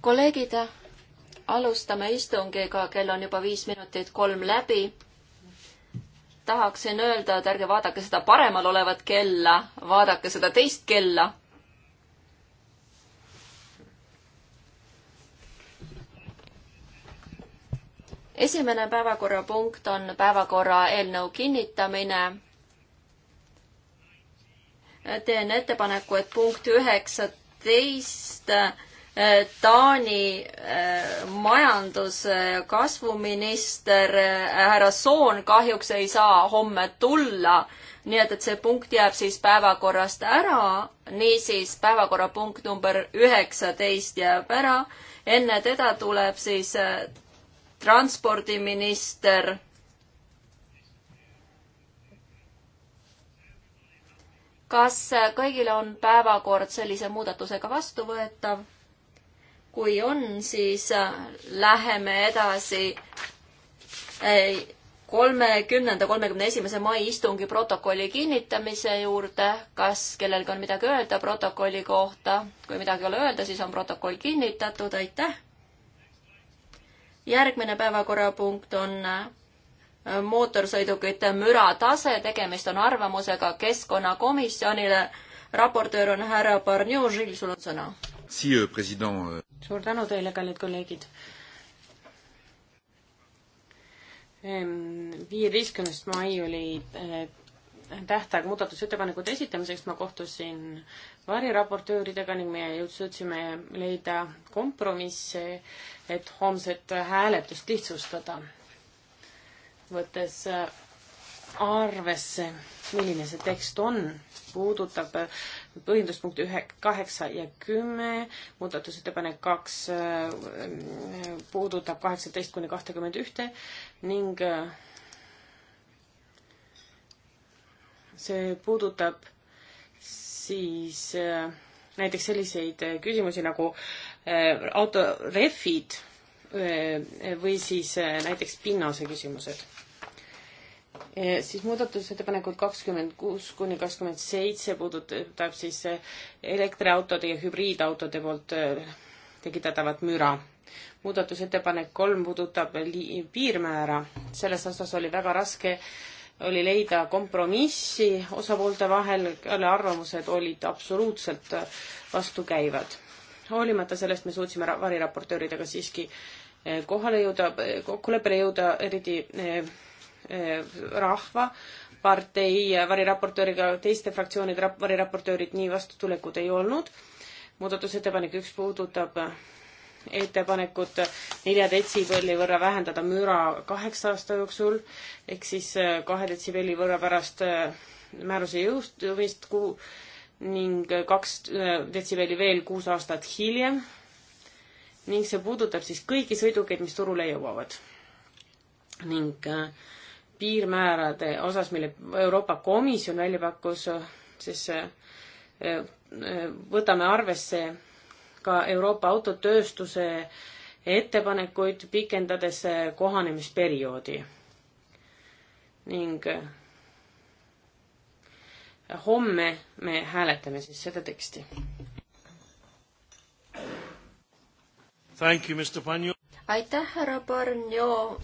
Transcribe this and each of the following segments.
kolleegid, alustame istungiga, kell on juba viis minutit kolm läbi. tahaksin öelda, et ärge vaadake seda paremal olevat kella, vaadake seda teist kella esimene päevakorrapunkt on päevakorra eelnõu kinnitamine. teen ettepaneku, et punkt üheksa teist äh, Taani äh, majandus- ja kasvuminister äh, härra Soon kahjuks ei saa homme tulla, nii et, et see punkt jääb siis päevakorrast ära, niisiis päevakorrapunkt number üheksateist jääb ära, enne teda tuleb siis transpordiminister kas kõigile on päevakord sellise muudatusega vastuvõetav? kui on, siis äh, läheme edasi äh, kolmekümnenda, kolmekümne esimese mai istungi protokolli kinnitamise juurde. kas kellelgi on midagi öelda protokolli kohta? kui midagi ei ole öelda, siis on protokoll kinnitatud, aitäh. järgmine päevakorrapunkt on äh, mootorsõidukite müratase, tegemist on arvamusega keskkonnakomisjonile. raportöör on härra Barnjou, Žil, sul on sõna. Euh, suur tänu teile, kallid kolleegid. Ehm, viieteistkümnes mai oli eh, tähtaeg muudatusettepanekute esitamiseks, ma kohtusin variraportööridega ning me jõudsime leida kompromisse, et homset hääletust lihtsustada võttes äh, arvesse, milline see tekst on, puudutab äh, põhjenduspunkti ühe, kaheksa ja kümme, muudatusettepanek kaks äh, puudutab kaheksateist kuni kahtekümmend ühte ning see puudutab siis näiteks selliseid küsimusi nagu autorehvid või siis näiteks pinnase küsimused Eh, siis muudatusettepanekud kakskümmend kuus kuni kakskümmend seitse puudutab siis eh, elektriautode ja hübriidautode poolt eh, tekitatavat müra. muudatusettepanek kolm puudutab piirmäära, selles osas oli väga raske oli leida kompromissi osapoolte vahel, kelle arvamused olid absoluutselt vastukäivad. hoolimata sellest me suutsime variraportööridega siiski kohale jõuda, kokkuleppele jõuda, eriti Eh, rahvapartei variraportööriga, teiste fraktsioonide variraportöörid nii vastutulekud ei olnud. muudatusettepanek üks puudutab eh, ettepanekut nelja detsibelli võrra vähendada müra kaheksa aasta jooksul ehk siis eh, kahe detsibelli võrra pärast määruse jõustumist kuu ning kaks detsibelli veel kuus aastat hiljem ning see puudutab siis kõiki sõidukeid, mis turule jõuavad. ning piirmäärade osas, mille Euroopa Komisjon välja pakkus, siis eh, eh, võtame arvesse ka Euroopa autotööstuse ettepanekuid, pikendades eh, kohanemisperioodi. ning homme me hääletame siis seda teksti. aitäh, härra Barnjo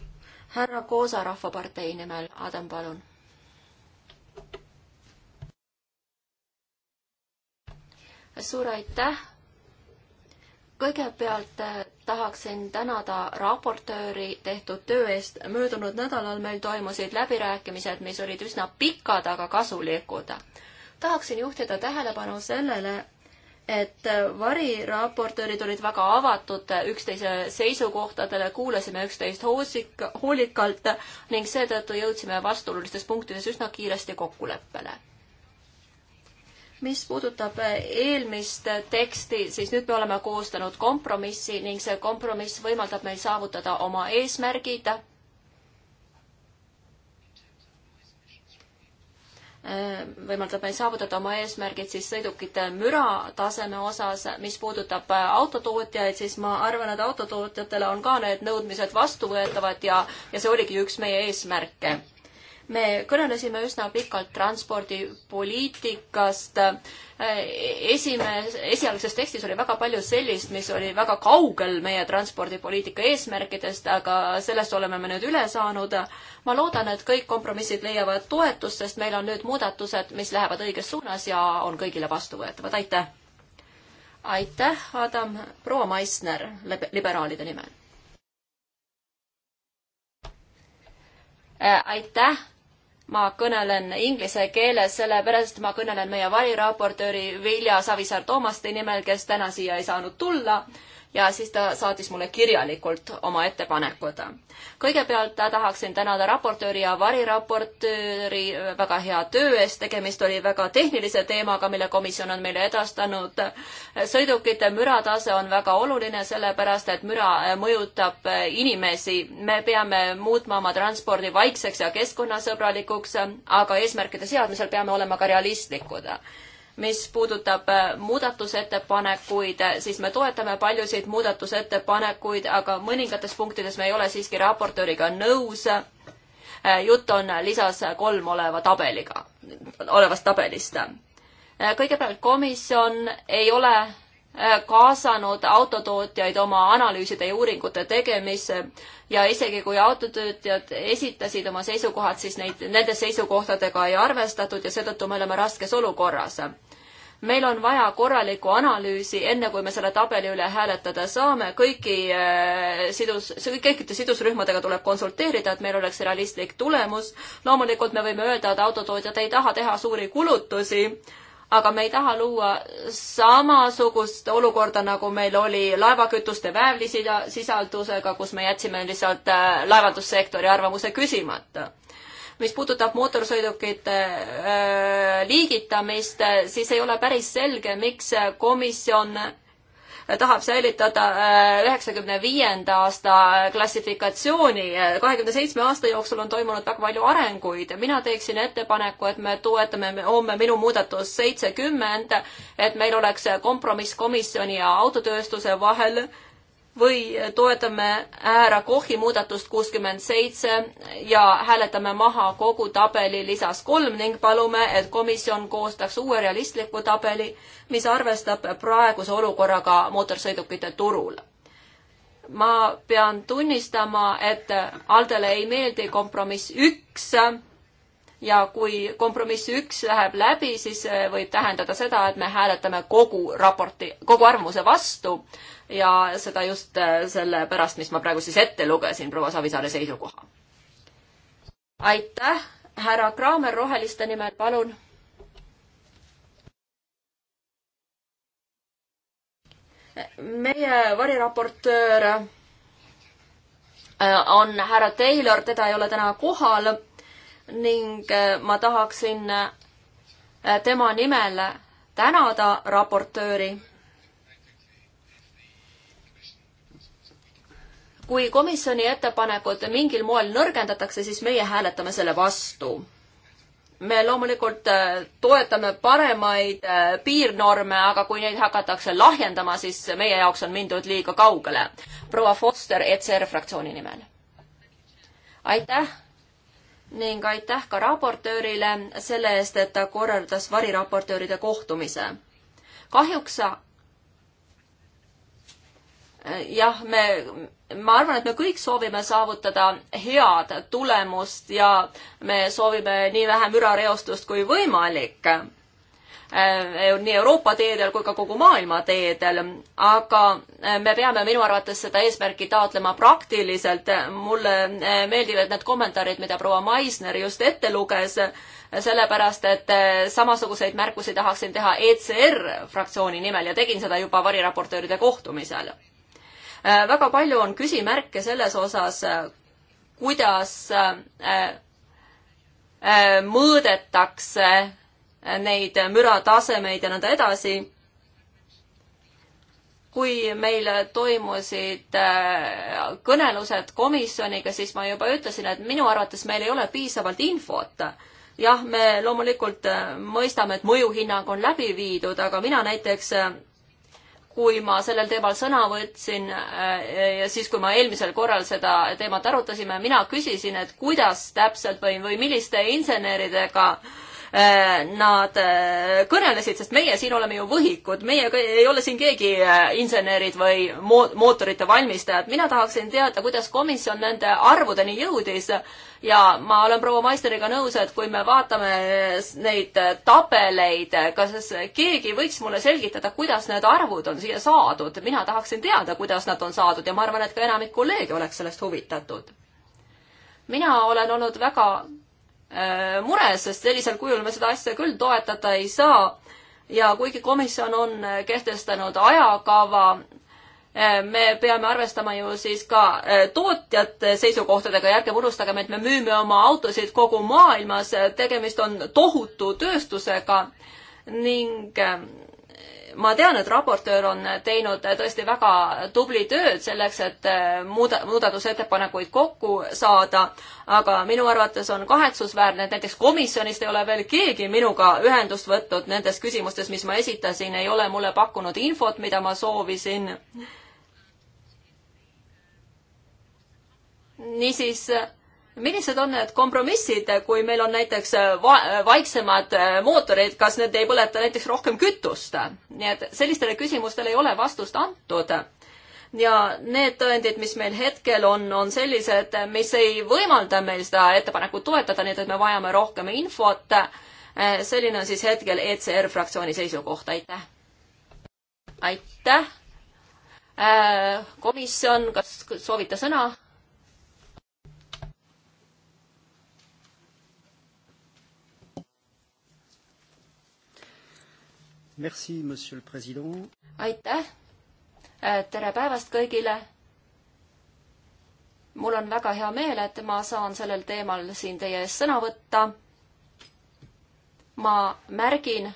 härra Koosa Rahvapartei nimel, Adam, palun. suur aitäh. kõigepealt eh, tahaksin tänada raportööri tehtud töö eest. möödunud nädalal meil toimusid läbirääkimised, mis olid üsna pikad, aga kasulikud. tahaksin juhtida tähelepanu sellele, et variraportöörid olid väga avatud üksteise seisukohtadele, kuulasime üksteist hoosika, hoolikalt ning seetõttu jõudsime vastuolulistes punktides üsna kiiresti kokkuleppele. mis puudutab eelmist teksti, siis nüüd me oleme koostanud kompromissi ning see kompromiss võimaldab meil saavutada oma eesmärgid Äh, võimaldab meil saavutada oma eesmärgid siis sõidukite mürataseme osas. mis puudutab äh, autotootjaid, siis ma arvan, et autotootjatele on ka need nõudmised vastuvõetavad ja, ja see oligi üks meie eesmärke me kõnelesime üsna pikalt transpordipoliitikast. esimees, esialgses tekstis oli väga palju sellist, mis oli väga kaugel meie transpordipoliitika eesmärkidest, aga sellest oleme me nüüd üle saanud. ma loodan, et kõik kompromissid leiavad toetust, sest meil on nüüd muudatused, mis lähevad õiges suunas ja on kõigile vastuvõetavad. aitäh! aitäh, Adam, proua Maisner liberaalide nimel. aitäh ma kõnelen inglise keeles, sellepärast ma kõnelen meie variraportööri Vilja Savisaar-Toomaste nimel, kes täna siia ei saanud tulla ja siis ta saatis mulle kirjalikult oma ettepanekud. kõigepealt tahaksin tänada raportööri ja variraportööri väga hea töö eest, tegemist oli väga tehnilise teemaga, mille komisjon on meile edastanud. sõidukite müratase on väga oluline, sellepärast et müra mõjutab inimesi. me peame muutma oma transpordi vaikseks ja keskkonnasõbralikuks, aga eesmärkide seadmisel peame olema ka realistlikud mis puudutab äh, muudatusettepanekuid, siis me toetame paljusid muudatusettepanekuid, aga mõningates punktides me ei ole siiski raportööriga nõus. Äh, jutt on lisas kolm oleva tabeliga, olevast tabelist. Äh, kõigepealt komisjon ei ole kaasanud autotootjaid oma analüüside ja uuringute tegemisse ja isegi kui autotöötajad esitasid oma seisukohad, siis neid, nende seisukohtadega ei arvestatud ja seetõttu me oleme raskes olukorras meil on vaja korralikku analüüsi, enne kui me selle tabeli üle hääletada saame, kõiki äh, sidus, kõikide sidusrühmadega tuleb konsulteerida, et meil oleks realistlik tulemus. loomulikult me võime öelda, et autotootjad ei taha teha suuri kulutusi, aga me ei taha luua samasugust olukorda, nagu meil oli laevakütuste väävlisisaldusega, kus me jätsime lihtsalt äh, laevandussektori arvamuse küsimata mis puudutab mootorsõidukite äh, liigitamist, siis ei ole päris selge, miks komisjon tahab säilitada äh, üheksakümne viienda aasta klassifikatsiooni. kahekümne seitsme aasta jooksul on toimunud väga palju arenguid. mina teeksin ettepaneku, et me toetame homme minu muudatust seitsekümmend, et meil oleks kompromiss komisjoni ja autotööstuse vahel või toetame Äära Kohi muudatust kuuskümmend seitse ja hääletame maha kogu tabeli lisas kolm ning palume, et komisjon koostaks uue realistliku tabeli, mis arvestab praeguse olukorraga mootorsõidukite turul. ma pean tunnistama, et Aldele ei meeldi kompromiss üks ja kui kompromiss üks läheb läbi, siis võib tähendada seda, et me hääletame kogu raporti, kogu arvamuse vastu ja seda just äh, selle pärast, mis ma praegu siis ette lugesin, proua Savisaare seisukoha. aitäh, härra Kraamer Roheliste nimel, palun. meie variraportöör äh, on härra Taylor, teda ei ole täna kohal ning äh, ma tahaksin tema nimel tänada raportööri kui komisjoni ettepanekut mingil moel nõrgendatakse, siis meie hääletame selle vastu. me loomulikult äh, toetame paremaid äh, piirnorme, aga kui neid hakatakse lahjendama, siis meie jaoks on mindud liiga kaugele. proua Foster ECR fraktsiooni nimel. aitäh ning aitäh ka raportöörile selle eest, et ta korraldas variraportööride kohtumise. kahjuks jah, me, ma arvan, et me kõik soovime saavutada head tulemust ja me soovime nii vähe mürareostust kui võimalik eh, nii Euroopa teedel kui ka kogu maailma teedel, aga eh, me peame minu arvates seda eesmärki taotlema praktiliselt. mulle eh, meeldivad need kommentaarid, mida proua Maisner just ette luges, sellepärast et samasuguseid märkusi tahaksin teha ECR fraktsiooni nimel ja tegin seda juba variraportööride kohtumisel Äh, väga palju on küsimärke selles osas, äh, kuidas äh, mõõdetakse neid müratasemeid ja nõnda edasi kui meil toimusid kõnelused komisjoniga, siis ma juba ütlesin, et minu arvates meil ei ole piisavalt infot. jah, me loomulikult mõistame, et mõjuhinnang on läbi viidud, aga mina näiteks kui ma sellel teemal sõna võtsin äh, ja siis, kui ma eelmisel korral seda teemat arutasime, mina küsisin, et kuidas täpselt või, või milliste inseneridega äh, Äh, nad äh, kõnelesid, sest meie siin oleme ju võhikud, meie ei ole siin keegi äh, insenerid või mootorite valmistajad. mina tahaksin teada, kuidas komisjon nende arvudeni jõudis ja ma olen proua Maisteriga nõus, et kui me vaatame neid tabeleid, kas keegi võiks mulle selgitada, kuidas need arvud on siia saadud? mina tahaksin teada, kuidas nad on saadud ja ma arvan, et ka enamik kolleege oleks sellest huvitatud mina olen olnud väga Äh, mures, sest sellisel kujul me seda asja küll toetada ei saa. ja kuigi komisjon on äh, kehtestanud ajakava, äh, me peame arvestama ju siis ka tootjate seisukohtadega, ärgem unustagem, et me müüme oma autosid kogu maailmas, tegemist on tohutu tööstusega ning ma tean, et raportöör on teinud tõesti väga tubli tööd selleks, et äh, muuda, muudatusettepanekuid kokku saada, aga minu arvates on kahetsusväärne, et näiteks komisjonist ei ole veel keegi minuga ühendust võtnud nendes küsimustes, mis ma esitasin, ei ole mulle pakkunud infot, mida ma soovisin. niisiis millised on need kompromissid, kui meil on näiteks äh, va-, äh, vaiksemad äh, mootorid, kas need ei põleta näiteks rohkem kütust? nii et sellistele küsimustele ei ole vastust antud. ja need tõendid, mis meil hetkel on, on sellised, mis ei võimalda meil seda ettepanekut toetada, nii et me vajame rohkem infot. selline on siis hetkel ECR fraktsiooni seisukoht, aitäh! aitäh! komisjon, kas soovite sõna? Merci, monsieur le president. aitäh. Äh, tere päevast kõigile. mul on väga hea meel, et ma saan sellel teemal siin teie ees sõna võtta. ma märgin,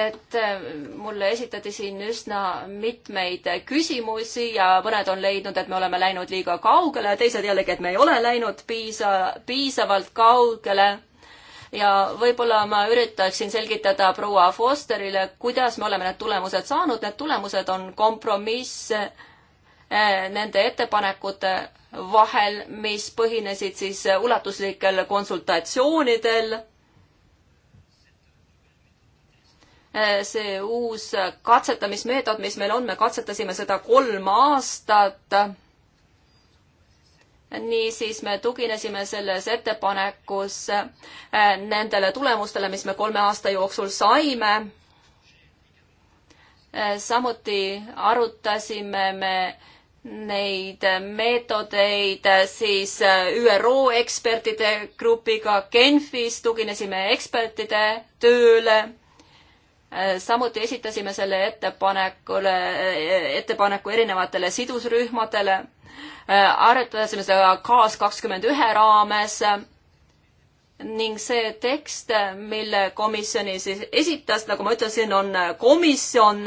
et äh, mulle esitati siin üsna mitmeid küsimusi ja mõned on leidnud, et me oleme läinud liiga kaugele, teised jällegi, et me ei ole läinud piisa, piisavalt kaugele ja võib-olla ma üritaksin selgitada proua Fosterile, kuidas me oleme need tulemused saanud, need tulemused on kompromiss eh, nende ettepanekute vahel, mis põhinesid siis ulatuslikel konsultatsioonidel. Eh, see uus katsetamismeetod, mis meil on, me katsetasime seda kolm aastat niisiis me tuginesime selles ettepanekus äh, nendele tulemustele, mis me kolme aasta jooksul saime. Äh, samuti arutasime me neid meetodeid äh, siis ÜRO ekspertide grupiga Genfis, tuginesime ekspertide tööle. samuti esitasime selle ettepanekule, ettepaneku erinevatele sidusrühmadele Äh, arutasime seda Kaas kakskümmend ühe raames ning see tekst, mille komisjoni siis esitas, nagu ma ütlesin, on komisjon,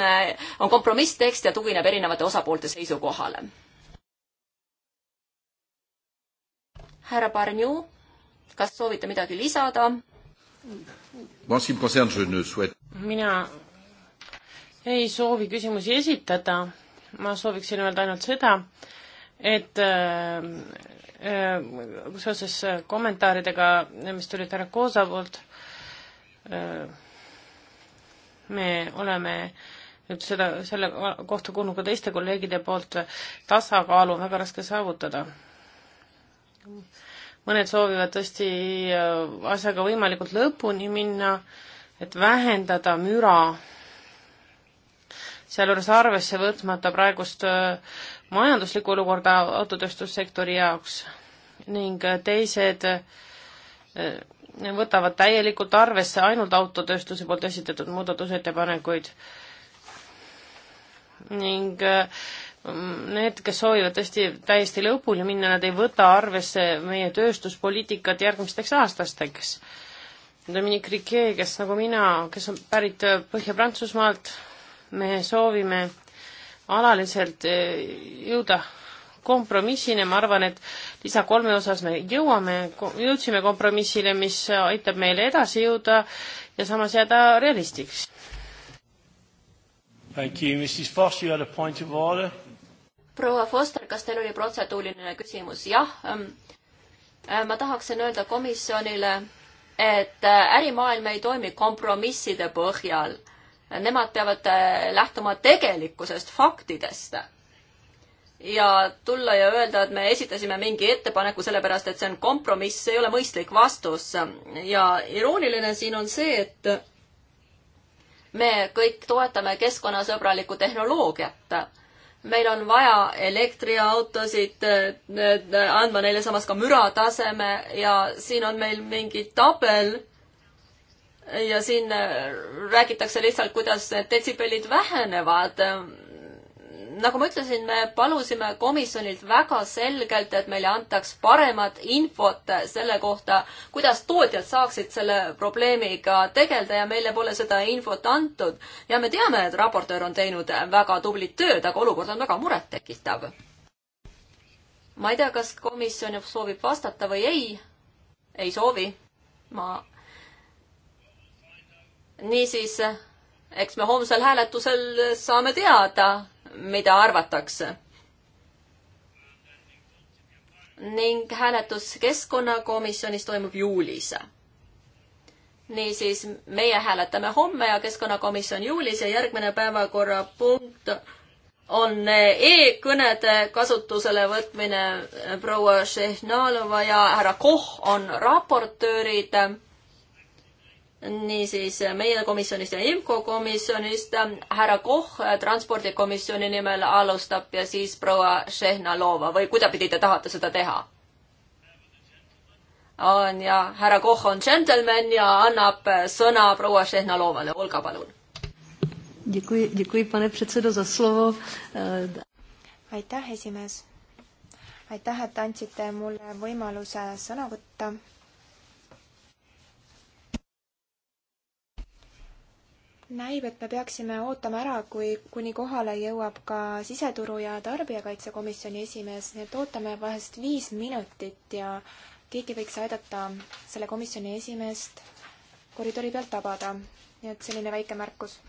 on kompromisstekst ja tugineb erinevate osapoolte seisukohale. härra Barnju, kas soovite midagi lisada? mina ei soovi küsimusi esitada, ma sooviksin öelda ainult seda, et äh, äh, seoses kommentaaridega, mis tulid härra Koosa poolt äh,, me oleme nüüd seda, selle kohta kuulnud ka teiste kolleegide poolt, tasakaalu on väga raske saavutada. mõned soovivad tõesti äh, asjaga võimalikult lõpuni minna, et vähendada müra, sealjuures arvesse võtmata praegust äh, majanduslikku olukorda autotööstussektori jaoks ning teised eh, võtavad täielikult arvesse ainult autotööstuse poolt esitatud muudatusettepanekuid. ning eh, need, kes soovivad tõesti täiesti lõpuni minna, nad ei võta arvesse meie tööstuspoliitikat järgmisteks aastasteks. Dominique Riquet, kes nagu mina, kes on pärit Põhja-Prantsusmaalt, me soovime alaliselt eh, jõuda kompromissini, ma arvan, et lisa kolme osas me jõuame, jõudsime kompromissile, mis aitab meil edasi jõuda ja samas jääda realistiks. proua Foster, kas teil oli protseduuriline küsimus? jah, ähm, äh, ma tahaksin öelda komisjonile, et äh, ärimaailm ei toimi kompromisside põhjal nemad peavad äh, lähtuma tegelikkusest, faktidest. ja tulla ja öelda, et me esitasime mingi ettepaneku sellepärast, et see on kompromiss, see ei ole mõistlik vastus. ja irooniline siin on see, et me kõik toetame keskkonnasõbralikku tehnoloogiat. meil on vaja elektriautosid, äh, andma neile samas ka mürataseme ja siin on meil mingi tabel ja siin äh, räägitakse lihtsalt, kuidas need detsibellid vähenevad. nagu ma ütlesin, me palusime komisjonilt väga selgelt, et meile antaks paremat infot selle kohta, kuidas tootjad saaksid selle probleemiga tegeleda ja meile pole seda infot antud. ja me teame, et raportöör on teinud väga tublit tööd, aga olukord on väga murettekitav. ma ei tea, kas komisjon soovib vastata või ei. ei soovi. ma niisiis, eks me homsel hääletusel saame teada, mida arvatakse. ning hääletus keskkonnakomisjonis toimub juulis. niisiis, meie hääletame homme ja keskkonnakomisjon juulis ja järgmine päevakorrapunkt on e-kõnede kasutusele võtmine proua Šehnalova ja härra Koh on raportöörid niisiis meie komisjonist ja IMCO komisjonist härra Koch transpordikomisjoni nimel alustab ja siis proua Šehnalova või kuidapidi te tahate seda teha? on ja härra Koch on džentelmen ja annab sõna proua Šehnalovale, Olga, palun. aitäh, esimees. aitäh, et andsite mulle võimaluse sõna võtta näib, et me peaksime ootama ära, kui, kuni kohale jõuab ka siseturu ja tarbijakaitsekomisjoni esimees, nii et ootame vahest viis minutit ja keegi võiks aidata selle komisjoni esimeest koridori pealt tabada. nii et selline väike märkus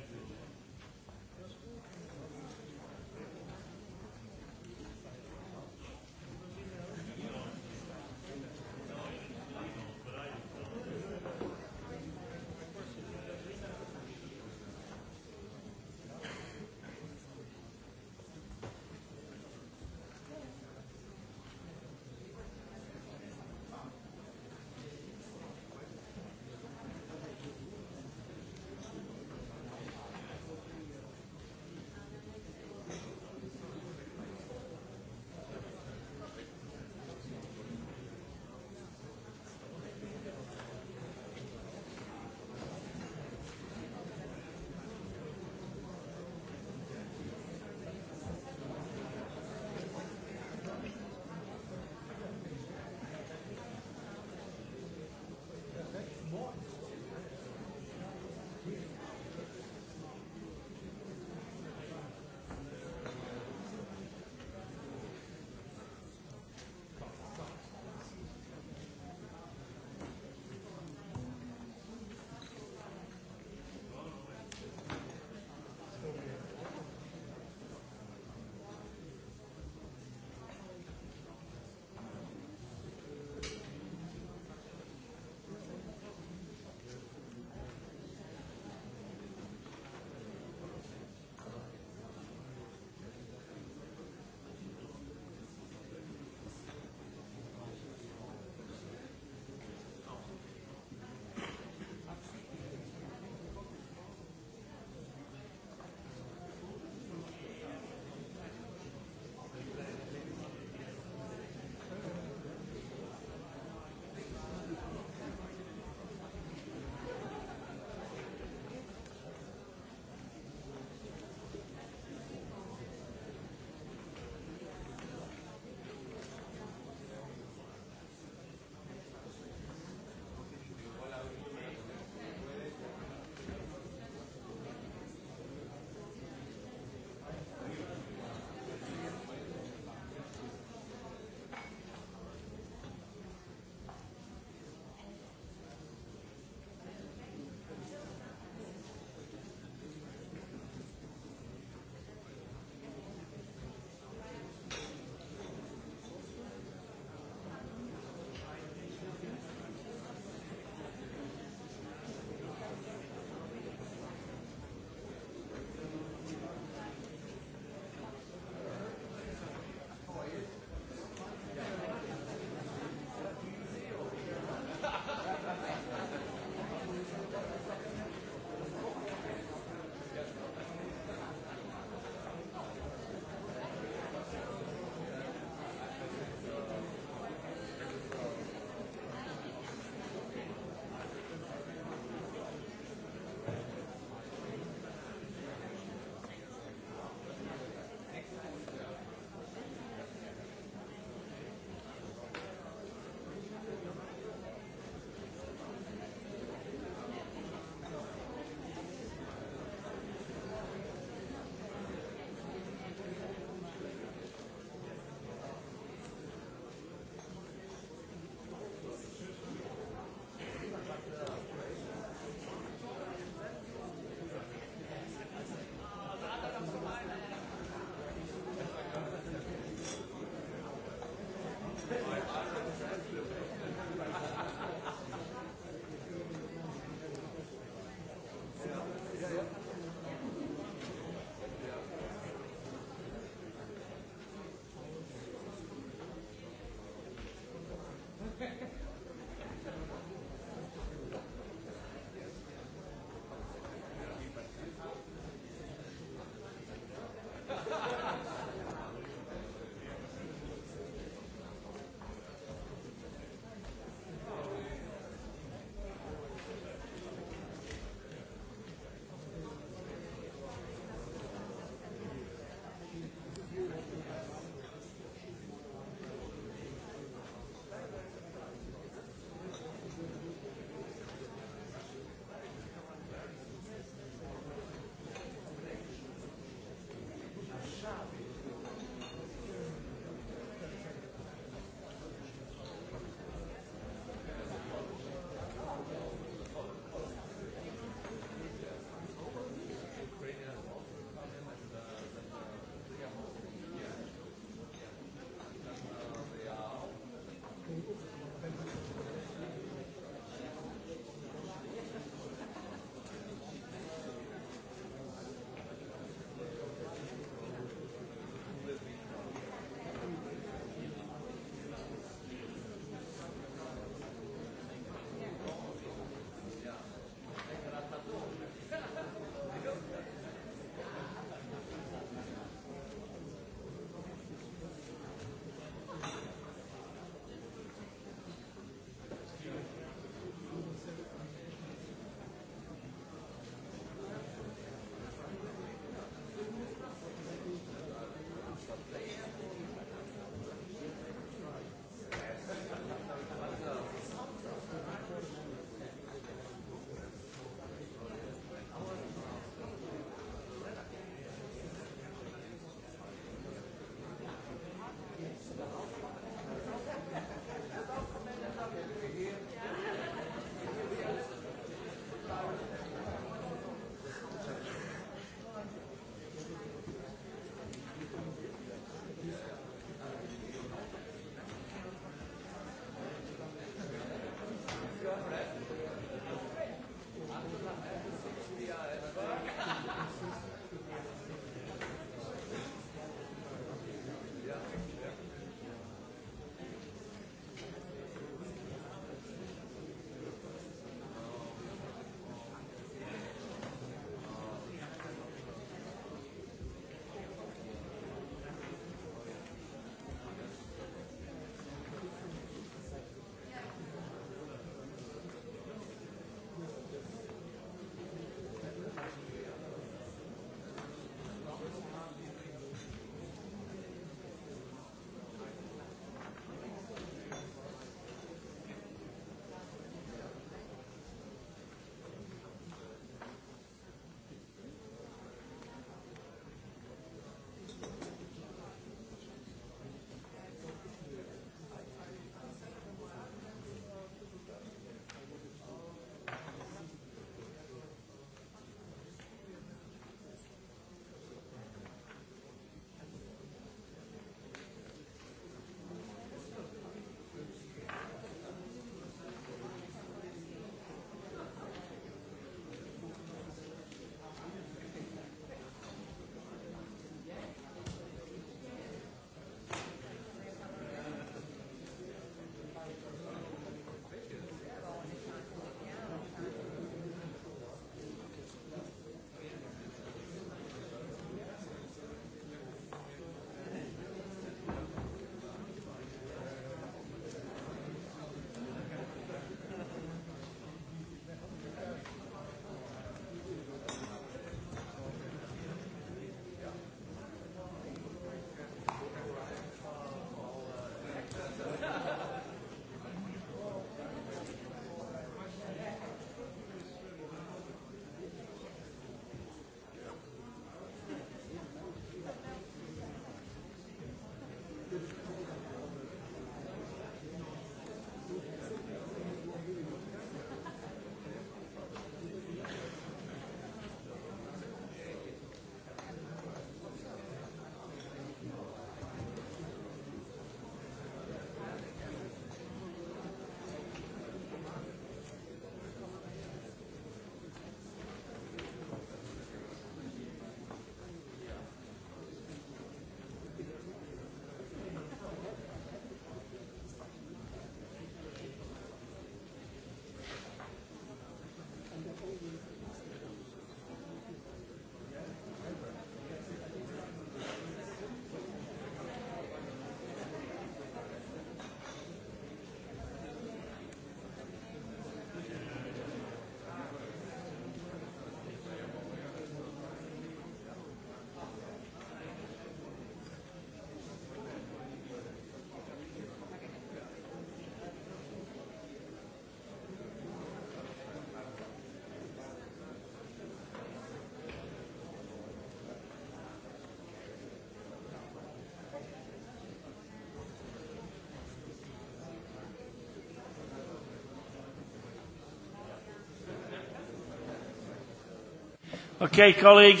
okei okay,, kolleegid.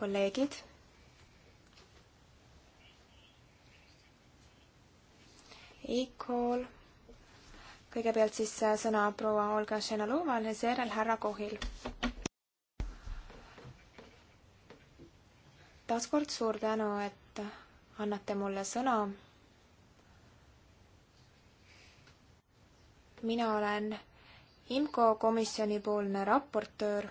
kolleegid. Equal. kõigepealt siis äh, sõna proua Olga Šenaloval ja seejärel härra Kohil. taaskord suur tänu, et annate mulle sõna. mina olen IMCO komisjonipoolne raportöör.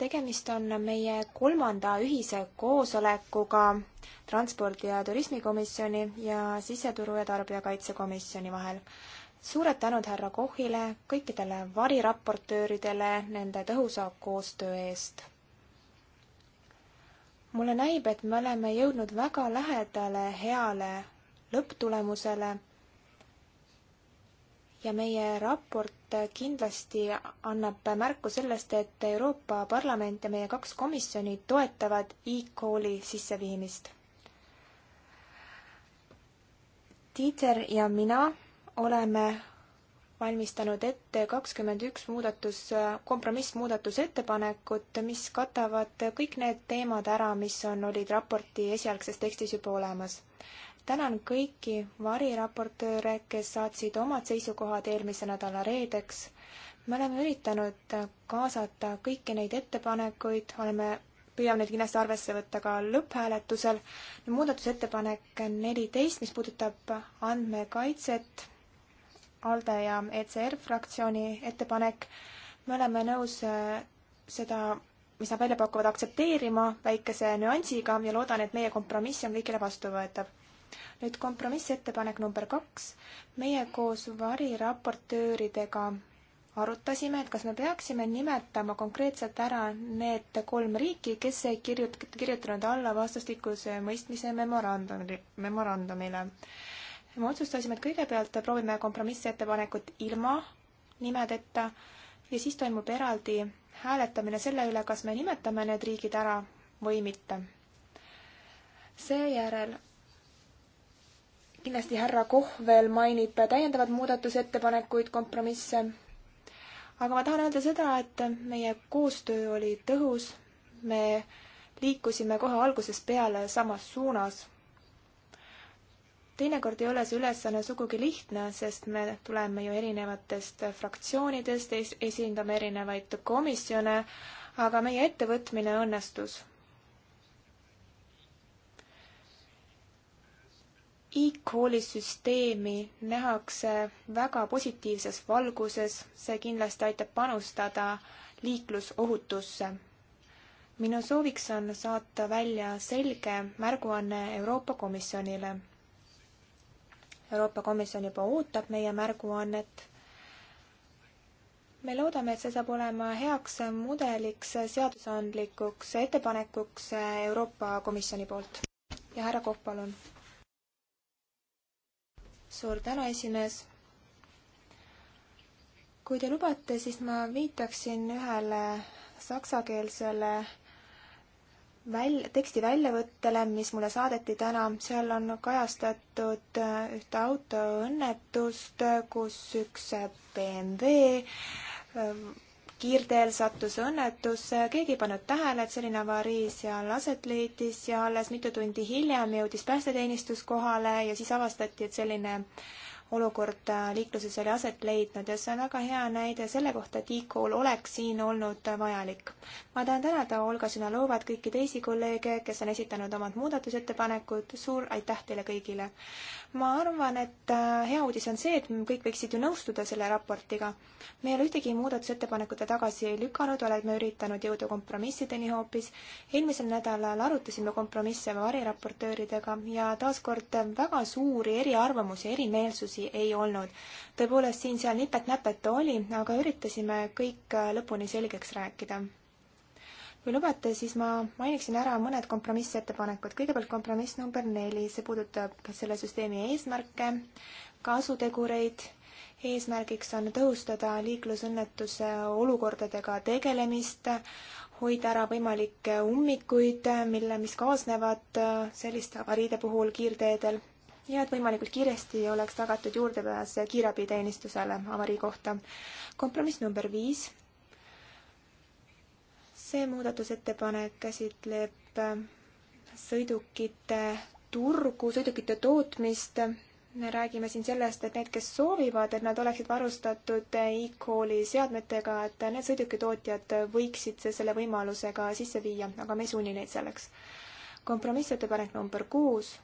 tegemist on meie kolmanda ühise koosolekuga Transpordi- ja Turismikomisjoni ja Siseturu- ja Tarbijakaitsekomisjoni vahel suured tänud härra Kohile, kõikidele variraportööridele nende tõhusa koostöö eest. mulle näib, et me oleme jõudnud väga lähedale heale lõpptulemusele ja meie raport kindlasti annab märku sellest, et Euroopa Parlament ja meie kaks komisjoni toetavad e-kooli sisseviimist. Tiiter ja mina oleme valmistanud ette kakskümmend üks muudatus, kompromissmuudatusettepanekut, mis katavad kõik need teemad ära, mis on, olid raporti esialgses tekstis juba olemas tänan kõiki variraportööre, kes saatsid omad seisukohad eelmise nädala reedeks. me oleme üritanud kaasata kõiki neid ettepanekuid, oleme, püüame neid kindlasti arvesse võtta ka lõpphääletusel. muudatusettepanek neliteist, mis puudutab andmekaitset, ALDE ja ECR fraktsiooni ettepanek, me oleme nõus äh, seda mis nad välja pakuvad, aktsepteerima väikese nüansiga ja loodan, et meie kompromiss on kõigile vastuvõetav nüüd kompromissettepanek number kaks. meie koos variraportööridega arutasime, et kas me peaksime nimetama konkreetselt ära need kolm riiki, kes ei kirjut-, kirjutanud alla vastastikuse mõistmise memorandumi, memorandumile. me otsustasime, et kõigepealt proovime kompromissettepanekut ilma nimedeta ja siis toimub eraldi hääletamine selle üle, kas me nimetame need riigid ära või mitte. seejärel kindlasti härra Koh veel mainib täiendavad muudatusettepanekuid, kompromisse. aga ma tahan öelda seda, et meie koostöö oli tõhus. me liikusime kohe algusest peale samas suunas. teinekord ei ole see ülesanne sugugi lihtne, sest me tuleme ju erinevatest fraktsioonidest, esindame erinevaid komisjone, aga meie ettevõtmine õnnestus e-kooli süsteemi nähakse väga positiivses valguses, see kindlasti aitab panustada liiklusohutusse. minu sooviks on saata välja selge märguanne Euroopa Komisjonile. Euroopa Komisjon juba ootab meie märguannet. me loodame, et see saab olema heaks mudeliks seadusandlikuks ettepanekuks Euroopa Komisjoni poolt. ja härra Kohv, palun suur tänu, esimees. kui te lubate, siis ma viitaksin ühele saksakeelsele väl-, teksti väljavõttele, mis mulle saadeti täna, seal on kajastatud äh, ühte autoõnnetust, kus üks BMW äh, kiirteel sattus õnnetusse, keegi ei pannud tähele, et selline avarii seal aset leidis ja alles mitu tundi hiljem jõudis päästeteenistus kohale ja siis avastati, et selline äh, olukord äh, liikluses oli aset leidnud ja see on väga hea näide selle kohta, et e-call oleks siin olnud vajalik. ma tahan tänada Olga Sinalovat, kõiki teisi kolleege, kes on esitanud omad muudatusettepanekud, suur aitäh teile kõigile! ma arvan, et äh, hea uudis on see, et kõik võiksid ju nõustuda selle raportiga. me ei ole ühtegi muudatusettepanekute tagasi lükanud, oleme üritanud jõuda kompromissideni hoopis. eelmisel nädalal arutasime kompromisse variraportööridega ja taaskord väga suuri eriarvamusi, erimeelsusi vaidlusi ei olnud. tõepoolest, siin-seal nipet-näpet oli, aga üritasime kõik äh, lõpuni selgeks rääkida. kui lubate, siis ma mainiksin ära mõned kompromissettepanekud. kõigepealt kompromiss number neli, see puudutab selle süsteemi eesmärke, kasutegureid, eesmärgiks on tõhustada liiklusõnnetuse olukordadega tegelemist, hoida ära võimalikke ummikuid, mille, mis kaasnevad äh, selliste avariide puhul kiirteedel ja et võimalikult kiiresti oleks tagatud juurdepääs kiirabiteenistusele avarii kohta. kompromiss number viis. see muudatusettepanek käsitleb äh, sõidukite turgu, sõidukite tootmist. me räägime siin sellest, et need, kes soovivad, et nad oleksid varustatud e-kooli seadmetega, et need sõidukitootjad võiksid selle võimalusega sisse viia, aga me ei sunni neid selleks. kompromissettepanek number kuus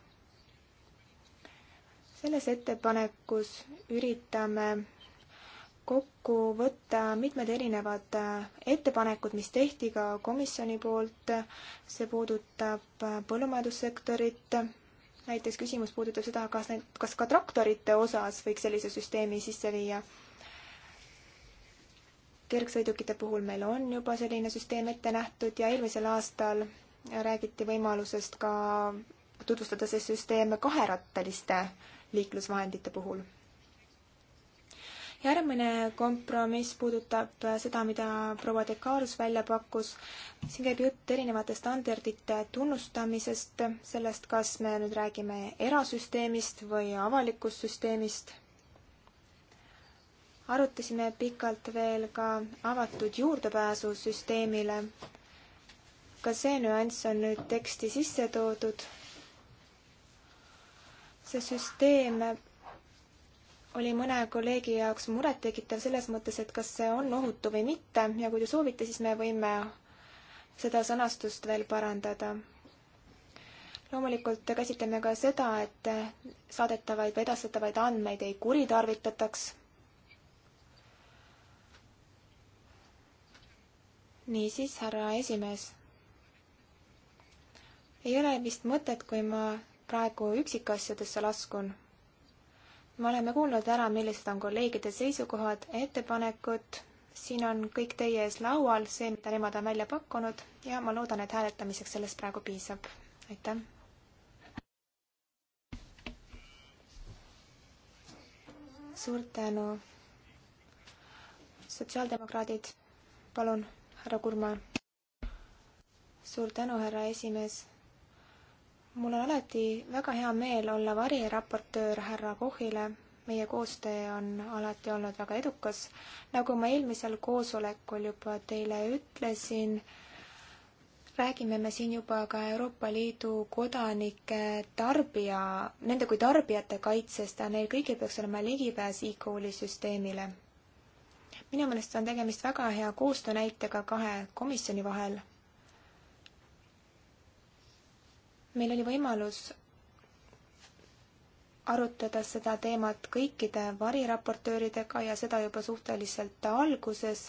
selles ettepanekus üritame kokku võtta mitmed erinevad äh, ettepanekud, mis tehti ka komisjoni poolt. see puudutab äh, põllumajandussektorit, näiteks küsimus puudutab seda, kas need, kas ka traktorite osas võiks sellise süsteemi sisse viia. kergsõidukite puhul meil on juba selline süsteem ette nähtud ja eelmisel aastal räägiti võimalusest ka tutvustada see süsteem kaherattaliste liiklusvahendite puhul. järgmine kompromiss puudutab seda, mida proua Dekarus välja pakkus. siin käib jutt erinevate standardite tunnustamisest, sellest, kas me nüüd räägime erasüsteemist või avalikust süsteemist arutasime pikalt veel ka avatud juurdepääsu süsteemile. ka see nüanss on nüüd teksti sisse toodud see süsteem oli mõne kolleegi jaoks murettekitav selles mõttes, et kas see on ohutu või mitte ja kui te soovite, siis me võime seda sõnastust veel parandada. loomulikult käsitleme ka seda, et saadetavaid või edastatavaid andmeid ei kuritarvitataks. niisiis, härra esimees, ei ole vist mõtet, kui ma praegu üksikasjadesse laskun. me oleme kuulnud ära, millised on kolleegide seisukohad, ettepanekud, siin on kõik teie ees laual, see, mida nemad on välja pakkunud ja ma loodan, et hääletamiseks sellest praegu piisab. aitäh! suur tänu! sotsiaaldemokraadid, palun, härra Kurma. suur tänu, härra esimees mul on alati väga hea meel olla variraportöör härra Kohile. meie koostöö on alati olnud väga edukas. nagu ma eelmisel koosolekul juba teile ütlesin, räägime me siin juba ka Euroopa Liidu kodanike tarbija, nende kui tarbijate kaitsest ja neil kõigil peaks olema ligipääs e-kooli süsteemile. minu meelest on tegemist väga hea koostöönäitega kahe komisjoni vahel meil oli võimalus arutada seda teemat kõikide variraportööridega ja seda juba suhteliselt alguses.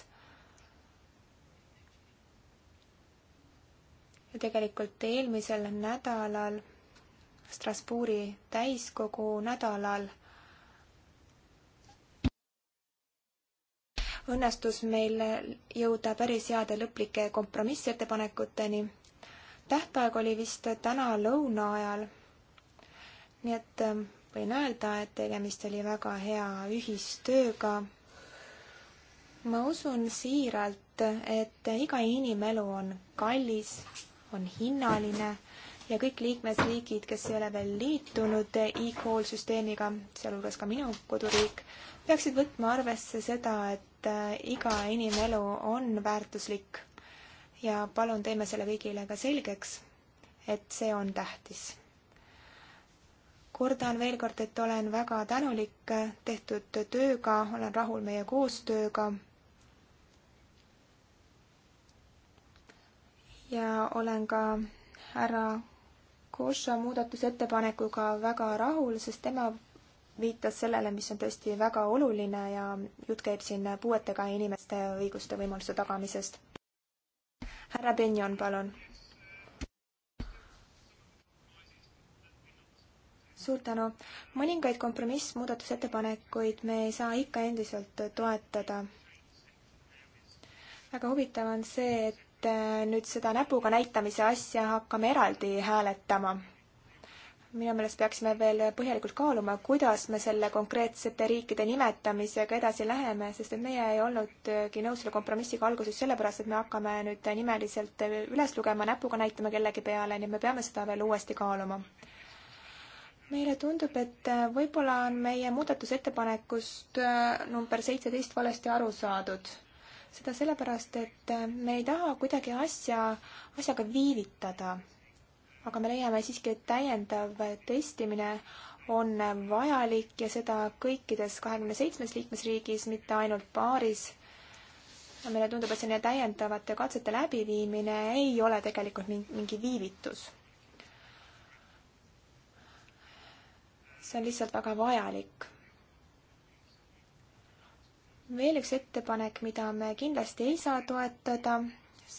ja tegelikult eelmisel nädalal, Strasbourgi täiskogu nädalal, õnnestus meil jõuda päris heade lõplike kompromissettepanekuteni tähtaeg oli vist täna lõuna ajal. nii et ähm, võin öelda, et tegemist oli väga hea ühistööga. ma usun siiralt, et iga inimelu on kallis, on hinnaline ja kõik liikmesriigid, kes ei ole veel liitunud e-call süsteemiga, sealhulgas ka minu koduriik, peaksid võtma arvesse seda, et äh, iga inimelu on väärtuslik ja palun teeme selle kõigile ka selgeks, et see on tähtis kordan veel kord, et olen väga tänulik tehtud tööga, olen rahul meie koostööga. ja olen ka härra Koša muudatusettepanekuga väga rahul, sest tema viitas sellele, mis on tõesti väga oluline ja jutt käib siin puuetega inimeste õiguste võimaluste tagamisest härra Benjon, palun. suur tänu. mõningaid kompromissmuudatusettepanekuid me ei saa ikka endiselt toetada. väga huvitav on see, et eh, nüüd seda näpuga näitamise asja hakkame eraldi hääletama minu meelest peaksime veel põhjalikult kaaluma, kuidas me selle konkreetsete riikide nimetamisega edasi läheme, sest et meie ei olnudki nõus selle kompromissiga alguses sellepärast, et me hakkame nüüd nimeliselt üles lugema, näpuga näitama kellegi peale, nii et me peame seda veel uuesti kaaluma. meile tundub, et võib-olla on meie muudatusettepanekust äh, number seitseteist valesti aru saadud. seda sellepärast, et me ei taha kuidagi asja, asjaga viivitada aga me leiame siiski, et täiendav testimine on vajalik ja seda kõikides kahekümne seitsmes liikmesriigis, mitte ainult paaris. meile tundub, et selline täiendavate katsete läbiviimine ei ole tegelikult mingi viivitus. see on lihtsalt väga vajalik. veel üks ettepanek, mida me kindlasti ei saa toetada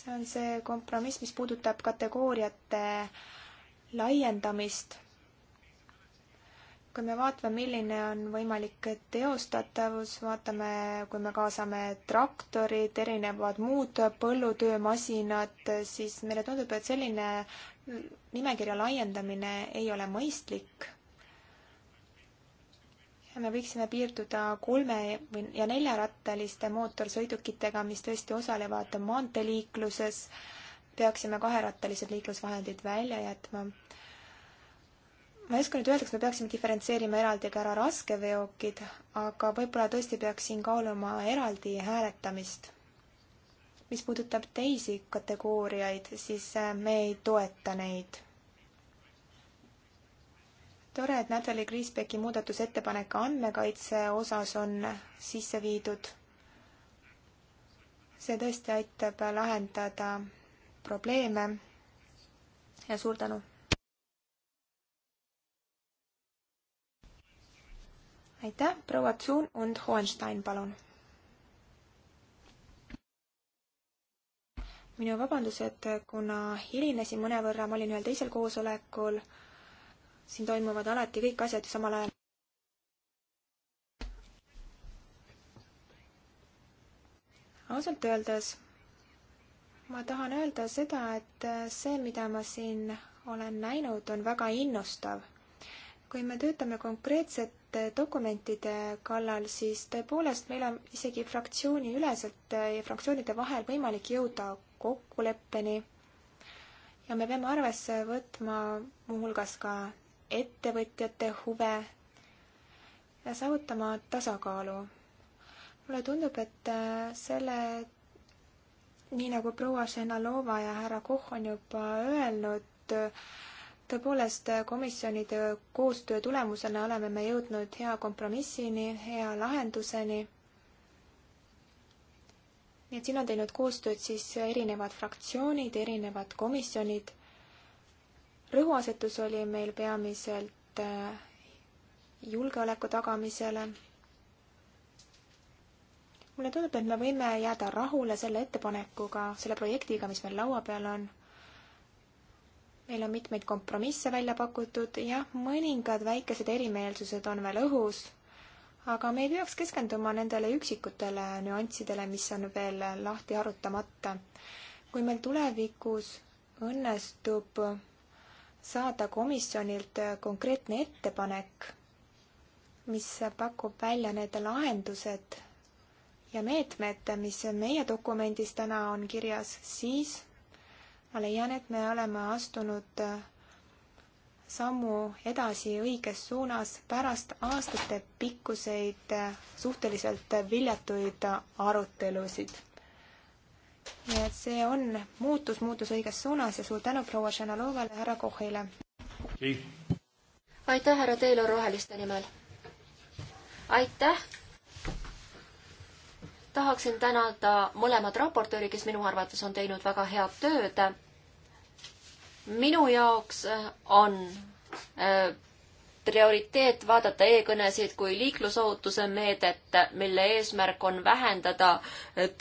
see on see kompromiss, mis puudutab kategooriate laiendamist. kui me vaatame, milline on võimalik teostatavus, vaatame, kui me kaasame traktorid, erinevad muud põllutöömasinad, siis meile tundub, et selline nimekirja laiendamine ei ole mõistlik me võiksime piirduda kolme ja neljarattaliste mootorsõidukitega, mis tõesti osalevad maanteeliikluses. peaksime kaherattalised liiklusvahendid välja jätma. ma ei oska nüüd öelda, kas me peaksime diferentseerima eraldi ka ära raskeveokid, aga võib-olla tõesti peaks siin kaaluma eraldi hääletamist. mis puudutab teisi kategooriaid, siis eh, me ei toeta neid tore, et Natalja Kriisbecki muudatusettepanek andmekaitse osas on sisse viidud. see tõesti aitab lahendada probleeme ja suur tänu! aitäh, proua Tsuun und Hohenstein, palun! minu vabandused, kuna hilinesin mõnevõrra, ma olin ühel teisel koosolekul siin toimuvad alati kõik asjad ju samal ajal. ausalt öeldes ma tahan öelda seda, et see, mida ma siin olen näinud, on väga innustav. kui me töötame konkreetsete dokumentide kallal, siis tõepoolest meil on isegi fraktsiooniüleselt ja fraktsioonide vahel võimalik jõuda kokkuleppeni. ja me peame arvesse võtma muuhulgas ka ettevõtjate huve ja saavutama tasakaalu. mulle tundub, et äh, selle, nii nagu proua Ženalova ja härra Koch on juba öelnud, tõepoolest äh, komisjonide koostöö tulemusena oleme me jõudnud hea kompromissini, hea lahenduseni. nii et siin on teinud koostööd siis erinevad fraktsioonid, erinevad komisjonid rõhuasetus oli meil peamiselt äh, julgeoleku tagamisele. mulle tundub, et me võime jääda rahule selle ettepanekuga, selle projektiga, mis meil laua peal on. meil on mitmeid kompromisse välja pakutud, jah, mõningad väikesed erimeelsused on veel õhus, aga me ei peaks keskenduma nendele üksikutele nüanssidele, mis on veel lahti arutamata. kui meil tulevikus õnnestub saada komisjonilt konkreetne ettepanek, mis pakub välja need lahendused ja meetmed, mis meie dokumendis täna on kirjas, siis ma leian, et me oleme astunud sammu edasi õiges suunas pärast aastate pikkuseid suhteliselt viljatuid arutelusid nii et see on muutus, muutus õiges suunas ja suur tänu proua Šanalovale, härra Kohile. aitäh, härra Taylor Roheliste nimel. aitäh. tahaksin tänada mõlemat raportööri, kes minu arvates on teinud väga head tööd. minu jaoks on äh, prioriteet vaadata e-kõnesid kui liiklusohutuse meedet, mille eesmärk on vähendada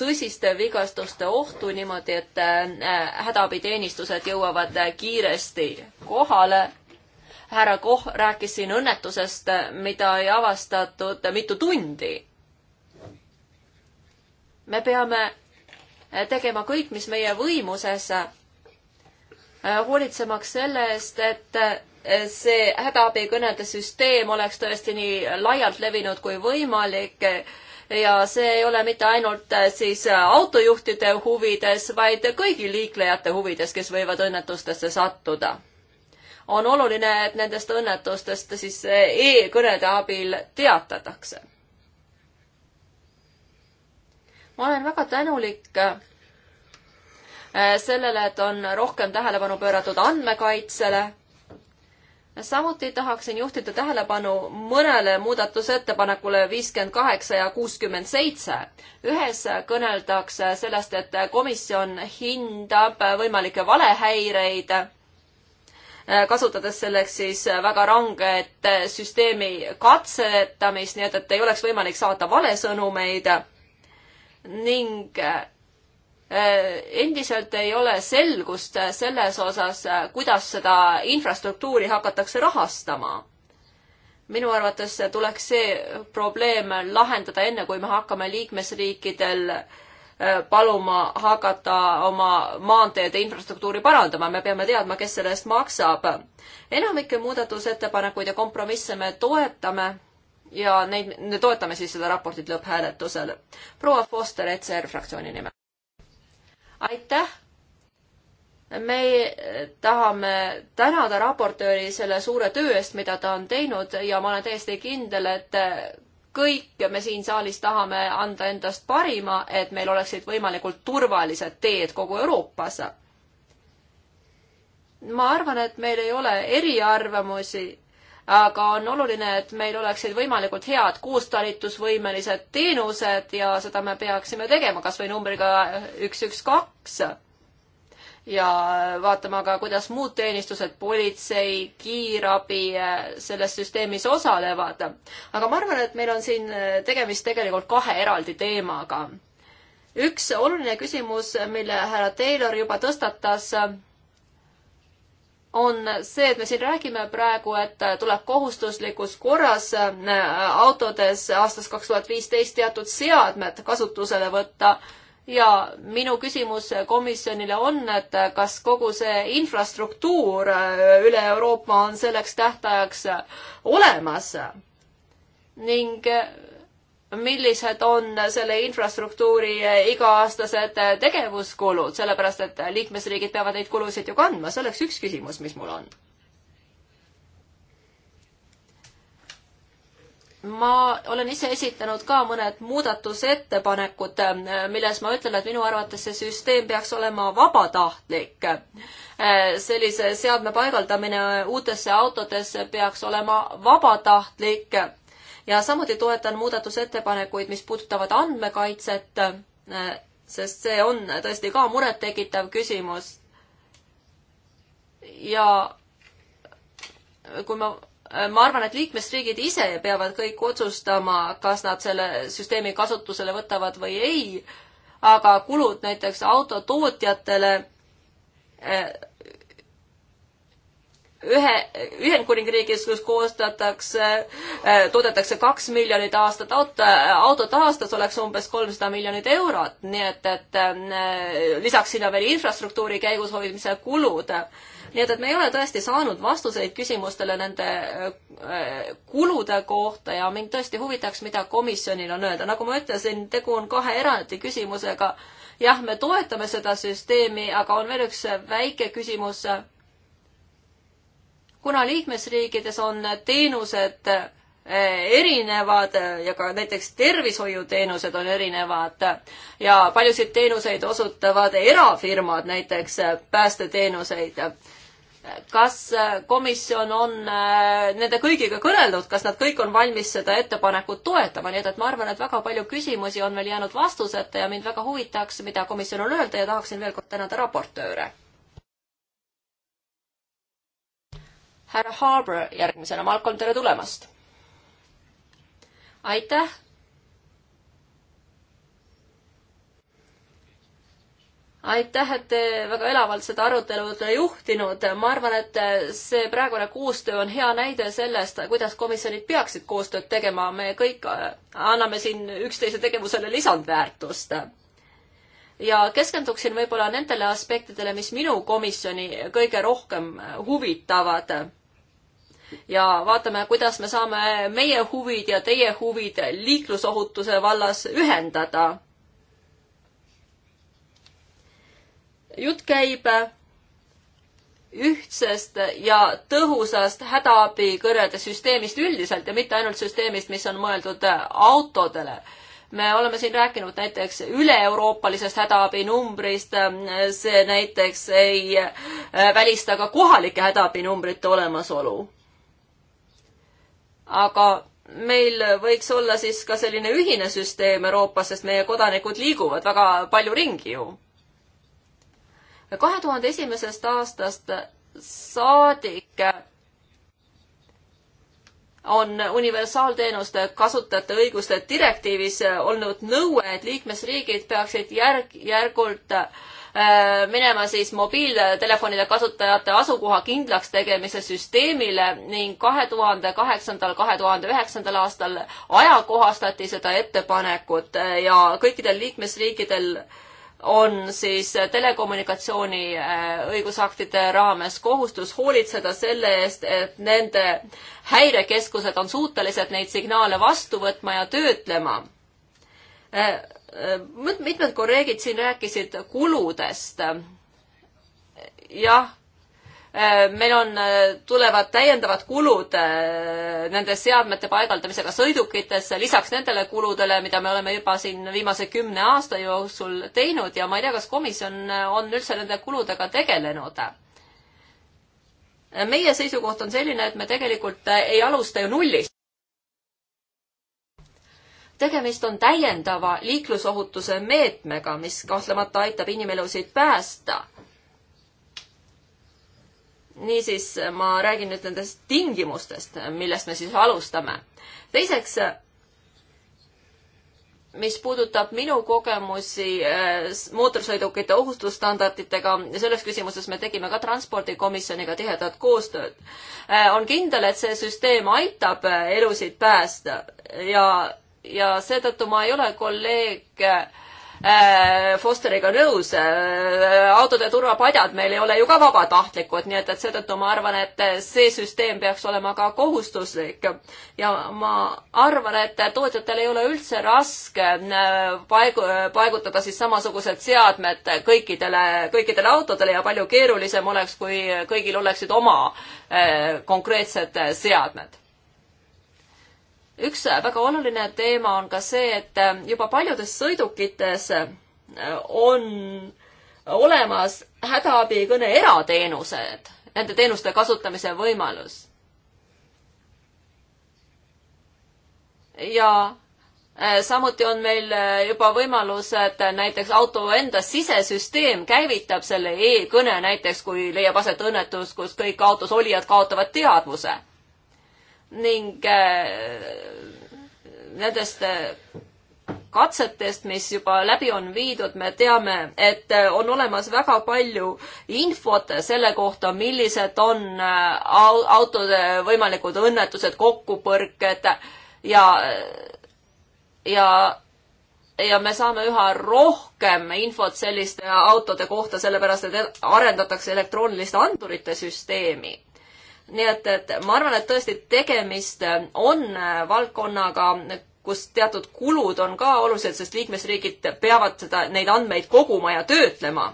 tõsiste vigastuste ohtu niimoodi, et äh, hädaabiteenistused jõuavad kiiresti kohale. härra Koh rääkis siin õnnetusest, mida ei avastatud mitu tundi. me peame tegema kõik, mis meie võimuses, hoolitsemaks selle eest, et see hädaabikõnede süsteem oleks tõesti nii laialt levinud kui võimalik ja see ei ole mitte ainult äh, siis äh, autojuhtide huvides, vaid kõigi liiklejate huvides, kes võivad õnnetustesse sattuda. on oluline, et nendest õnnetustest siis äh, e-kõnede abil teatatakse. ma olen väga tänulik sellele, et on rohkem tähelepanu pööratud andmekaitsele samuti tahaksin juhtida tähelepanu mõnele muudatusettepanekule viiskümmend kaheksa ja kuuskümmend seitse. ühes kõneldakse sellest, et komisjon hindab võimalikke valehäireid, kasutades selleks siis väga ranget süsteemi katsetamist, nii et, et ei oleks võimalik saata valesõnumeid ning Äh, endiselt ei ole selgust selles osas, äh, kuidas seda infrastruktuuri hakatakse rahastama. minu arvates tuleks see probleem lahendada enne, kui me hakkame liikmesriikidel äh, paluma hakata oma maanteede infrastruktuuri parandama, me peame teadma, kes selle eest maksab. enamikke muudatusettepanekuid ja kompromisse me toetame ja neid, me toetame siis seda raportit lõpphääletusel. proua Foster, ECR fraktsiooni nimel aitäh! me tahame tänada raportööri selle suure töö eest, mida ta on teinud ja ma olen täiesti kindel, et kõik me siin saalis tahame anda endast parima, et meil oleksid võimalikult turvalised teed kogu Euroopas. ma arvan, et meil ei ole eriarvamusi aga on oluline, et meil oleksid võimalikult head koostalitusvõimelised teenused ja seda me peaksime tegema kas või numbriga üks, üks, kaks. ja vaatama ka, kuidas muud teenistused, politsei, kiirabi eh, selles süsteemis osalevad. aga ma arvan, et meil on siin eh, tegemist tegelikult kahe eraldi teemaga. üks oluline küsimus, mille härra Taylor juba tõstatas on see, et me siin räägime praegu, et tuleb kohustuslikus korras äh, autodes aastast kaks tuhat viisteist teatud seadmed kasutusele võtta ja minu küsimus komisjonile on, et kas kogu see infrastruktuur äh, üle Euroopa on selleks tähtajaks olemas ning äh, millised on selle infrastruktuuri iga-aastased tegevuskulud, sellepärast et liikmesriigid peavad neid kulusid ju kandma, see oleks üks küsimus, mis mul on. ma olen ise esitanud ka mõned muudatusettepanekud, milles ma ütlen, et minu arvates see süsteem peaks olema vabatahtlik. sellise seadme paigaldamine uutesse autodesse peaks olema vabatahtlik ja samuti toetan muudatusettepanekuid, mis puudutavad andmekaitset, äh, sest see on tõesti ka murettekitav küsimus. ja kui ma, äh, ma arvan, et liikmesriigid ise peavad kõik otsustama, kas nad selle süsteemi kasutusele võtavad või ei, aga kulud näiteks autotootjatele äh, ühe, Ühendkuningriigis, kus koostatakse, äh, toodetakse kaks miljonit aastat auto, äh, autot aastas, oleks umbes kolmsada miljonit eurot, nii et, et äh, lisaks sinna veel infrastruktuuri käigushoidmise kulud nii et, et me ei ole tõesti saanud vastuseid küsimustele nende kulude kohta ja mind tõesti huvitaks, mida komisjonil on öelda. nagu ma ütlesin, tegu on kahe eraldi küsimusega. jah, me toetame seda süsteemi, aga on veel üks väike küsimus kuna liikmesriikides on teenused eh, erinevad ja ka näiteks tervishoiuteenused on erinevad ja paljusid teenuseid osutavad erafirmad, näiteks eh, päästeteenuseid. kas eh, komisjon on nende kõigiga kõnelnud, kas nad kõik on valmis seda ettepanekut toetama, nii et, et ma arvan, et väga palju küsimusi on veel jäänud vastuseta ja mind väga huvitaks, mida komisjon on öelda ja tahaksin veel kord tänada raportööre härra Harbour järgmisena. Malcolm, tere tulemast! aitäh! aitäh, et te väga elavalt seda arutelu olete juhtinud. ma arvan, et see praegune koostöö on hea näide sellest, kuidas komisjonid peaksid koostööd tegema. me kõik äh, anname siin üksteise tegevusele lisandväärtust. ja keskenduksin võib-olla nendele aspektidele, mis minu komisjoni kõige rohkem huvitavad ja vaatame, kuidas me saame meie huvid ja teie huvid liiklusohutuse vallas ühendada. jutt käib ühtsest ja tõhusast hädaabikõrjede süsteemist üldiselt ja mitte ainult süsteemist, mis on mõeldud autodele. me oleme siin rääkinud näiteks üle-euroopalisest hädaabinumbrist, see näiteks ei välista ka kohalike hädaabinumbrite olemasolu aga meil võiks olla siis ka selline ühine süsteem Euroopas, sest meie kodanikud liiguvad väga palju ringi ju. kahe tuhande esimesest aastast saadik on universaalteenuste kasutajate õiguste direktiivis olnud nõue, et liikmesriigid peaksid järg, järgult äh, Äh, minema siis mobiiltelefonide kasutajate asukoha kindlaks tegemise süsteemile ning kahe tuhande kaheksandal, kahe tuhande üheksandal aastal ajakohastati seda ettepanekut äh, ja kõikidel liikmesriikidel on siis telekommunikatsiooni äh, õigusaktide raames kohustus hoolitseda selle eest, et nende häirekeskused on suutelised neid signaale vastu võtma ja töötlema mitmed kolleegid siin rääkisid kuludest. jah, äh, meil on, äh, tulevad täiendavad kulud äh, nende seadmete paigaldamisega sõidukitesse, lisaks nendele kuludele, mida me oleme juba siin viimase kümne aasta jooksul teinud ja ma ei tea, kas komisjon on üldse nende kuludega tegelenud meie seisukoht on selline, et me tegelikult ei alusta ju nullist tegemist on täiendava liiklusohutuse meetmega, mis kahtlemata aitab inimelusid päästa. niisiis, ma räägin nüüd nendest tingimustest, millest me siis alustame. teiseks, mis puudutab minu kogemusi eh, mootorsõidukite ohutusstandarditega, selles küsimuses me tegime ka transpordikomisjoniga tihedat koostööd. Eh, on kindel, et see süsteem aitab eh, elusid päästa ja ja seetõttu ma ei ole kolleeg äh, Fosteriga nõus, äh, autode turvapadjad meil ei ole ju ka vabatahtlikud, nii et, et seetõttu ma arvan, et see süsteem peaks olema ka kohustuslik. ja ma arvan, et tootjatel ei ole üldse raske äh, paigu-, paigutada siis samasugused seadmed kõikidele, kõikidele autodele ja palju keerulisem oleks, kui kõigil oleksid oma konkreetsed seadmed üks väga oluline teema on ka see, et äh, juba paljudes sõidukites äh, on olemas hädaabikõne erateenused, nende teenuste kasutamise võimalus. ja äh, samuti on meil juba võimalus, et näiteks auto enda sisesüsteem käivitab selle e-kõne näiteks, kui leiab aset õnnetus, kus kõik autos olijad kaotavad teadvuse ning äh, nendest äh, katsetest, mis juba läbi on viidud, me teame, et äh, on olemas väga palju infot selle kohta, millised on autode võimalikud õnnetused, kokkupõrked ja, ja ja me saame üha rohkem infot selliste autode kohta, sellepärast et arendatakse elektrooniliste andurite süsteemi nii et, et ma arvan, et tõesti tegemist on äh, valdkonnaga, kus teatud kulud on ka olulised, sest liikmesriigid peavad seda, neid andmeid koguma ja töötlema.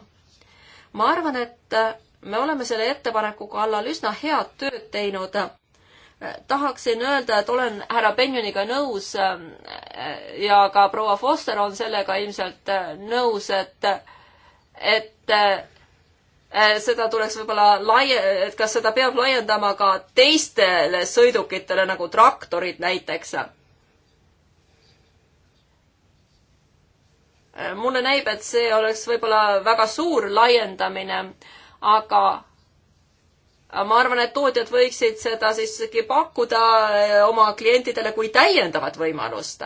ma arvan, et äh, me oleme selle ettepaneku kallal üsna head tööd teinud äh, tahaksin öelda, et olen härra Benjoniga nõus ja ka proua Foster on sellega ilmselt nõus, et, et Eh, seda tuleks võib-olla laie-, et kas seda peab laiendama ka teistele sõidukitele nagu traktorid näiteks? Eh, mulle näib, et see oleks võib-olla väga suur laiendamine, aga ma arvan, et tootjad võiksid seda siiski pakkuda eh, oma klientidele kui täiendavat võimalust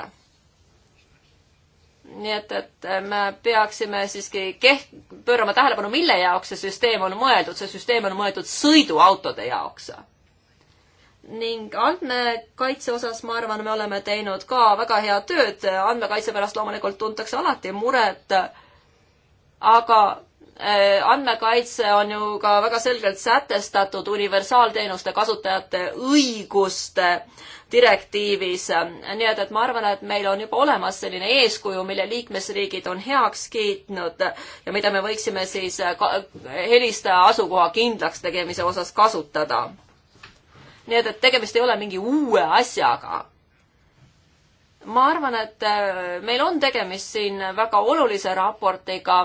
nii et, et äh, me peaksime siiski keht-, pöörama tähelepanu, mille jaoks see süsteem on mõeldud, see süsteem on mõeldud sõiduautode jaoks. ning andmekaitse osas, ma arvan, me oleme teinud ka väga head tööd, andmekaitse pärast loomulikult tuntakse alati muret, aga äh, andmekaitse on ju ka väga selgelt sätestatud universaalteenuste kasutajate õiguste direktiivis, nii et, et ma arvan, et meil on juba olemas selline eeskuju, mille liikmesriigid on heaks kiitnud ja mida me võiksime siis helistaja asukoha kindlaks tegemise osas kasutada. nii et, et tegemist ei ole mingi uue asjaga ma arvan, et äh, meil on tegemist siin väga olulise raportiga,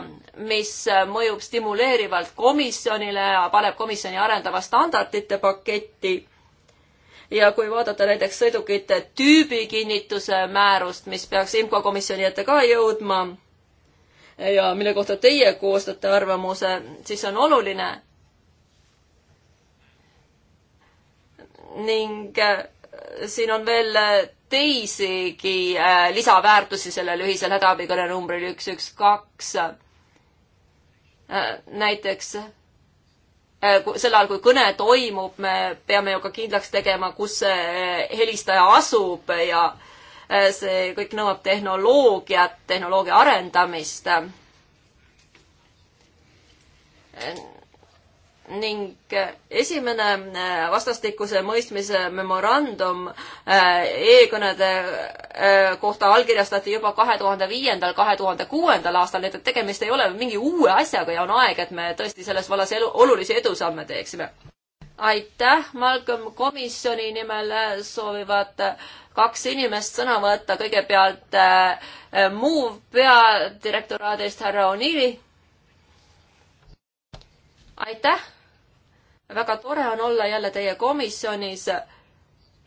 mis mõjub stimuleerivalt komisjonile ja paneb komisjoni arendava standardite paketti ja kui vaadata näiteks sõidukite tüübikinnituse määrust, mis peaks IMCO komisjoni ette ka jõudma ja mille kohta teie koostate arvamuse, siis on oluline. ning äh, siin on veel äh, teisigi äh, lisaväärtusi sellel ühisel hädaabikõne numbril üks, üks, kaks. näiteks Äh, sel ajal, kui kõne toimub, me peame ju ka kindlaks tegema, kus see äh, helistaja asub ja äh, see kõik nõuab tehnoloogiat, tehnoloogia arendamist ning äh, esimene äh, vastastikuse mõistmise memorandum äh, e-kõnede kohta allkirjastati juba kahe tuhande viiendal, kahe tuhande kuuendal aastal, nii et tegemist ei ole mingi uue asjaga ja on aeg, et me tõesti selles vallas elu, olulisi edusamme teeksime. aitäh, Malcolm, komisjoni nimel soovivad kaks inimest sõna võtta, kõigepealt äh, muu peadirektoraadist härra O'Neilli aitäh väga tore on olla jälle teie komisjonis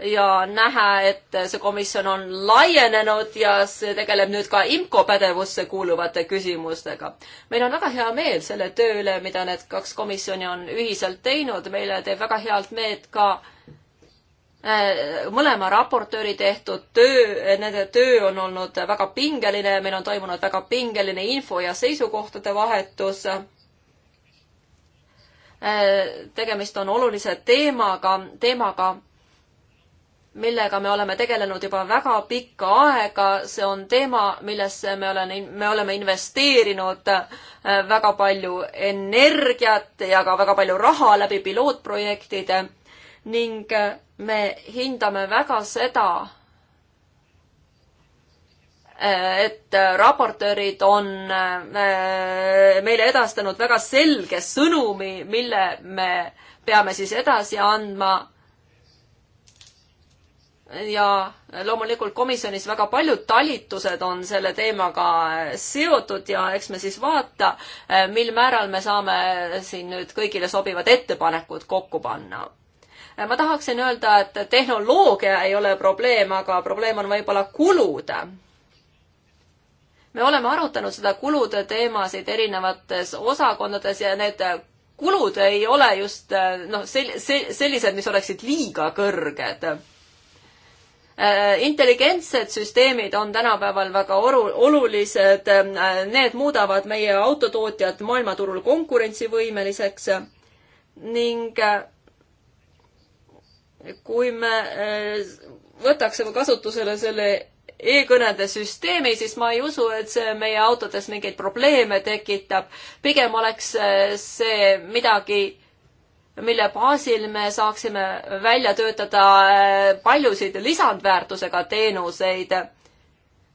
ja näha, et see komisjon on laienenud ja see tegeleb nüüd ka IMCO pädevusse kuuluvate küsimustega. meil on väga hea meel selle töö üle, mida need kaks komisjoni on ühiselt teinud, meile teeb väga head meelt ka äh, mõlema raportööri tehtud töö, nende töö on olnud väga pingeline, meil on toimunud väga pingeline info ja seisukohtade vahetus Äh, tegemist on olulise teemaga, teemaga, millega me oleme tegelenud juba väga pikka aega, see on teema, millesse me oleme, me oleme investeerinud äh, väga palju energiat ja ka väga palju raha läbi pilootprojektide ning äh, me hindame väga seda, et raportöörid on äh, meile edastanud väga selge sõnumi, mille me peame siis edasi andma ja loomulikult komisjonis väga paljud talitused on selle teemaga seotud ja eks me siis vaata, äh, mil määral me saame siin nüüd kõigile sobivad ettepanekud kokku panna. Äh, ma tahaksin öelda, et tehnoloogia ei ole probleem, aga probleem on võib-olla kulud me oleme arutanud seda kulude teemasid erinevates osakondades ja need kulud ei ole just noh, sel-, sel-, sellised, mis oleksid liiga kõrged. Äh, intelligentsed süsteemid on tänapäeval väga oru-, olulised, need muudavad meie autotootjad maailmaturul konkurentsivõimeliseks ning äh, kui me äh, võtaksime kasutusele selle e-kõnede süsteemi, siis ma ei usu, et see meie autodes mingeid probleeme tekitab. pigem oleks äh, see midagi, mille baasil me saaksime välja töötada äh, paljusid lisandväärtusega teenuseid.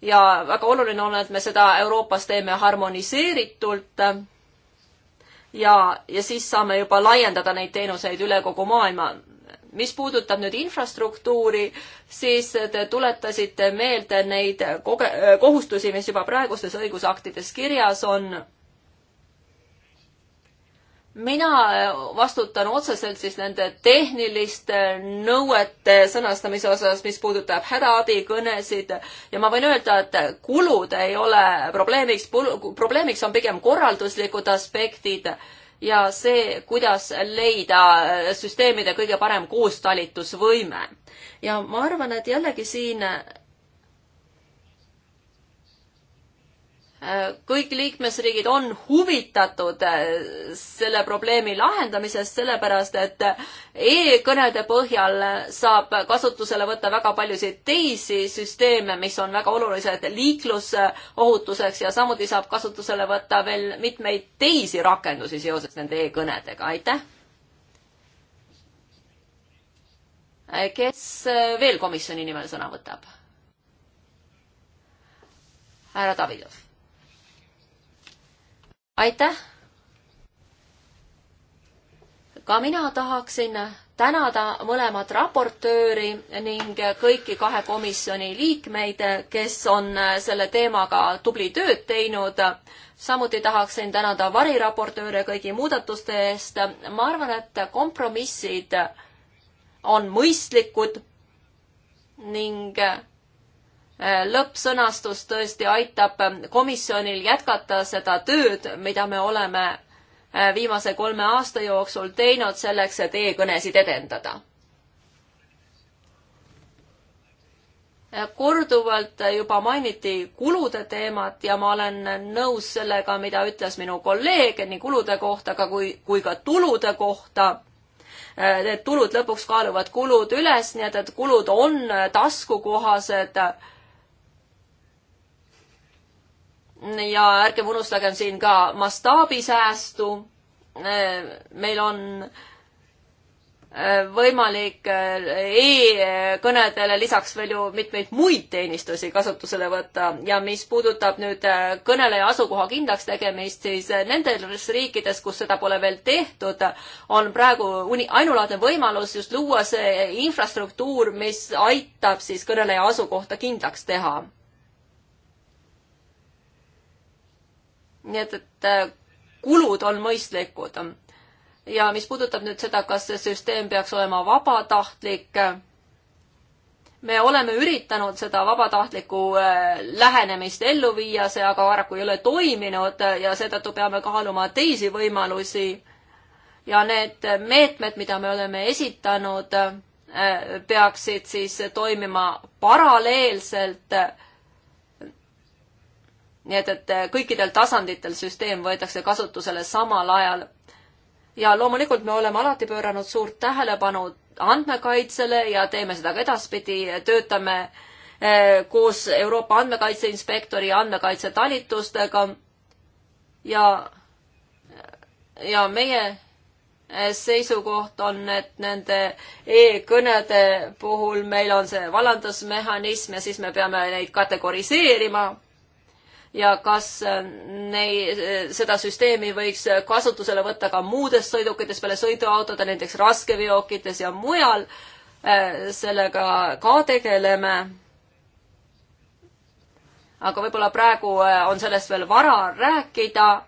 ja väga oluline on, et me seda Euroopas teeme harmoniseeritult. ja, ja siis saame juba laiendada neid teenuseid üle kogu maailma mis puudutab nüüd infrastruktuuri, siis te tuletasite meelde neid koge-, kohustusi, mis juba praegustes õigusaktides kirjas on. mina vastutan otseselt siis nende tehniliste nõuete sõnastamise osas, mis puudutab hädaabikõnesid ja ma võin öelda, et kulud ei ole probleemiks, probleemiks on pigem korralduslikud aspektid ja see, kuidas leida süsteemide kõige parem koostalitusvõime. ja ma arvan, et jällegi siin kõik liikmesriigid on huvitatud äh, selle probleemi lahendamisest, sellepärast et äh, e-kõnede põhjal saab kasutusele võtta väga paljusid teisi süsteeme, mis on väga olulised liiklusohutuseks ja samuti saab kasutusele võtta veel mitmeid teisi rakendusi seoses nende e-kõnedega, aitäh! Äh, kes veel komisjoni nimel sõna võtab? härra Davidov aitäh! ka mina tahaksin tänada mõlemat raportööri ning kõiki kahe komisjoni liikmeid, kes on selle teemaga tubli tööd teinud. samuti tahaksin tänada variraportööre kõigi muudatuste eest. ma arvan, et kompromissid on mõistlikud ning Äh, lõppsõnastus tõesti aitab komisjonil jätkata seda tööd, mida me oleme äh, viimase kolme aasta jooksul teinud selleks, et e-kõnesid edendada. Äh, korduvalt juba mainiti kulude teemat ja ma olen nõus sellega, mida ütles minu kolleeg nii kulude kohta, aga kui, kui ka tulude kohta need tulud lõpuks kaaluvad kulud üles, nii et, et kulud on taskukohased ja ärgem unustagem siin ka mastaabisäästu. Äh, meil on äh, võimalik äh, e-kõnedele lisaks veel ju mitmeid muid teenistusi kasutusele võtta ja mis puudutab nüüd kõneleja asukoha kindlaks tegemist, siis nendes riikides, kus seda pole veel tehtud, on praegu ainulaadne võimalus just luua see infrastruktuur, mis aitab siis kõneleja asukohta kindlaks teha nii et, et äh, kulud on mõistlikud. ja mis puudutab nüüd seda, kas see süsteem peaks olema vabatahtlik, me oleme üritanud seda vabatahtlikku äh, lähenemist ellu viia, see aga paraku ei ole toiminud ja seetõttu peame kaaluma teisi võimalusi. ja need meetmed, mida me oleme esitanud, äh, peaksid siis toimima paralleelselt nii et, et eh, kõikidel tasanditel süsteem võetakse kasutusele samal ajal. ja loomulikult me oleme alati pööranud suurt tähelepanu andmekaitsele ja teeme seda ka edaspidi, töötame eh, koos Euroopa Andmekaitse Inspektori ja andmekaitse talitustega ja, ja meie eh, seisukoht on, et nende e-kõnede puhul meil on see vallandusmehhanism ja siis me peame neid kategoriseerima ja kas äh, nei-, äh, seda süsteemi võiks kasutusele võtta ka muudes sõidukites peale sõiduautode, näiteks raskeveokites ja mujal, äh, sellega ka tegeleme. aga võib-olla praegu on sellest veel vara rääkida.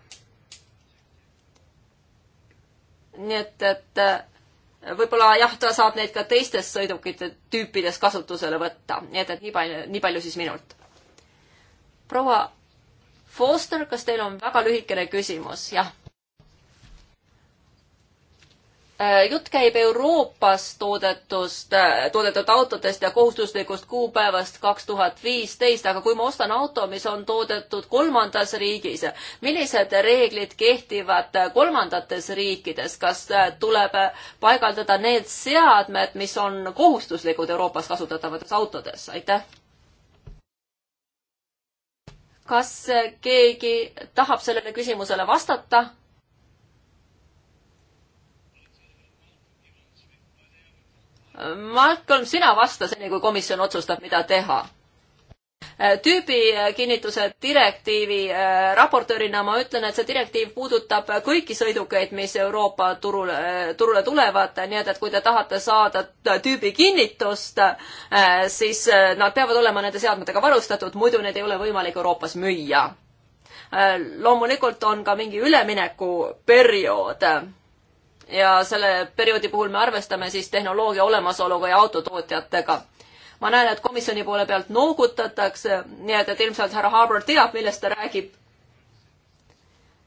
nii et, et võib-olla jah, ta saab neid ka teistes sõidukite tüüpides kasutusele võtta, nii et, et nii palju, nii palju siis minult. proua Foster, kas teil on väga lühikene küsimus? jah. Äh, jutt käib Euroopas toodetust, äh, toodetud autodest ja kohustuslikust kuupäevast kaks tuhat viisteist, aga kui ma ostan auto, mis on toodetud kolmandas riigis, millised reeglid kehtivad kolmandates riikides, kas äh, tuleb paigaldada need seadmed, mis on kohustuslikud Euroopas kasutatavates autodes? aitäh kas keegi tahab sellele küsimusele vastata? Malcolm, sina vasta seni, kui komisjon otsustab, mida teha Äh, tüübikinnituse direktiivi äh, raportöörina ma ütlen, et see direktiiv puudutab äh, kõiki sõidukeid, mis Euroopa turule, turule tulevad, nii et, et kui te tahate saada tüübikinnitust, siis nad peavad olema nende seadmetega varustatud, muidu neid ei ole võimalik Euroopas müüa. loomulikult on ka mingi üleminekuperiood ja selle perioodi puhul me arvestame siis tehnoloogia olemasoluga ja autotootjatega ma näen, et komisjoni poole pealt noogutatakse, nii et, et ilmselt härra Harbour teab, millest ta räägib.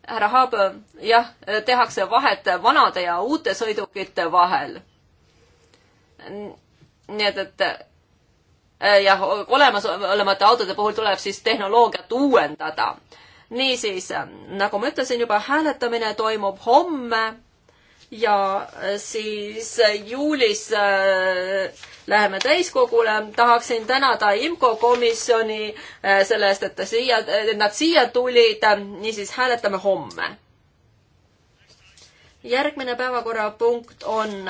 härra Harbour, jah, tehakse vahet vanade ja uute sõidukite vahel. nii et, et eh, jah, olemasolevate autode puhul tuleb siis tehnoloogiat uuendada niisiis, nagu ma ütlesin juba, hääletamine toimub homme ja äh, siis äh, juulis äh, läheme täiskogule. tahaksin tänada IMCO komisjoni selle eest, et ta siia, nad siia tulid. niisiis hääletame homme. järgmine päevakorrapunkt on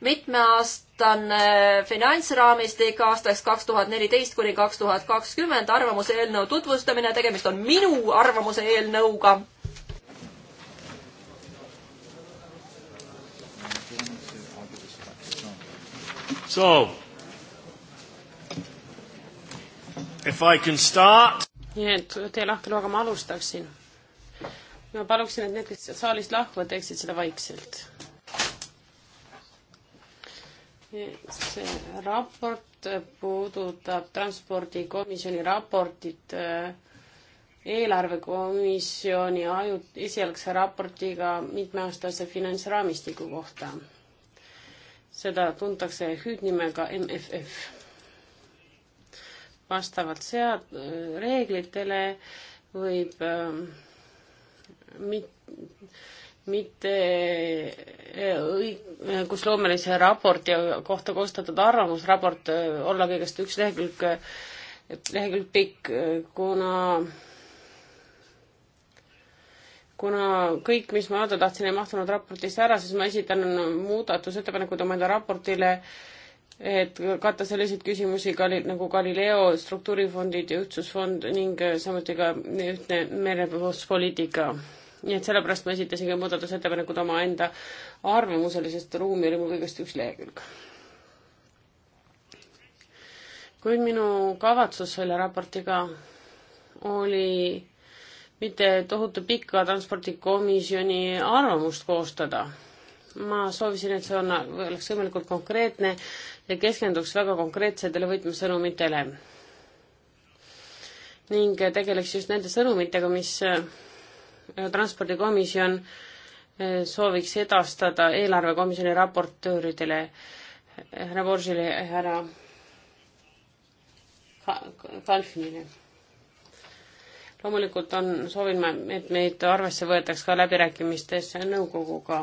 mitmeaastane finantsraamistik aastaks kaks tuhat neliteist kuni kaks tuhat kakskümmend arvamuse eelnõu tutvustamine. tegemist on minu arvamuse eelnõuga So, if I can start. nii et tee lahti looga, ma alustaksin. ma paluksin, et need, kes saalist lahkuvad, teeksid seda vaikselt. see raport puudutab transpordikomisjoni raportit äh, eelarvekomisjoni ajut-, esialgse raportiga mitmeaastase finantsraamistiku kohta seda tuntakse hüüdnimega MFF. vastavalt sead-, reeglitele võib ähm, mit-, mitte äh, õig-, kus loomelise raporti kohta koostatud arvamusraport äh, olla kõigest üks lehekülg, äh, lehekülg pikk, kuna kuna kõik, mis ma öelda tahtsin, ei mahtunud raportisse ära, siis ma esitan muudatusettepanekud oma enda raportile, et katta selliseid küsimusi nagu Galileo, struktuurifondid ja ühtsusfond ning samuti ka ühtne merepõllumajanduspoliitika. nii et sellepärast ma esitasin ka muudatusettepanekud omaenda arvamusele, sest ruumi oli mul kõigest üks lehekülg. kuid minu kavatsus selle raportiga oli mitte tohutu pika transpordikomisjoni arvamust koostada. ma soovisin, et see on, oleks võimalikult konkreetne ja keskenduks väga konkreetsetele võtmesõnumitele. ning tegeleks just nende sõnumitega, mis äh, transpordikomisjon äh, sooviks edastada eelarvekomisjoni raportööridele, äh, härra Borsile, härra Kalfinile loomulikult on, soovin ma, et meid arvesse võetaks ka läbirääkimistes nõukoguga.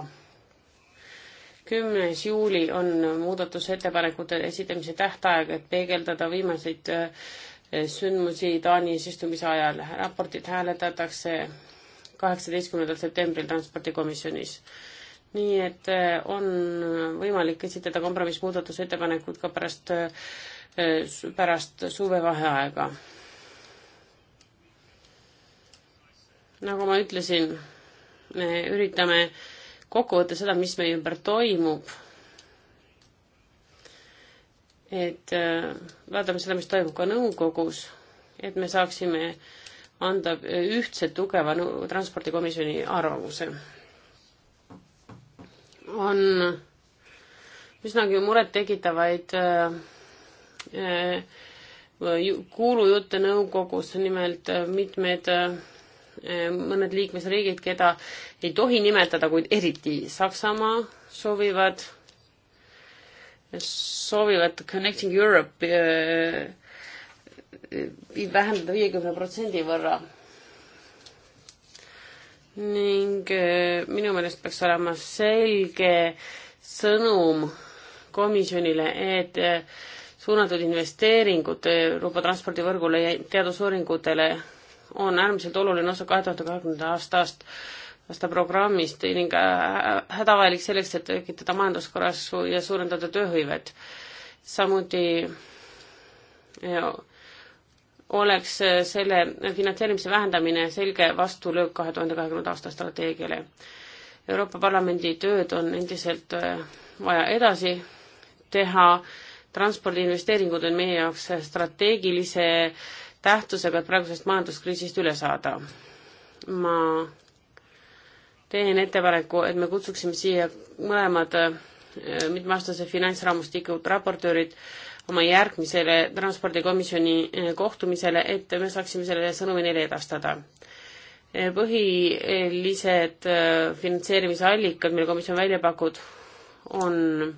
kümnes juuli on muudatusettepanekute esitamise tähtaeg, et peegeldada viimaseid eh, sündmusi Taani eesistumise ajal. raportit hääletatakse kaheksateistkümnendal septembril Transpordikomisjonis. nii et eh, on võimalik esitada kompromissmuudatusettepanekud ka pärast, eh, pärast suvevaheaega nagu ma ütlesin, me üritame kokku võtta seda, mis meie ümber toimub. et äh, vaatame seda, mis toimub ka nõukogus, et me saaksime anda ühtse tugeva transpordikomisjoni arvamuse. on üsnagi murettekitavaid äh, äh, kuulujutte nõukogus, nimelt mitmed äh, Ehm, mõned liikmesriigid, keda ei tohi nimetada, kuid eriti Saksamaa soovivad, soovivad Connecting Europe eh, eh, vähendada viiekümne protsendi võrra. ning eh, minu meelest peaks olema selge sõnum komisjonile, et suunatud investeeringud Euroopa transpordivõrgule ja teadusuuringutele on äärmiselt oluline osa kahe tuhande kahekümnenda aastast aasta programmist ning äh, hädavajalik selleks, et tekitada majanduskasvu ja suurendada tööhõivet. samuti ja, oleks selle finantseerimise vähendamine selge vastulöök kahe tuhande kahekümnenda aasta strateegiale. Euroopa Parlamendi tööd on endiselt äh, vaja edasi teha, transpordiinvesteeringud on meie jaoks strateegilise äh, tähtsusega, et praegusest majanduskriisist üle saada. ma teen ettepaneku, et me kutsuksime siia mõlemad äh, mitmeaastase finantsraamustiku raportöörid oma järgmisele transpordikomisjoni äh, kohtumisele, et me saaksime selle sõnumi neile edastada. Äh, põhilised finantseerimise allikad, mille komisjon välja pakub, on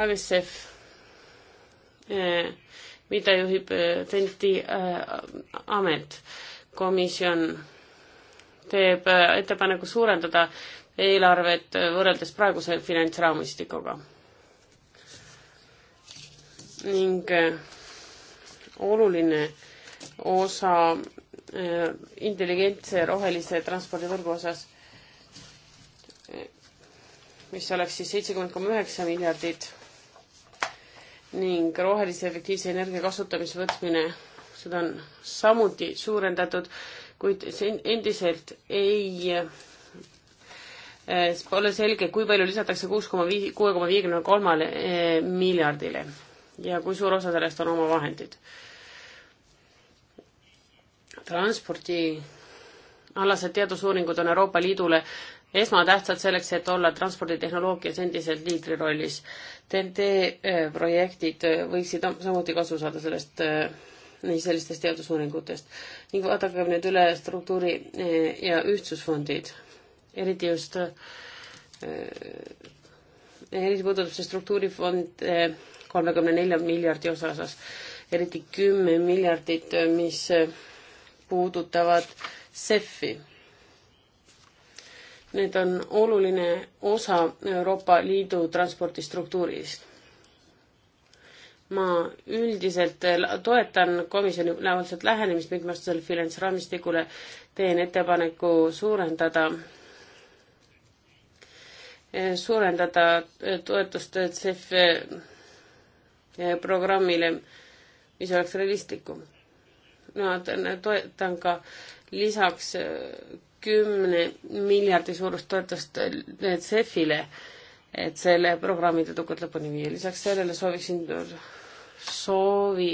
ABSF Eh, mida juhib eh, Tenti eh, amet. komisjon teeb ettepaneku suurendada eelarvet võrreldes praeguse finantsraamistikuga. ning oluline osa intelligentse rohelise transpordivõrgu osas, mis oleks siis seitsekümmend koma üheksa miljardit ning rohelise efektiivse energia kasutamise võtmine, seda on samuti suurendatud, kuid see endiselt ei eh, Pole selge, kui palju lisatakse kuus koma viis, kuue koma viiekümne kolmale eh, miljardile ja kui suur osa sellest on omavahendid. transpordi alased teadusuuringud on Euroopa Liidule esmatähtsad selleks, et olla transporditehnoloogias endiselt liidrirollis. TNT äh, projektid äh, võiksid samuti kasu saada sellest, äh, nii sellistest teadusuuringutest. ning vaadake nüüd üle struktuuri ja ühtsusfondid, eriti just, eriti puudutab see struktuurifond kolmekümne nelja miljardi osas, eriti kümme miljardit, mis puudutavad CEF-i Need on oluline osa Euroopa Liidu transpordistruktuurist. ma üldiselt toetan komisjoni ülemuselt lähenemist mitmestel finantsraamistikule, teen ettepaneku suurendada suurendada toetust CEF programmile, mis oleks realistlikum. no toetan ka lisaks kümne miljardi suurust toetust CEF-ile, et selle programmi edukalt lõpuni viia. lisaks sellele sooviksin, soovi,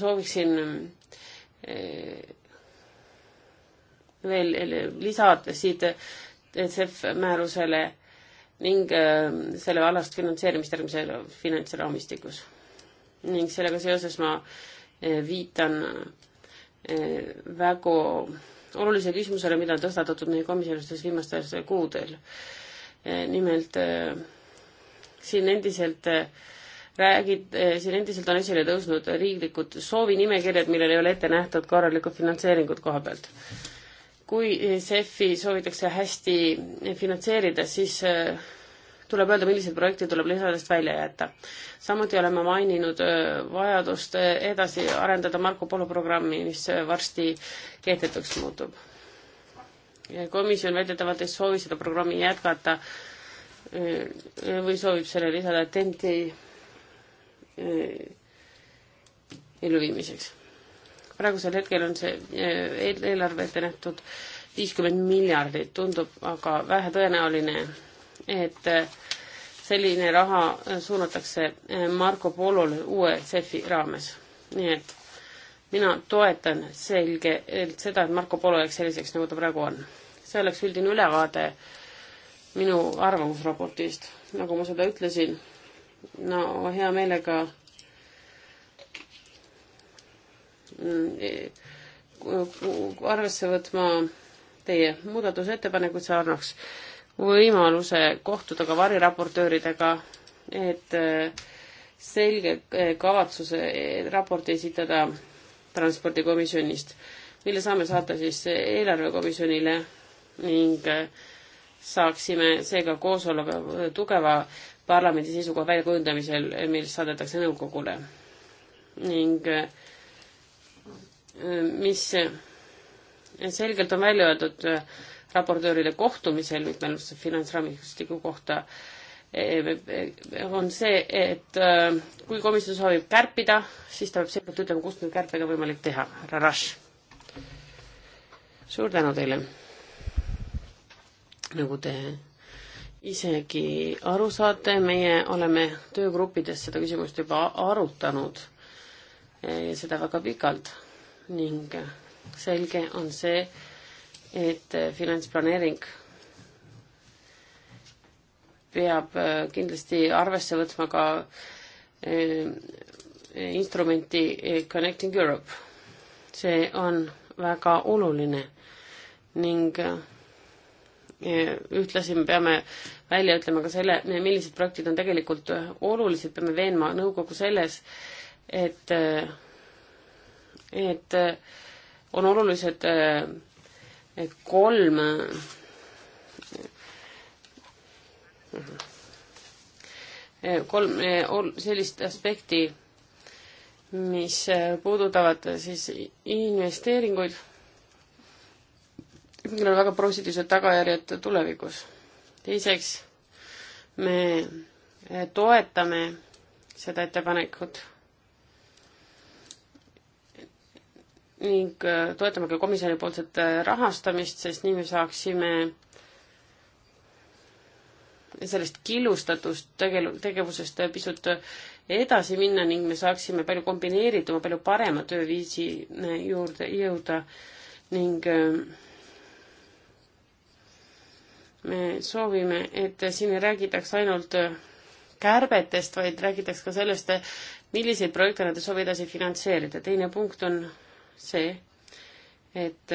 sooviksin eh, veel lisada siit e CEF määrusele ning eh, selle alast finantseerimist järgmisel finantsraamistikus. ning sellega seoses ma eh, viitan väga olulise küsimusele, mida on tõstatatud meie komisjonistes viimastel kuudel. nimelt eh, siin endiselt eh, räägid, eh, siin endiselt on esile tõusnud riiklikud soovinimekirjad, millel ei ole ette nähtud korralikku finantseeringut koha pealt. kui CEF-i soovitakse hästi finantseerida, siis tuleb öelda, millised projektid tuleb lisadest välja jätta. samuti oleme maininud äh, vajadust äh, edasi arendada Marco Polo programmi, mis äh, varsti kehtetuks muutub. komisjon väidetavalt ei soovi seda programmi jätkata või soovib selle lisada TNT elluviimiseks. praegusel hetkel on see eelarve ette nähtud viiskümmend miljardit, tundub aga vähetõenäoline, et selline raha äh, suunatakse äh, Marco Polole uue CEF-i raames. nii et mina toetan selgelt äh, seda, et Marco Polo jääks selliseks, nagu ta praegu on. see oleks üldine ülevaade minu arvamusraportist, nagu ma seda ütlesin. no hea meelega mm, e, arvesse võtma teie muudatusettepanekuid, see annaks võimaluse kohtuda ka variraportööridega, et äh, selge äh, kavatsuse äh, raporti esitada transpordikomisjonist, mille saame saata siis eelarvekomisjonile ning saaksime seega koos olla tugeva parlamendi seisukoha väljakujundamisel, mis saadetakse nõukogule. ning mis selgelt on välja öeldud äh, raportöörile kohtumisel mitmelise finantsraamistiku kohta on see, et äh, kui komisjon soovib kärpida, siis ta peab selgelt ütlema, kust neid kärpega võimalik teha. härra Rash. suur tänu teile. nagu te isegi aru saate, meie oleme töögruppides seda küsimust juba arutanud eh, ja seda väga pikalt ning selge on see, et eh, finantsplaneering peab eh, kindlasti arvesse võtma ka eh, instrumenti Connecting Europe. see on väga oluline ning ühtlasi me peame välja ütlema ka selle, millised projektid on tegelikult olulised, peame veenma nõukogu selles, et, et on olulised kolm eh, kolm eh, sellist aspekti, mis eh, puudutavad siis investeeringuid, millel on väga positiivsed tagajärjed tulevikus. teiseks, me toetame seda ettepanekut ning äh, toetame ka komisjonipoolset äh, rahastamist, sest nii me saaksime sellest killustatust tegel-, tegevusest äh, pisut edasi minna ning me saaksime palju kombineerituma, palju parema tööviisi juurde jõuda ning me soovime, et siin ei räägitaks ainult kärbetest, vaid räägitaks ka sellest, milliseid projekte nad ei soovi edasi finantseerida. teine punkt on see, et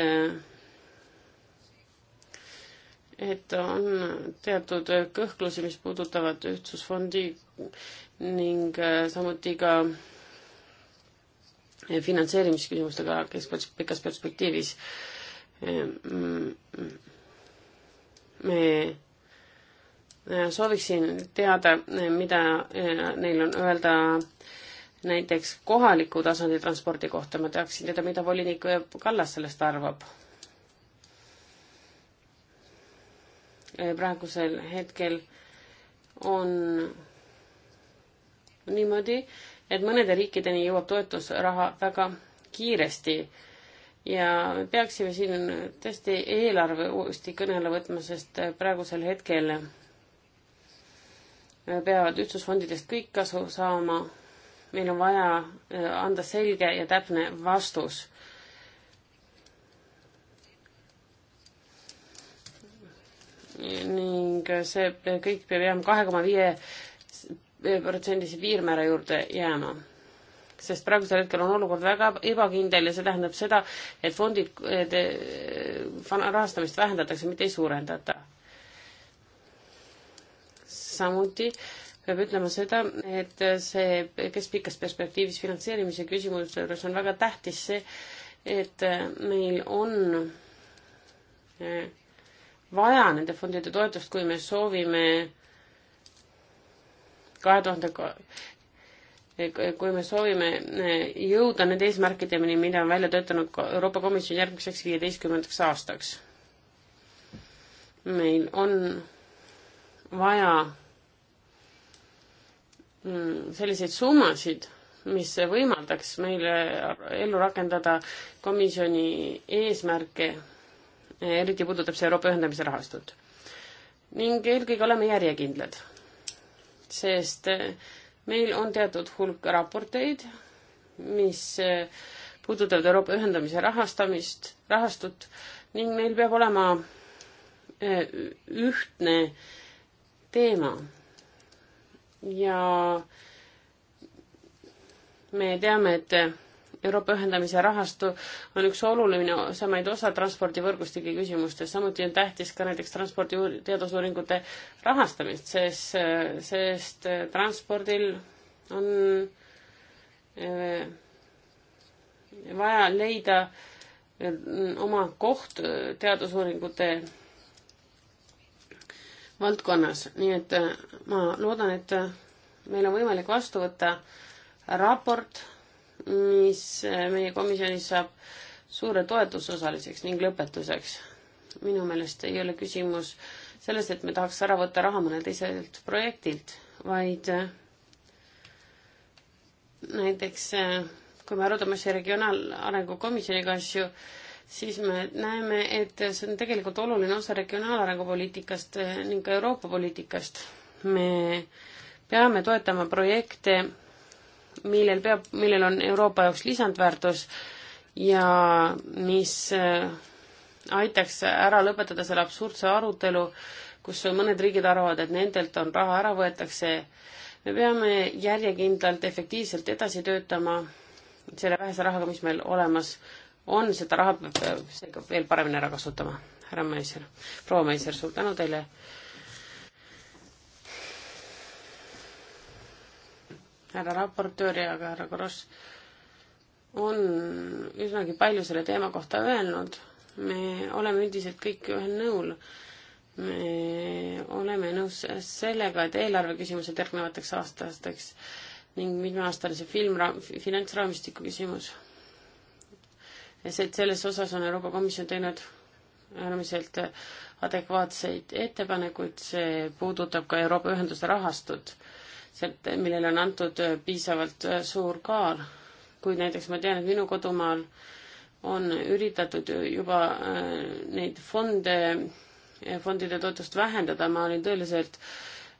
et on teatud kõhklusi, mis puudutavad Ühtsusfondi ning äh, samuti ka finantseerimisküsimustega keskpers-, pikas perspektiivis. me sooviksin teada, mida äh, neil on öelda näiteks kohaliku tasandi transpordi kohta, ma tahaksin teada, mida volinik Kallas sellest arvab. praegusel hetkel on niimoodi, et mõnede riikideni jõuab toetusraha väga kiiresti ja me peaksime siin tõesti eelarve uuesti kõne alla võtma, sest praegusel hetkel peavad ühtsusfondidest kõik kasu saama meil on vaja äh, anda selge ja täpne vastus. ning äh, see äh, kõik peab jääma kahe koma viie protsendise piirmäära juurde jääma sest praegusel hetkel on olukord väga ebakindel ja see tähendab seda, et fondid, rahastamist vähendatakse, mitte ei suurendata. samuti peab ütlema seda, et see, kes pikas perspektiivis finantseerimise küsimuse juures on väga tähtis see, et meil on eh, vaja nende fondide toetust, kui me soovime kahe tuhande, eh, kui me soovime eh, jõuda nende eesmärkideni, mida on välja töötanud Euroopa Komisjon järgmiseks viieteistkümnendaks aastaks. meil on vaja Mm, selliseid summasid, mis võimaldaks meile ellu rakendada komisjoni eesmärke, eriti puudutab see Euroopa ühendamise rahastut. ning eelkõige oleme järjekindlad, sest eh, meil on teatud hulk raporteid, mis eh, puudutavad Euroopa ühendamise rahastamist, rahastut ning meil peab olema eh, ühtne teema ja me teame, et Euroopa ühendamise rahastu on üks oluline osamaid osa transpordivõrgustike küsimustes, samuti on tähtis ka näiteks transpordi teadusuuringute rahastamist, sest, sest transpordil on eh, vaja leida eh, oma koht teadusuuringute valdkonnas, nii et äh, ma loodan, et äh, meil on võimalik vastu võtta raport, mis äh, meie komisjonis saab suure toetuse osaliseks ning lõpetuseks. minu meelest ei ole küsimus selles, et me tahaks ära võtta raha mõnelt teiselt projektilt, vaid näiteks kui me arutame siin regionaalarengu komisjoniga asju, siis me näeme, et see on tegelikult oluline osa regionaalarengu poliitikast eh, ning ka Euroopa poliitikast. me peame toetama projekte, millel peab, millel on Euroopa jaoks lisandväärtus ja mis eh, aitaks ära lõpetada selle absurdse arutelu, kus mõned riigid arvavad, et nendelt on raha ära võetakse. me peame järjekindlalt, efektiivselt edasi töötama selle vähese rahaga, mis meil olemas on, seda raha peab seega veel paremini ära kasutama. härra Meiser, proua Meiser, suur tänu teile. härra raportöör ja ka härra Kross on üsnagi palju selle teema kohta öelnud. me oleme üldiselt kõik ühel nõul. me oleme nõus sellega, et eelarve küsimused järgnevateks aastateks ning mitmeaastane see film, finantsraamistiku küsimus selles osas on Euroopa Komisjon teinud äärmiselt adekvaatseid ettepanekuid, see puudutab ka Euroopa Ühenduste rahastut, sealt, millele on antud piisavalt suur kaal. kuid näiteks ma tean, et minu kodumaal on üritatud juba äh, neid fonde, äh, fondide toetust vähendada, ma olin tõeliselt,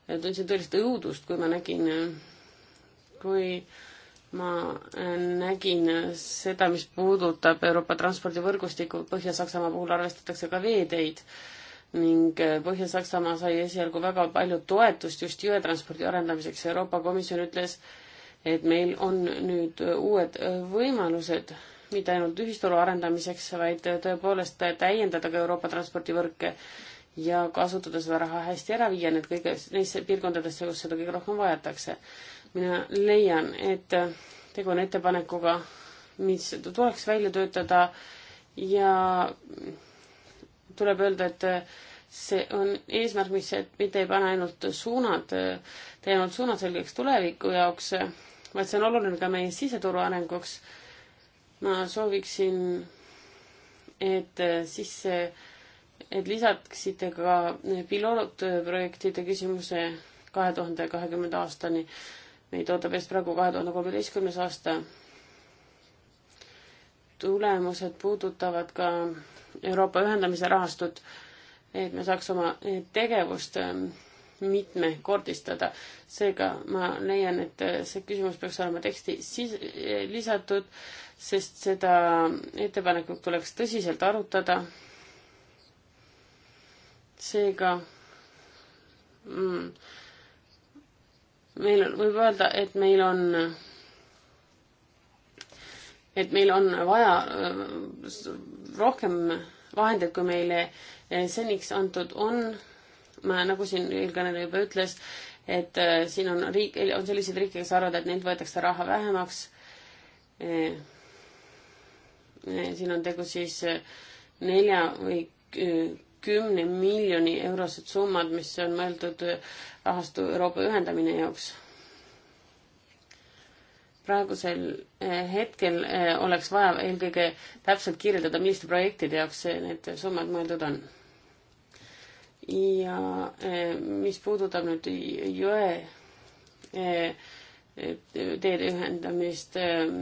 tundsin tõelist õudust, kui ma nägin, äh, kui äh, ma äh, nägin seda, mis puudutab Euroopa transpordivõrgustikku, Põhja-Saksamaa puhul arvestatakse ka veeteid ning äh, Põhja-Saksamaa sai esialgu väga palju toetust just jõetranspordi arendamiseks. Euroopa Komisjon ütles, et meil on nüüd äh, uued võimalused mitte ainult ühisturu arendamiseks, vaid tõepoolest täiendada ka Euroopa transpordivõrke ja kasutada seda raha hästi ära, viia need kõige, neisse piirkondadesse, kus seda kõige rohkem vajatakse mina leian, et tegu on ettepanekuga, mis tuleks välja töötada ja tuleb öelda, et see on eesmärk, mis mitte ei pane ainult suunad, tee ainult suunad selgeks tuleviku jaoks, vaid see on oluline ka meie siseturu arenguks. ma sooviksin, et sisse, et lisaksite ka pilootprojektide küsimuse kahe tuhande kahekümnenda aastani meid ootab ees praegu kahe tuhande kolmeteistkümnes aasta. tulemused puudutavad ka Euroopa ühendamise rahastut, et me saaks oma tegevust ähm, mitmekordistada. seega ma leian, et äh, see küsimus peaks olema teksti sis-, lisatud, sest seda ettepanekut tuleks tõsiselt arutada. seega mm, meil on, võib öelda, et meil on, et meil on vaja äh, rohkem vahendeid, kui meile äh, seniks antud on. ma, nagu siin eelkõneleja juba ütles, et äh, siin on riik, on selliseid riike, kes arvavad, et neilt võetakse raha vähemaks. siin on tegu siis nelja või kümne miljoni eurosed summad, mis on mõeldud rahastu Euroopa ühendamine jaoks. praegusel eh, hetkel eh, oleks vaja eelkõige täpselt kirjeldada, milliste projektide jaoks need summad mõeldud on. ja eh, mis puudutab nüüd jõe teede ühendamist,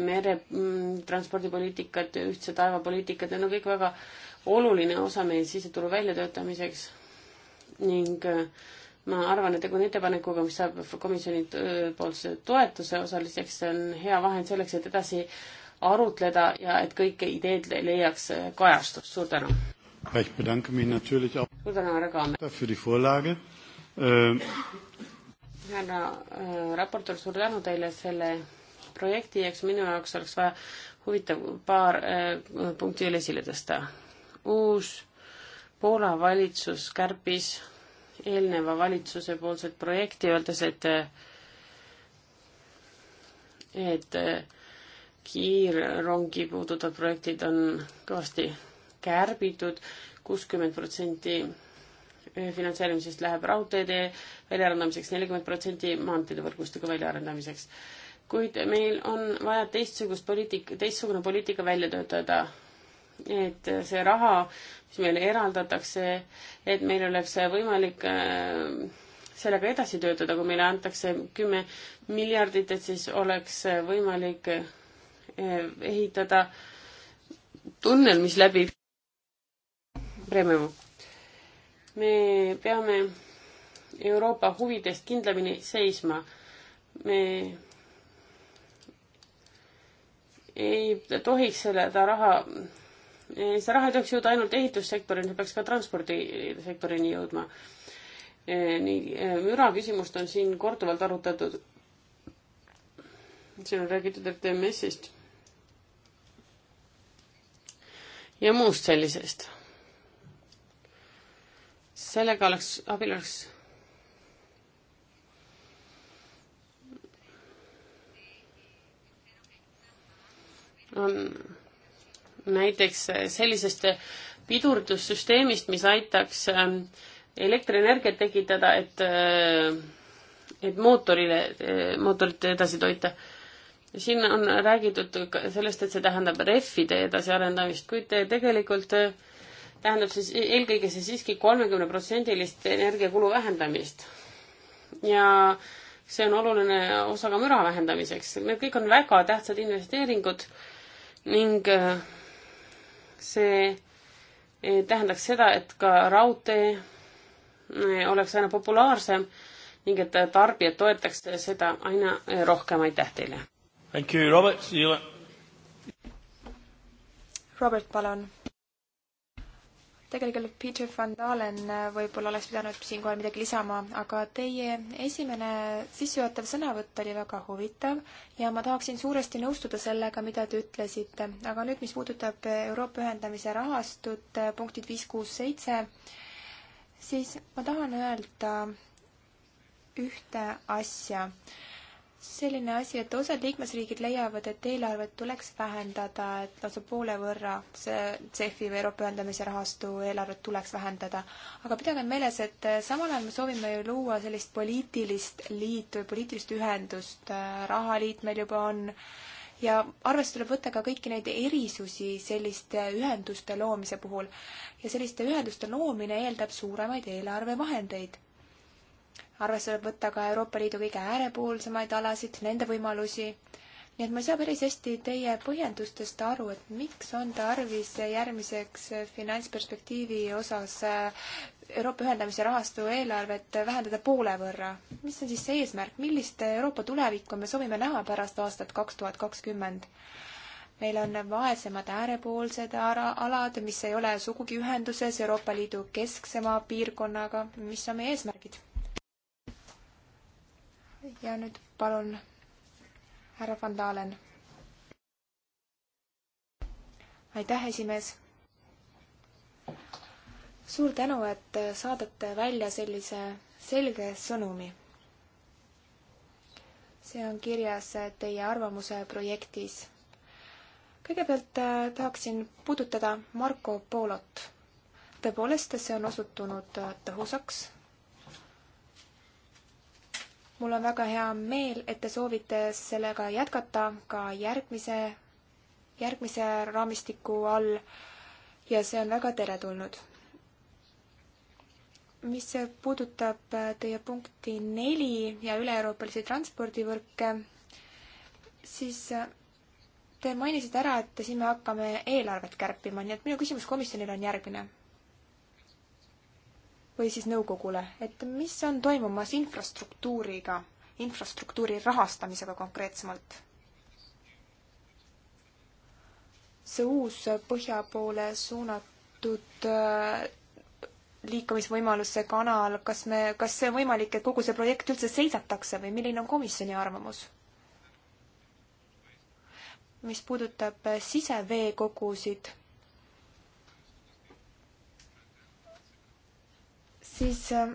meretranspordipoliitikat, mm, ühtse taevapoliitikat, need on kõik väga äh, oluline osa meie siseturu väljatöötamiseks ning äh, ma arvan, et tegu on ettepanekuga, mis saab komisjoni äh, poolse toetuse osaliseks, see on hea vahend selleks, et edasi arutleda ja et kõik ideed leiaks äh, kajastust. suur tänu! suur tänu, härra Kaamer! Ähm, härra raportöör, suur tänu teile selle projekti, eks minu jaoks oleks vaja huvitav paar äh, punkti veel esile tõsta uus Poola valitsus kärpis eelneva valitsuse poolset projekti, öeldes, et et kiirrongi puudutavad projektid on kõvasti kärbitud, kuuskümmend protsenti finantseerimisest läheb raudteede väljaarendamiseks, nelikümmend protsenti maanteede võrgustiku väljaarendamiseks. kuid meil on vaja teistsugust poliitik-, teistsugune poliitika välja töötada, et see raha, mis meile eraldatakse, et meil oleks võimalik äh, sellega edasi töötada, kui meile antakse kümme miljardit, et siis oleks võimalik äh, ehitada tunnel, mis läbib Brememo. me peame Euroopa huvidest kindlamini seisma. me ei tohiks seda raha see raha ei tohiks jõuda ainult ehitussektorini, see peaks ka transpordisektorini jõudma. E, nii, e, müra küsimust on siin korduvalt arutatud. siin on räägitud RTMS-ist. ja muust sellisest. sellega oleks, abil oleks on näiteks sellisest pidurdussüsteemist, mis aitaks ähm, elektrienergiat tekitada, et, äh, et mootorile, äh, mootorit edasi toita. siin on räägitud sellest, et see tähendab rehvide edasiarendamist, kuid tegelikult äh, tähendab siis eelkõige see siiski kolmekümneprotsendilist energiakulu vähendamist. ja see on oluline osa ka müra vähendamiseks. Need kõik on väga tähtsad investeeringud ning äh, see tähendaks seda, et ka raudtee eh, oleks aina populaarsem ning et tarbijad toetaks seda aina eh, rohkem, aitäh teile! Robert, Robert, palun! tegelikult Peter van Dalen äh, võib-olla oleks pidanud siinkohal midagi lisama, aga teie esimene sissejuhatav sõnavõtt oli väga huvitav ja ma tahaksin suuresti nõustuda sellega, mida te ütlesite. aga nüüd, mis puudutab Euroopa ühendamise rahastut, äh, punktid viis, kuus, seitse, siis ma tahan öelda ühte asja selline asi, et osad liikmesriigid leiavad, et eelarvet tuleks vähendada, et lausa poole võrra see CEF-i või Euroopa ühendamise rahastu eelarvet tuleks vähendada. aga pidage meeles, et eh, samal ajal me soovime ju luua sellist poliitilist liitu või poliitilist ühendust, eh, rahaliit meil juba on, ja arvesse tuleb võtta ka kõiki neid erisusi selliste ühenduste loomise puhul. ja selliste ühenduste loomine eeldab suuremaid eelarvevahendeid arvesse tuleb võtta ka Euroopa Liidu kõige äärepoolsemaid alasid, nende võimalusi. nii et ma ei saa päris hästi teie põhjendustest aru, et miks on tarvis järgmiseks finantsperspektiivi osas äh, Euroopa ühendamise rahastu eelarvet vähendada poole võrra. mis on siis see eesmärk, millist Euroopa tulevikku me soovime näha pärast aastat kaks tuhat kakskümmend? meil on vaesemad äärepoolsed alad, mis ei ole sugugi ühenduses Euroopa Liidu kesksema piirkonnaga. mis on meie eesmärgid? ja nüüd palun härra Van Dalen. aitäh, esimees. suur tänu, et saadate välja sellise selge sõnumi. see on kirjas teie arvamuse projektis. kõigepealt äh, tahaksin puudutada Marko Polot. tõepoolest, see on osutunud äh, tõhusaks mul on väga hea meel, et te soovite sellega jätkata ka järgmise, järgmise raamistiku all ja see on väga teretulnud. mis puudutab teie punkti neli ja üle-euroopalisi transpordivõrke, siis te mainisite ära, et siin me hakkame eelarvet kärpima, nii et minu küsimus komisjonile on järgmine või siis nõukogule, et mis on toimumas infrastruktuuriga, infrastruktuuri rahastamisega konkreetsemalt? see uus põhja poole suunatud äh, liikumisvõimaluse kanal, kas me, kas see on võimalik, et kogu see projekt üldse seisatakse või milline on komisjoni arvamus? mis puudutab siseveekogusid siis ähm,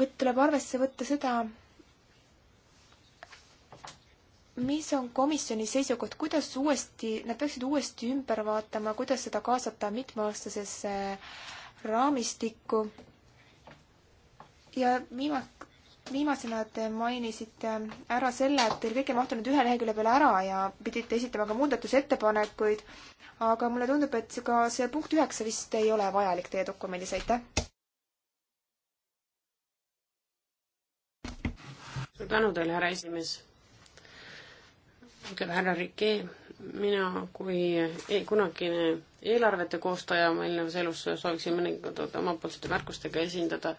võt-, tuleb arvesse võtta seda, mis on komisjoni seisukoht, kuidas uuesti, nad peaksid uuesti ümber vaatama, kuidas seda kaasata mitmeaastasesse raamistikku. ja viimast, viimasena te mainisite ära selle, et teil kõik ei mahtunud ühe lehekülje peale ära ja pidite esitama ka muudatusettepanekuid, aga mulle tundub, et ka see punkt üheksa vist ei ole vajalik teie dokumendis, aitäh. suur tänu teile, härra esimees. ütleb härra Rikee, mina kui ei, kunagine eelarvete koostaja oma eelnevas elus sooviksin mõningaid omapoolsete märkustega esindada,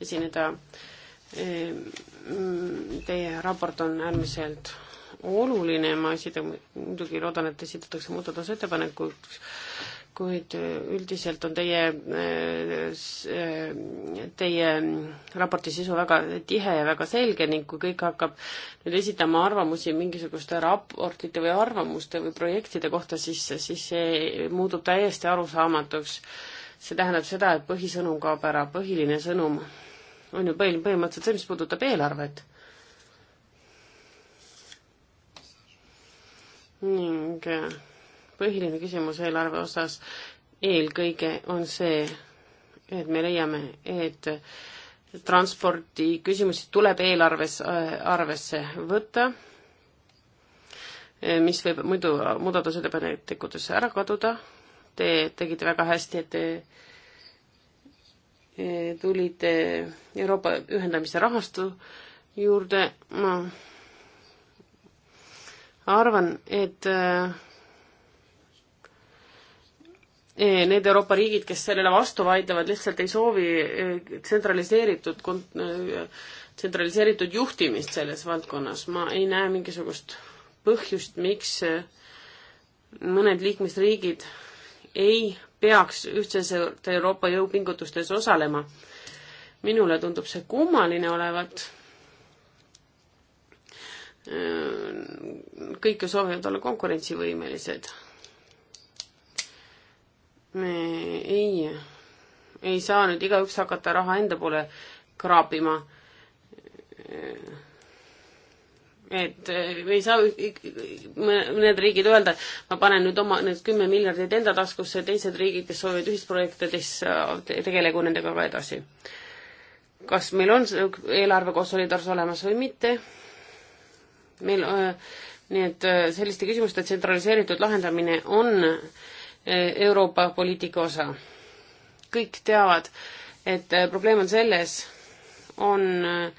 esineda, esineda Ehm, teie raport on äärmiselt oluline, ma esita-, muidugi loodan, et esitatakse muudatusettepanekuid, kuid eh, üldiselt on teie, eh, eh, teie raporti sisu väga tihe ja väga selge ning kui kõik hakkab nüüd esitama arvamusi mingisuguste raportite või arvamuste või projektide kohta, siis, siis see muutub täiesti arusaamatuks. see tähendab seda, et põhisõnum kaob ära, põhiline sõnum on ju põhim-, põhimõtteliselt see, mis puudutab eelarvet. ning äh, põhiline küsimus eelarve osas eelkõige on see, et me leiame, et transpordi küsimusi tuleb eelarves, äh, arvesse võtta, äh, mis võib muidu muudatusettepanekutesse ära kaduda. Te tegite väga hästi, et te tulid Euroopa ühendamise rahastu juurde, ma arvan, et e, need Euroopa riigid, kes sellele vastu vaidlevad, lihtsalt ei soovi e, tsentraliseeritud, e, tsentraliseeritud juhtimist selles valdkonnas. ma ei näe mingisugust põhjust, miks mõned liikmesriigid ei peaks ühtses Euroopa jõupingutustes osalema. minule tundub see kummaline olevat. kõik ju soovivad olla konkurentsivõimelised. me ei, ei saa nüüd igaüks hakata raha enda poole kraapima et me eh, ei saa mõned riigid öelda, et ma panen nüüd oma need kümme miljardit enda taskusse, teised riigid, kes soovivad ühisprojektides, tegelegu nendega ka edasi. kas meil on eelarvega solidaarsus olemas või mitte? meil, nii et selliste küsimuste tsentraliseeritud lahendamine on Euroopa poliitika osa. kõik teavad, et probleem on selles, on äh,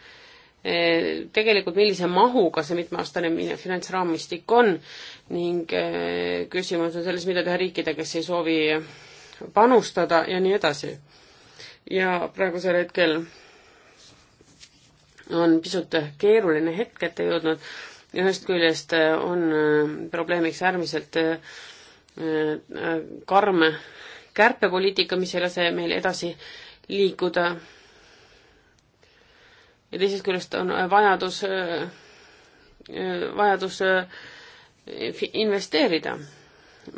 Eh, tegelikult millise mahuga see mitmeaastane finantsraamistik on ning eh, küsimus on selles, mida teha riikidega, kes ei soovi panustada ja nii edasi. ja praegusel hetkel on pisut keeruline hetk ette jõudnud, ühest küljest eh, on probleemiks äärmiselt karm kärpepoliitika, mis ei lase meil edasi liikuda ja teisest küljest on äh, vajadus, äh, äh, vajadus investeerida.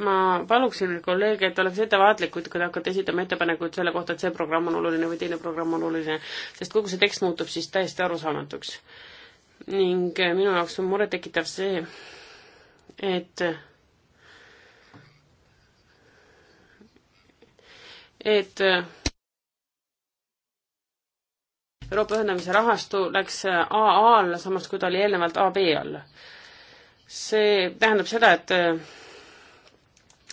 ma paluksin kolleege, et oleks ettevaatlikud, kui te hakkate esitama ettepanekuid selle kohta, et see programm on oluline või teine programm on oluline, sest kogu see tekst muutub siis täiesti arusaamatuks. ning minu jaoks on murettekitav see, et et Euroopa ühendamise rahastu läks AA alla, samas kui ta oli eelnevalt AB all. see tähendab seda, et äh,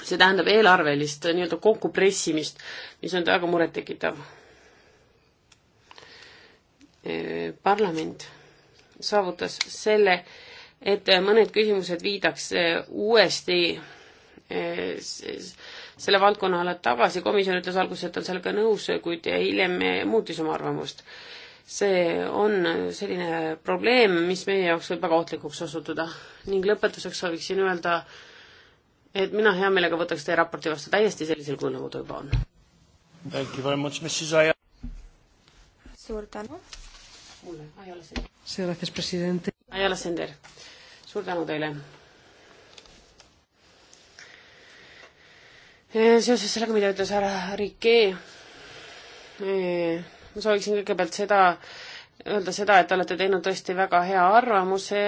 see tähendab eelarvelist äh, nii-öelda kokkupressimist, mis on väga murettekitav. Äh, parlament saavutas selle, et mõned küsimused viidakse uuesti selle valdkonna alla tagasi, komisjon ütles alguses, et on sellega nõus, kuid hiljem muutis oma arvamust see on selline probleem, mis meie jaoks võib väga ohtlikuks osutuda. ning lõpetuseks sooviksin öelda, et mina hea meelega võtaks teie raporti vastu täiesti sellisel kujul, nagu ta juba on. suur tänu. mulle, Ajala Sender. Gracias, president. Ajala Sender, suur tänu teile. seoses sellega, mida ütles härra Rikee, ma sooviksin kõigepealt seda, öelda seda, et te olete teinud tõesti väga hea arvamuse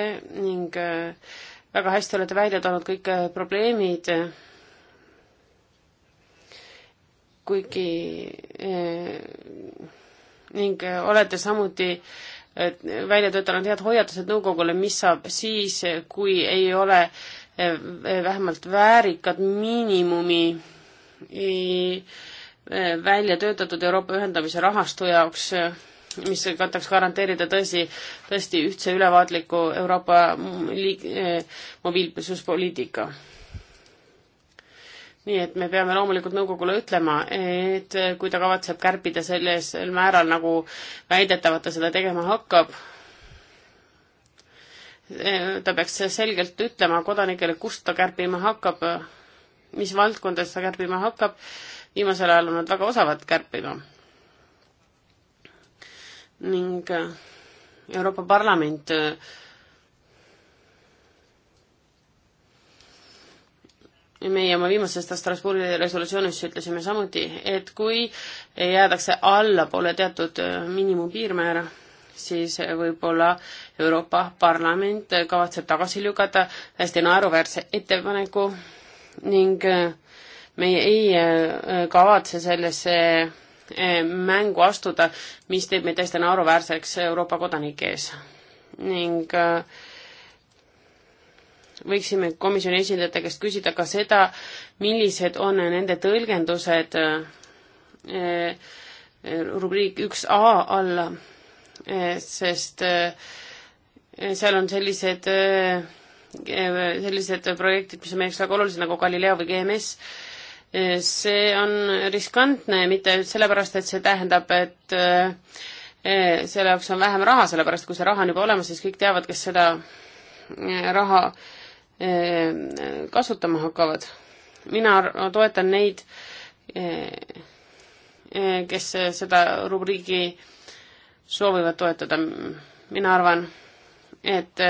ning äh, väga hästi olete välja toonud kõik äh, probleemid, kuigi äh, ning olete samuti välja töötanud head hoiatused nõukogule, mis saab siis, kui ei ole vähemalt väärikad miinimumi ei, Eh, välja töötatud Euroopa ühendamise rahastu jaoks, eh, mis kataks garanteerida tõsi, tõesti ühtse ülevaatliku Euroopa liik-, eh, mobiilsuspoliitika. nii et me peame loomulikult nõukogule ütlema, et kui ta kavatseb kärpida selles määral, nagu väidetavalt ta seda tegema hakkab, ta peaks selgelt ütlema kodanikele, kust ta kärpima hakkab, mis valdkondades ta kärpima hakkab viimasel ajal on nad väga osavad kärpima. ning äh, Euroopa Parlament äh, meie oma viimasest Strasbourgi resolutsioonis ütlesime samuti, et kui jäädakse allapoole teatud äh, miinimumpiirmäära, siis võib-olla Euroopa Parlament kavatseb tagasi lükata täiesti naeruväärse ettepaneku ning äh, meie ei äh, äh, kavatse sellesse äh, mängu astuda, mis teeb meid täiesti naeruväärseks Euroopa kodanike ees. ning võiksime komisjoni esindajate käest küsida ka seda, millised on nende tõlgendused rubriik üks A alla, sest seal on sellised, sellised projektid, mis on meie jaoks väga olulised, nagu Galileo või GMS, see on riskantne mitte sellepärast, et see tähendab, et eh, selle jaoks on vähem raha, sellepärast kui see raha on juba olemas, siis kõik teavad, kes seda eh, raha eh, kasutama hakkavad. mina toetan neid, kes seda rubriigi soovivad toetada. mina arvan, et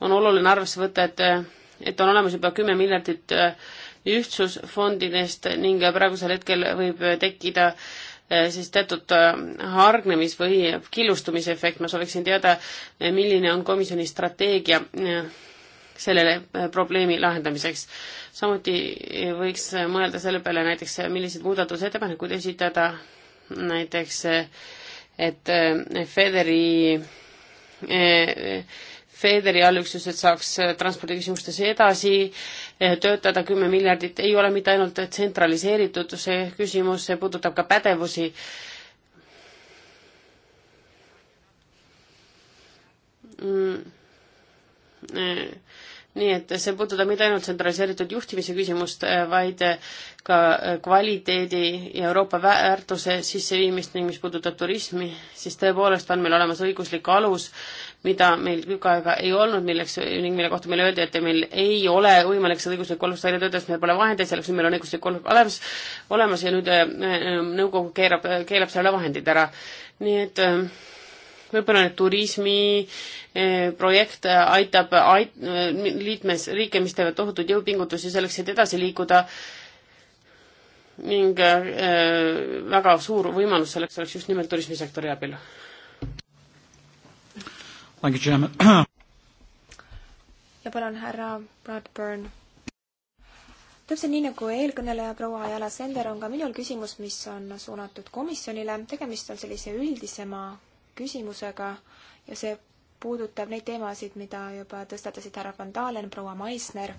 on oluline arvesse võtta, et, et on olemas juba kümme miljardit äh, ühtsusfondidest ning praegusel hetkel võib tekkida eh, siis teatud eh, hargnemis- või killustumise efekt, ma sooviksin teada, eh, milline on komisjoni strateegia sellele probleemi lahendamiseks. samuti võiks mõelda selle peale näiteks, milliseid muudatusettepanekuid esitada, näiteks et Federi, Federi allüksused saaks transpordiküsimustes edasi Eh, töötada, kümme miljardit ei ole mitte ainult tsentraliseeritud, see küsimus, see puudutab ka pädevusi. Mm. Eh, nii et see puudutab mitte ainult tsentraliseeritud juhtimise küsimust, eh, vaid ka kvaliteedi ja Euroopa väärtuse sisseviimist ning mis puudutab turismi, siis tõepoolest on meil olemas õiguslik alus äh, mida meil tükk aega ei olnud, milleks ning mille kohta meile öeldi, et meil ei ole võimalik seda õiguslikku alust välja töötada, sest meil pole vahendeid selleks, nüüd meil on õiguslik olukord olemas, olemas ja nüüd äh, äh, nõukogu keerab, keelab selle vahendid ära. nii et võib-olla äh, nüüd turismiprojekt aitab ait-, liikmesriike, mis teevad tohutuid jõupingutusi selleks, et edasi liikuda, ning äh, väga suur võimalus selleks oleks just nimelt turismisektori abil ja palun, härra Bradburn. täpselt nii, nagu eelkõneleja proua Ajala Sender, on ka minul küsimus, mis on suunatud komisjonile. tegemist on sellise üldisema küsimusega ja see puudutab neid teemasid, mida juba tõstatasid härra Van Dalen, proua Maisner.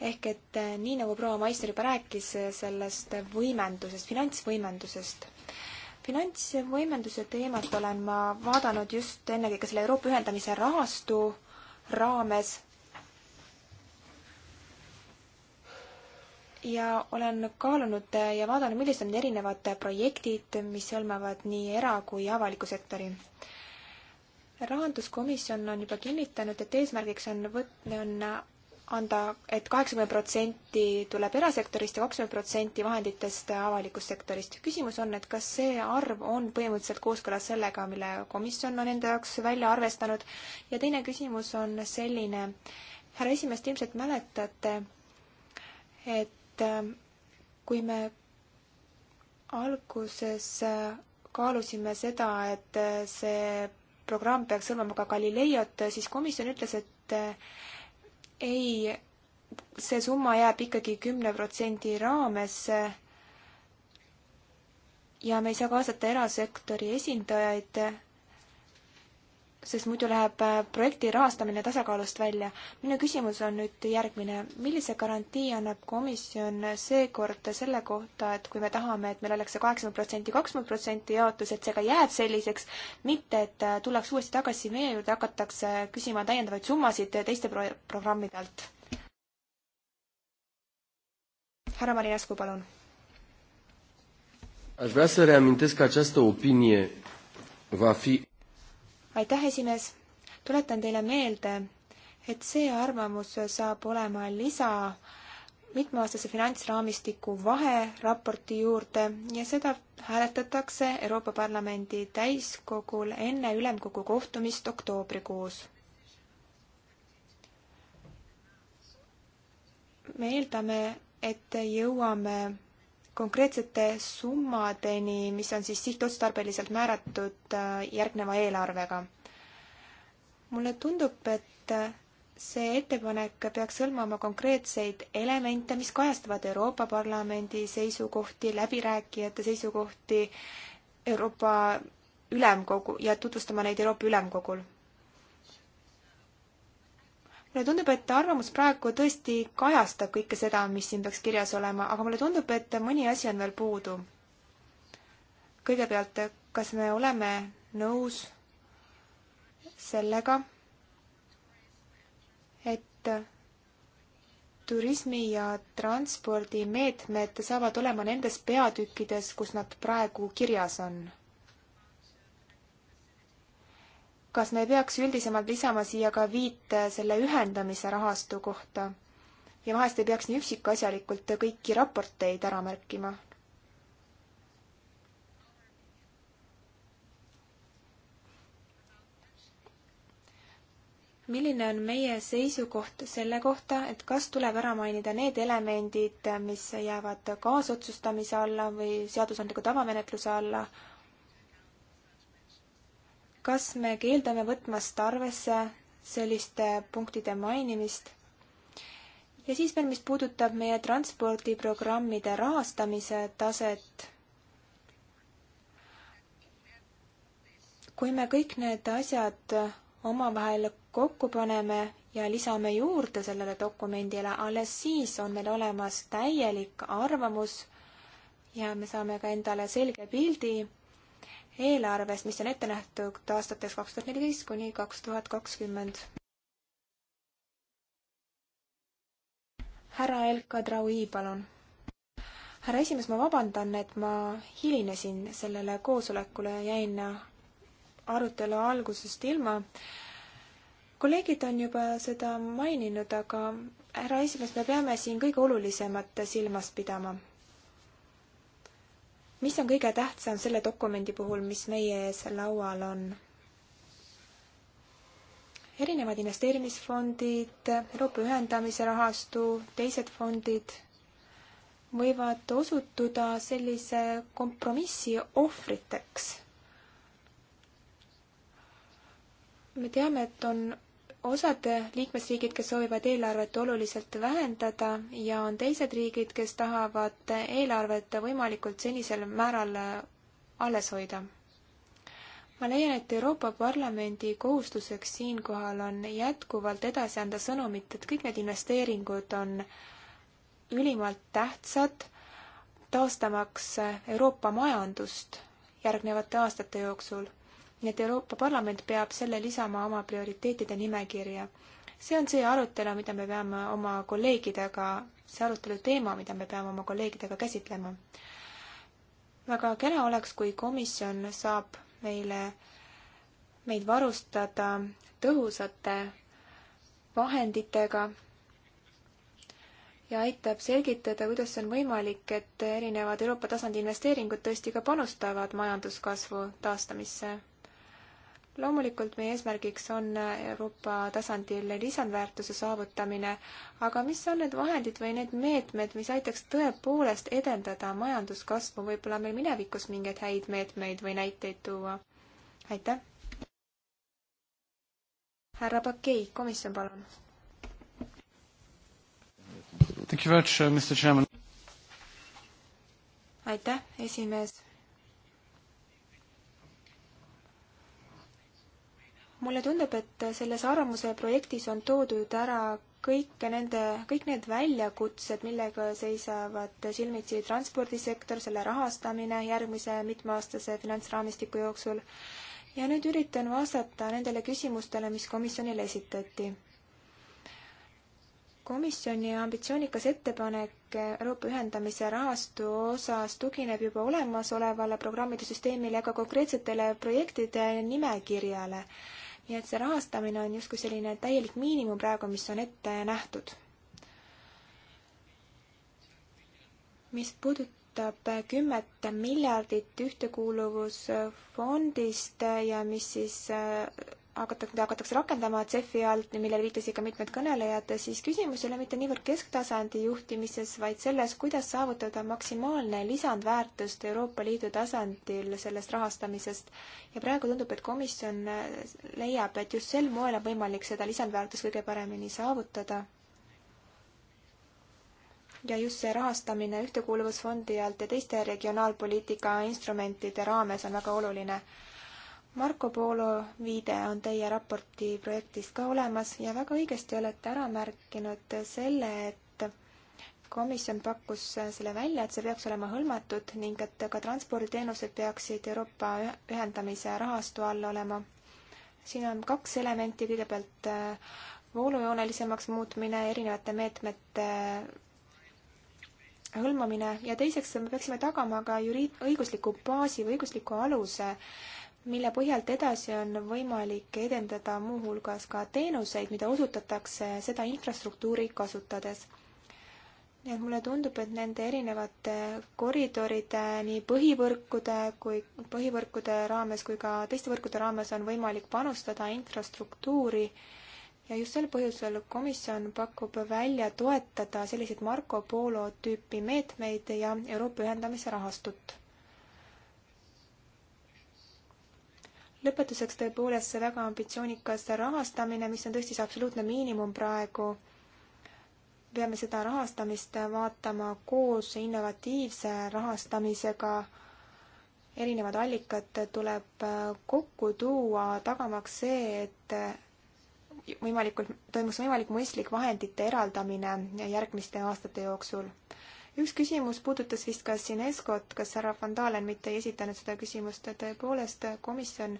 ehk et eh, nii, nagu proua Maisner juba rääkis eh, sellest võimendusest, finantsvõimendusest finantsvõimenduse teemat olen ma vaadanud just ennekõike selle Euroopa ühendamise rahastu raames. ja olen kaalunud ja vaadanud, millised on erinevad projektid, mis hõlmavad nii era- kui avaliku sektori. rahanduskomisjon on juba kinnitanud, et eesmärgiks on võt-, on anda et, et kaheksakümmend protsenti tuleb erasektorist ja kakskümmend protsenti vahenditest avalikust sektorist. küsimus on, et kas see arv on põhimõtteliselt kooskõlas sellega, mille komisjon on enda jaoks välja arvestanud ja teine küsimus on selline, härra esimees, te ilmselt mäletate, et äh, kui me alguses äh, kaalusime seda, et äh, see programm peaks hõlmama ka Galileiot, siis komisjon ütles, et ei, see summa jääb ikkagi kümne protsendi raamesse ja me ei saa kaasata erasektori esindajaid sest muidu läheb äh, projekti rahastamine tasakaalust välja. minu küsimus on nüüd järgmine. millise garantii annab komisjon seekord selle kohta, et kui me tahame, et meil oleks see kaheksakümmend protsenti, kakskümmend protsenti jaotus, et see ka jääb selliseks, mitte et äh, tullakse uuesti tagasi meie juurde, hakatakse küsima täiendavaid summasid teiste pro programmide alt? Härra Marinescu, palun. Aș vrea să reamintesc că această opinie va fi aitäh, esimees! tuletan teile meelde, et see arvamus saab olema lisa mitmeaastase finantsraamistiku vaheraporti juurde ja seda hääletatakse Euroopa Parlamendi täiskogul enne ülemkogu kohtumist oktoobrikuus. me eeldame, et jõuame konkreetsete summadeni, mis on siis sihtotstarbeliselt määratud äh, järgneva eelarvega. mulle tundub, et see ettepanek peaks hõlmama konkreetseid elemente, mis kajastavad Euroopa Parlamendi seisukohti, läbirääkijate seisukohti Euroopa Ülemkogu ja tutvustama neid Euroopa Ülemkogul mulle tundub, et arvamus praegu tõesti kajastab kõike seda, mis siin peaks kirjas olema, aga mulle tundub, et mõni asi on veel puudu. kõigepealt, kas me oleme nõus sellega, et turismi ja transpordimeetmed saavad olema nendes peatükkides, kus nad praegu kirjas on kas me ei peaks üldisemalt lisama siia ka viite selle ühendamise rahastu kohta? ja vahest ei peaks nii üksikasjalikult kõiki raporteid ära märkima. milline on meie seisukoht selle kohta, et kas tuleb ära mainida need elemendid, mis jäävad kaasotsustamise alla või seadusandliku tavamenetluse alla, kas me keeldame võtmast arvesse selliste punktide mainimist? ja siis veel, mis puudutab meie transpordiprogrammide rahastamise taset. kui me kõik need asjad omavahel kokku paneme ja lisame juurde sellele dokumendile, alles siis on meil olemas täielik arvamus ja me saame ka endale selge pildi eelarvest, mis on ette nähtud aastateks kaks tuhat neliteist kuni kaks tuhat kakskümmend. härra Elka Traui, palun. härra esimees, ma vabandan, et ma hilinesin sellele koosolekule, jäin arutelu algusest ilma. kolleegid on juba seda maininud, aga härra esimees, me peame siin kõige olulisemat silmas pidama mis on kõige tähtsam selle dokumendi puhul, mis meie ees laual on? erinevad investeerimisfondid, Euroopa ühendamise rahastu, teised fondid võivad osutuda sellise kompromissi ohvriteks. me teame, et on osad liikmesriigid, kes soovivad eelarvet oluliselt vähendada ja on teised riigid, kes tahavad eelarvet võimalikult senisel määral alles hoida. ma leian, et Euroopa Parlamendi kohustuseks siinkohal on jätkuvalt edasi anda sõnumit, et kõik need investeeringud on ülimalt tähtsad, taastamaks Euroopa majandust järgnevate aastate jooksul nii et Euroopa Parlament peab selle lisama oma prioriteetide nimekirja. see on see arutelu, mida me peame oma kolleegidega, see arutelu teema, mida me peame oma kolleegidega käsitlema. väga kena oleks, kui komisjon saab meile, meid varustada tõhusate vahenditega, ja aitab selgitada, kuidas on võimalik, et erinevad Euroopa tasandi investeeringud tõesti ka panustavad majanduskasvu taastamisse loomulikult meie eesmärgiks on Euroopa tasandil lisandväärtuse saavutamine, aga mis on need vahendid või need meetmed, mis aitaks tõepoolest edendada majanduskasvu, võib-olla meil minevikus mingeid häid meetmeid või näiteid tuua? aitäh! härra Pakei, komisjon, palun! Uh, aitäh, esimees mulle tundub, et selles arvamuse projektis on toodud ära kõik nende, kõik need väljakutsed, millega seisavad silmitsi transpordisektor, selle rahastamine järgmise mitmeaastase finantsraamistiku jooksul. ja nüüd üritan vastata nendele küsimustele, mis komisjonile esitati. komisjoni ambitsioonikas ettepanek Euroopa ühendamise rahastu osas tugineb juba olemasolevale programmide süsteemile ja ka konkreetsetele projektide nimekirjale nii et see rahastamine on justkui selline täielik miinimum praegu, mis on ette nähtud. mis puudutab kümmet miljardit ühtekuuluvusfondist ja mis siis hakatakse, mida hakatakse rakendama CEF-i alt, millele viitasid ka mitmed kõnelejad, siis küsimus ei ole mitte niivõrd kesktasandi juhtimises, vaid selles, kuidas saavutada maksimaalne lisandväärtust Euroopa Liidu tasandil sellest rahastamisest. ja praegu tundub, et komisjon leiab, et just sel moel on võimalik seda lisandväärtust kõige paremini saavutada. ja just see rahastamine Ühtekuuluvusfondi alt ja teiste regionaalpoliitika instrumentide raames on väga oluline Marko Polo viide on teie raporti projektis ka olemas ja väga õigesti olete ära märkinud selle, et komisjon pakkus selle välja, et see peaks olema hõlmatud ning et ka transporditeenused peaksid Euroopa ühendamise rahastu all olema. siin on kaks elementi, kõigepealt äh, voolujoonelisemaks muutmine, erinevate meetmete äh, hõlmamine ja teiseks me peaksime tagama ka juriid-, õigusliku baasi või õigusliku aluse mille põhjalt edasi on võimalik edendada muuhulgas ka teenuseid, mida osutatakse seda infrastruktuuri kasutades. nii et mulle tundub, et nende erinevate koridoride, nii põhivõrkude kui, põhivõrkude raames kui ka teiste võrkude raames on võimalik panustada infrastruktuuri ja just sel põhjusel komisjon pakub välja toetada selliseid Marco Polo tüüpi meetmeid ja Euroopa ühendamise rahastut. lõpetuseks tõepoolest see väga ambitsioonikas rahastamine, mis on tõesti see absoluutne miinimum praegu. peame seda rahastamist vaatama koos innovatiivse rahastamisega. erinevad allikad tuleb kokku tuua, tagamaks see, et võimalikult, toimuks võimalik mõistlik vahendite eraldamine järgmiste aastate jooksul üks küsimus puudutas vist ka Sinescot, kas härra Van Dalen mitte ei esitanud seda küsimust, tõepoolest komisjon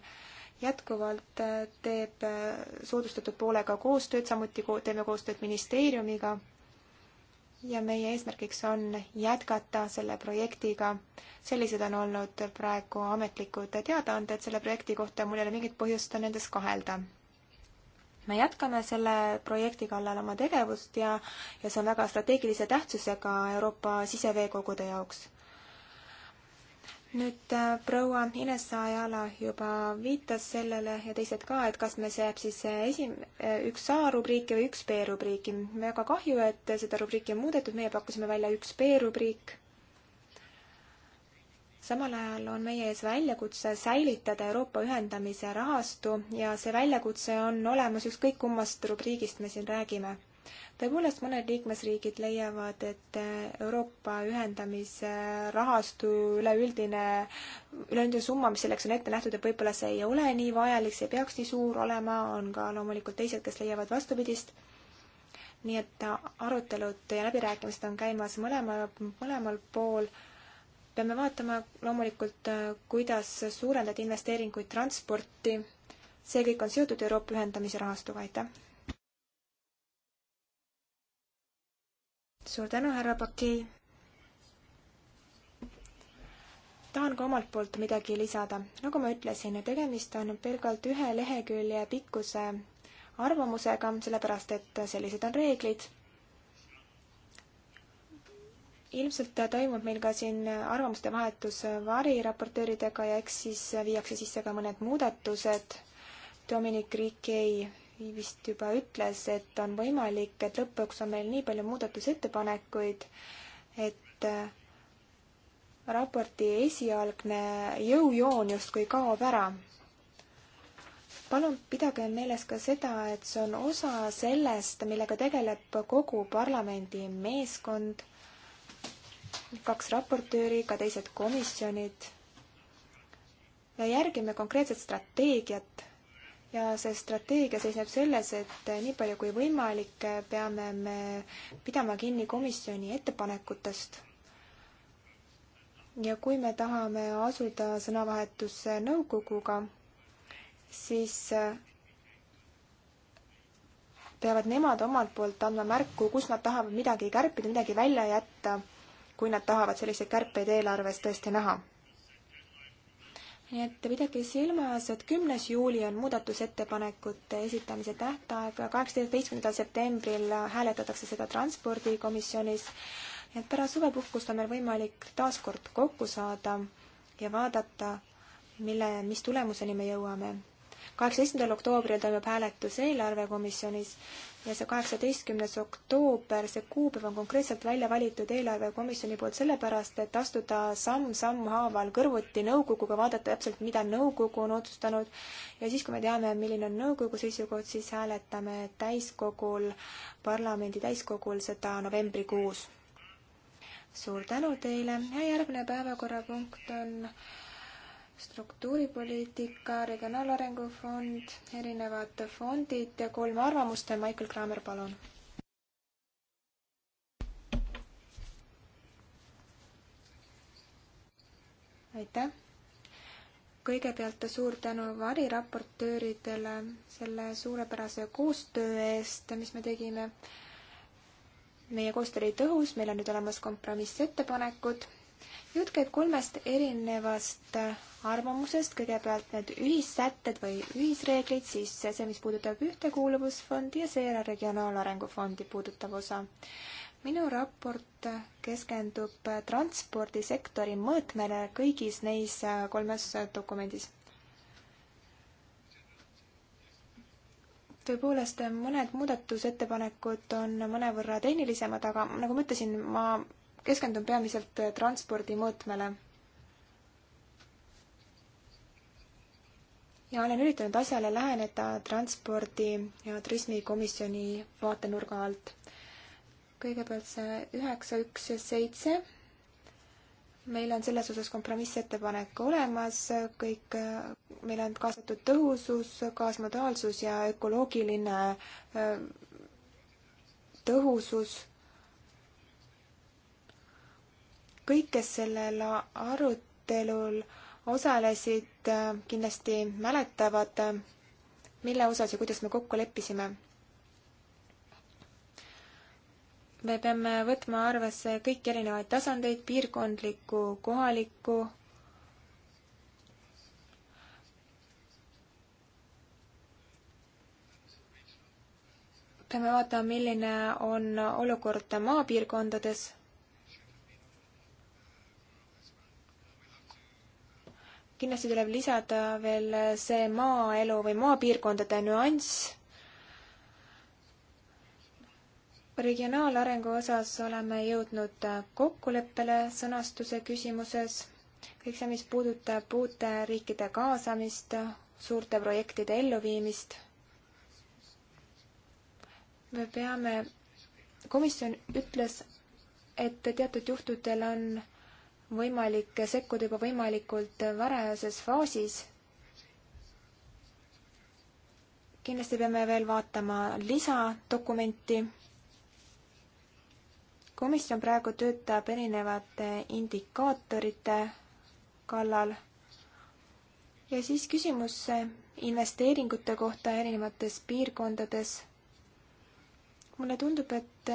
jätkuvalt teeb soodustatud poolega koostööd, samuti ko teeme koostööd ministeeriumiga ja meie eesmärgiks on jätkata selle projektiga. sellised on olnud praegu ametlikud teadaanded selle projekti kohta ja mul ei ole mingit põhjust nendes kahelda me jätkame selle projekti kallal oma tegevust ja, ja see on väga strateegilise tähtsusega Euroopa siseveekogude jaoks. nüüd äh, proua Ines Saajala juba viitas sellele ja teised ka, et kas meil jääb siis äh, esim-, äh, üks A rubriiki või üks B rubriiki. väga kahju, et seda rubriiki on muudetud, meie pakkusime välja üks B rubriik samal ajal on meie ees väljakutse säilitada Euroopa ühendamise rahastu ja see väljakutse on olemas ükskõik kummast rubriigist me siin räägime. tõepoolest, mõned liikmesriigid leiavad, et Euroopa ühendamise rahastu üleüldine, üleüldine summa, mis selleks on ette nähtud, et võib-olla see ei ole nii vajalik, see ei peaks nii suur olema, on ka loomulikult teised, kes leiavad vastupidist nii et arutelud ja läbirääkimised on käimas mõlema, mõlemal pool peame vaatama loomulikult, äh, kuidas suurendada investeeringuid transporti. see kõik on seotud Euroopa ühendamise rahastuga, aitäh! suur tänu, härra Paki! tahan ka omalt poolt midagi lisada. nagu ma ütlesin, tegemist on pelgalt ühe lehekülje pikkuse arvamusega, sellepärast et sellised on reeglid ilmselt toimub meil ka siin arvamuste vahetus variraportööridega ja eks siis viiakse sisse ka mõned muudatused. Dominic Riquet vist juba ütles, et on võimalik, et lõpuks on meil nii palju muudatusettepanekuid, et äh, raporti esialgne jõujoon justkui kaob ära. palun pidage meeles ka seda, et see on osa sellest, millega tegeleb kogu parlamendi meeskond kaks raportööri, ka teised komisjonid ja järgime konkreetset strateegiat. ja see strateegia seisneb selles, et nii palju kui võimalik, peame me pidama kinni komisjoni ettepanekutest. ja kui me tahame asuda sõnavahetusse nõukoguga, siis peavad nemad omalt poolt andma märku, kus nad tahavad midagi kärpida, midagi välja jätta kui nad tahavad selliseid kärpeid eelarves tõesti näha. nii et pidage silmas, et kümnes juuli on muudatusettepanekute esitamise tähtaeg, kaheksateistkümnendal septembril hääletatakse seda Transpordikomisjonis, et pärast suvepuhkust on meil võimalik taas kord kokku saada ja vaadata, mille, mis tulemuseni me jõuame kaheksateistkümnendal oktoobril toimub hääletus eelarvekomisjonis ja see kaheksateistkümnes oktoober, see kuupäev on konkreetselt välja valitud eelarvekomisjoni poolt sellepärast, et astuda samm sammu haaval kõrvuti nõukoguga, vaadata täpselt, mida nõukogu on otsustanud ja siis, kui me teame, milline on nõukogu seisukoht, siis hääletame täiskogul, parlamendi täiskogul seda novembrikuus. suur tänu teile ja järgmine päevakorrapunkt on struktuuripoliitika, regionaalarengu fond, erinevad fondid ja kolm arvamust. Michael Kramer, palun. aitäh. kõigepealt suur tänu variraportööridele selle suurepärase koostöö eest, mis me tegime. meie koostöö oli tõhus, meil on nüüd olemas kompromissettepanekud jutt käib kolmest erinevast arvamusest, kõigepealt need ühissätted või ühisreeglid, siis see, mis puudutab ühtekuuluvusfondi ja seejärel Regionaalarengu Fondi puudutav osa. minu raport keskendub transpordisektori mõõtmele kõigis neis kolmes dokumendis. tõepoolest, mõned muudatusettepanekud on mõnevõrra tehnilisemad, aga nagu ma ütlesin, ma keskendun peamiselt äh, transpordi mõõtmele. ja olen üritanud asjale läheneda transpordi ja turismikomisjoni vaatenurga alt. kõigepealt see üheksa, üks ja seitse. meil on selles osas kompromissettepanek olemas, kõik, äh, meil on kaasatud tõhusus, kaasmodaalsus ja ökoloogiline äh, tõhusus kõik, kes sellel arutelul osalesid, kindlasti mäletavad, mille osas ja kuidas me kokku leppisime. me peame võtma arvesse kõiki erinevaid tasandeid, piirkondlikku, kohalikku, peame vaatama, milline on olukord maapiirkondades kindlasti tuleb lisada veel see maaelu või maapiirkondade nüanss. regionaalarengu osas oleme jõudnud kokkuleppele sõnastuse küsimuses. kõik see, mis puudutab uute riikide kaasamist, suurte projektide elluviimist. me peame, komisjon ütles, et teatud juhtudel on võimalik sekkuda juba võimalikult varajases faasis. kindlasti peame veel vaatama lisadokumenti. komisjon praegu töötab erinevate indikaatorite kallal. ja siis küsimus investeeringute kohta erinevates piirkondades. mulle tundub, et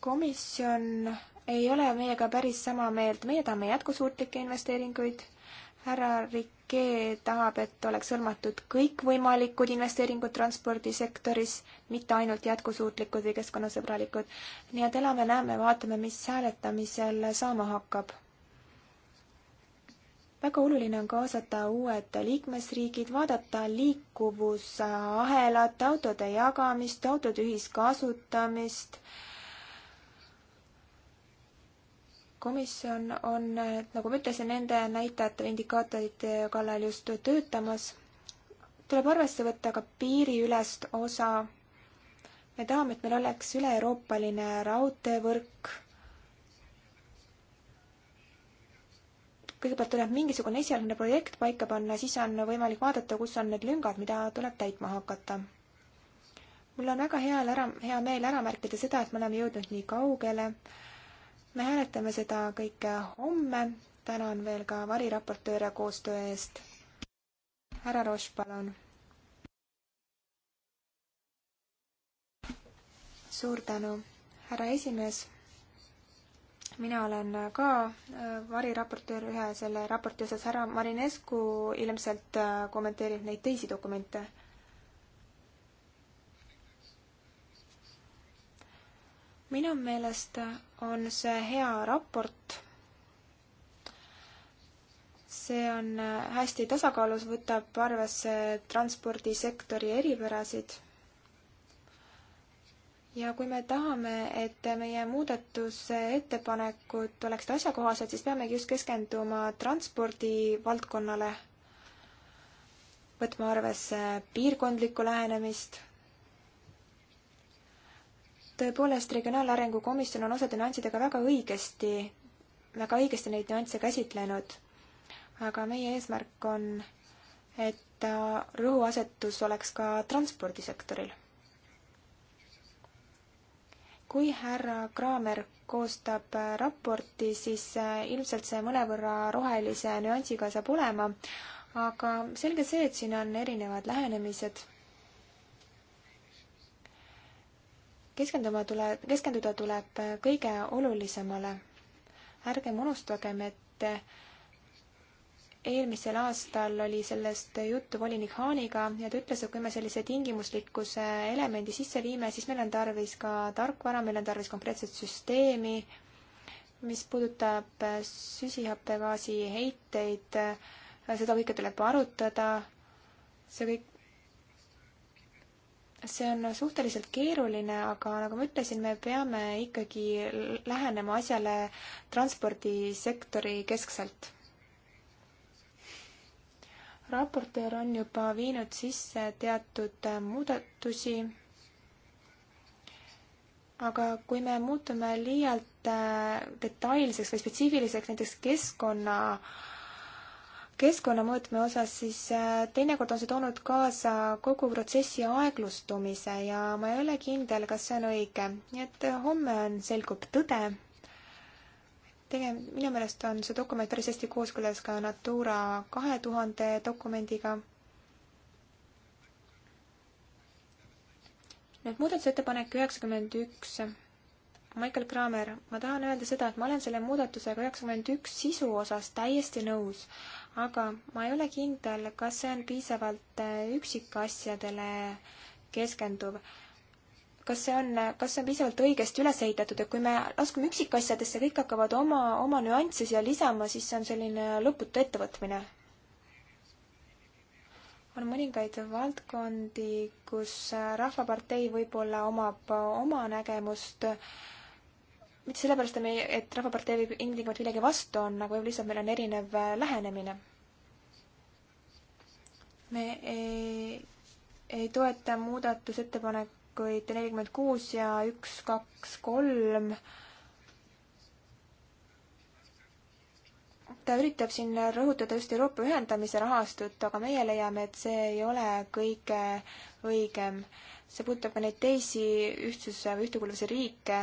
komisjon ei ole meiega päris sama meelt, meie tahame jätkusuutlikke investeeringuid, härra Rikee tahab, et oleks hõlmatud kõikvõimalikud investeeringud transpordisektoris, mitte ainult jätkusuutlikud või keskkonnasõbralikud. nii et elame-näeme, vaatame, mis hääletamisel saama hakkab. väga oluline on kaasata uued liikmesriigid, vaadata liikuvusahelat, autode jagamist, autode ühiskasutamist äh,, komisjon on, nagu ma ütlesin, nende näitajate või indikaatorite kallal just töötamas. tuleb arvesse võtta ka piiriülest osa. me tahame, et meil oleks üle-euroopaline raudteevõrk. kõigepealt tuleb mingisugune esialgne projekt paika panna, siis on võimalik vaadata, kus on need lüngad, mida tuleb täitma hakata mul on väga heal ära, hea meel ära märkida seda, et me oleme jõudnud nii kaugele, me hääletame seda kõike homme. tänan veel ka variraportööre koostöö eest. härra Roš, palun. suur tänu, härra esimees. mina olen ka äh, variraportöör ühe selle raporti osas. härra Marinescu ilmselt äh, kommenteerib neid teisi dokumente minu meelest on see hea raport. see on äh, hästi tasakaalus, võtab arvesse transpordisektori eripärasid. ja kui me tahame, et meie muudatusettepanekud oleksid asjakohased, siis peamegi just keskenduma transpordivaldkonnale, võtma arvesse piirkondlikku lähenemist tõepoolest, Regionaalarengu Komisjon on osade nüanssidega väga õigesti, väga õigesti neid nüansse käsitlenud. aga meie eesmärk on, et rõhuasetus oleks ka transpordisektoril. kui härra Kraamer koostab raporti, siis äh, ilmselt see mõnevõrra rohelise nüansiga saab olema, aga selge see, et siin on erinevad lähenemised keskenduma tuleb, keskenduda tuleb kõige olulisemale. ärgem unustagem, et eelmisel aastal oli sellest juttu volinik Haaniga ja ta ütles, et kui me sellise tingimuslikkuse elemendi sisse viime, siis meil on tarvis ka tarkvara, meil on tarvis konkreetset süsteemi, mis puudutab süsihappegaasi heiteid, seda kõike tuleb arutada, see kõik see on suhteliselt keeruline, aga nagu ma ütlesin, me peame ikkagi lähenema asjale transpordisektori keskselt. raportöör on juba viinud sisse teatud muudatusi, aga kui me muutume liialt detailseks või spetsiifiliseks näiteks keskkonna äh, keskkonnamõõtme osas, siis äh, teinekord on see toonud kaasa kogu protsessi aeglustumise ja ma ei ole kindel, kas see on õige. nii et äh, homme on, selgub tõde. tege-, minu meelest on see dokument päris hästi kooskõlas ka Natura kahe tuhande dokumendiga nüüd muudatusettepanek üheksakümmend üks. Michael Kramer, ma tahan öelda seda, et ma olen selle muudatusega üheksakümmend üks sisu osas täiesti nõus, aga ma ei ole kindel, kas see on piisavalt äh, üksikasjadele keskenduv kas see on, kas see on piisavalt õigesti üles ehitatud, et kui me laskume üksikasjadesse, kõik hakkavad oma, oma nüansse siia lisama, siis see on selline lõputu ettevõtmine. on mõningaid valdkondi, kus Rahvapartei võib-olla omab oma nägemust, mitte sellepärast, et me, et Rahvapartei ilmtingimata millegi vastu on, aga võib-olla lihtsalt meil on erinev lähenemine me ei, ei toeta muudatusettepanekuid nelikümmend kuus ja üks, kaks, kolm. ta üritab siin rõhutada just Euroopa ühendamise rahastut, aga meie leiame, et see ei ole kõige õigem. see puudutab ka neid teisi ühtsuse või ühtekuuluvuse riike.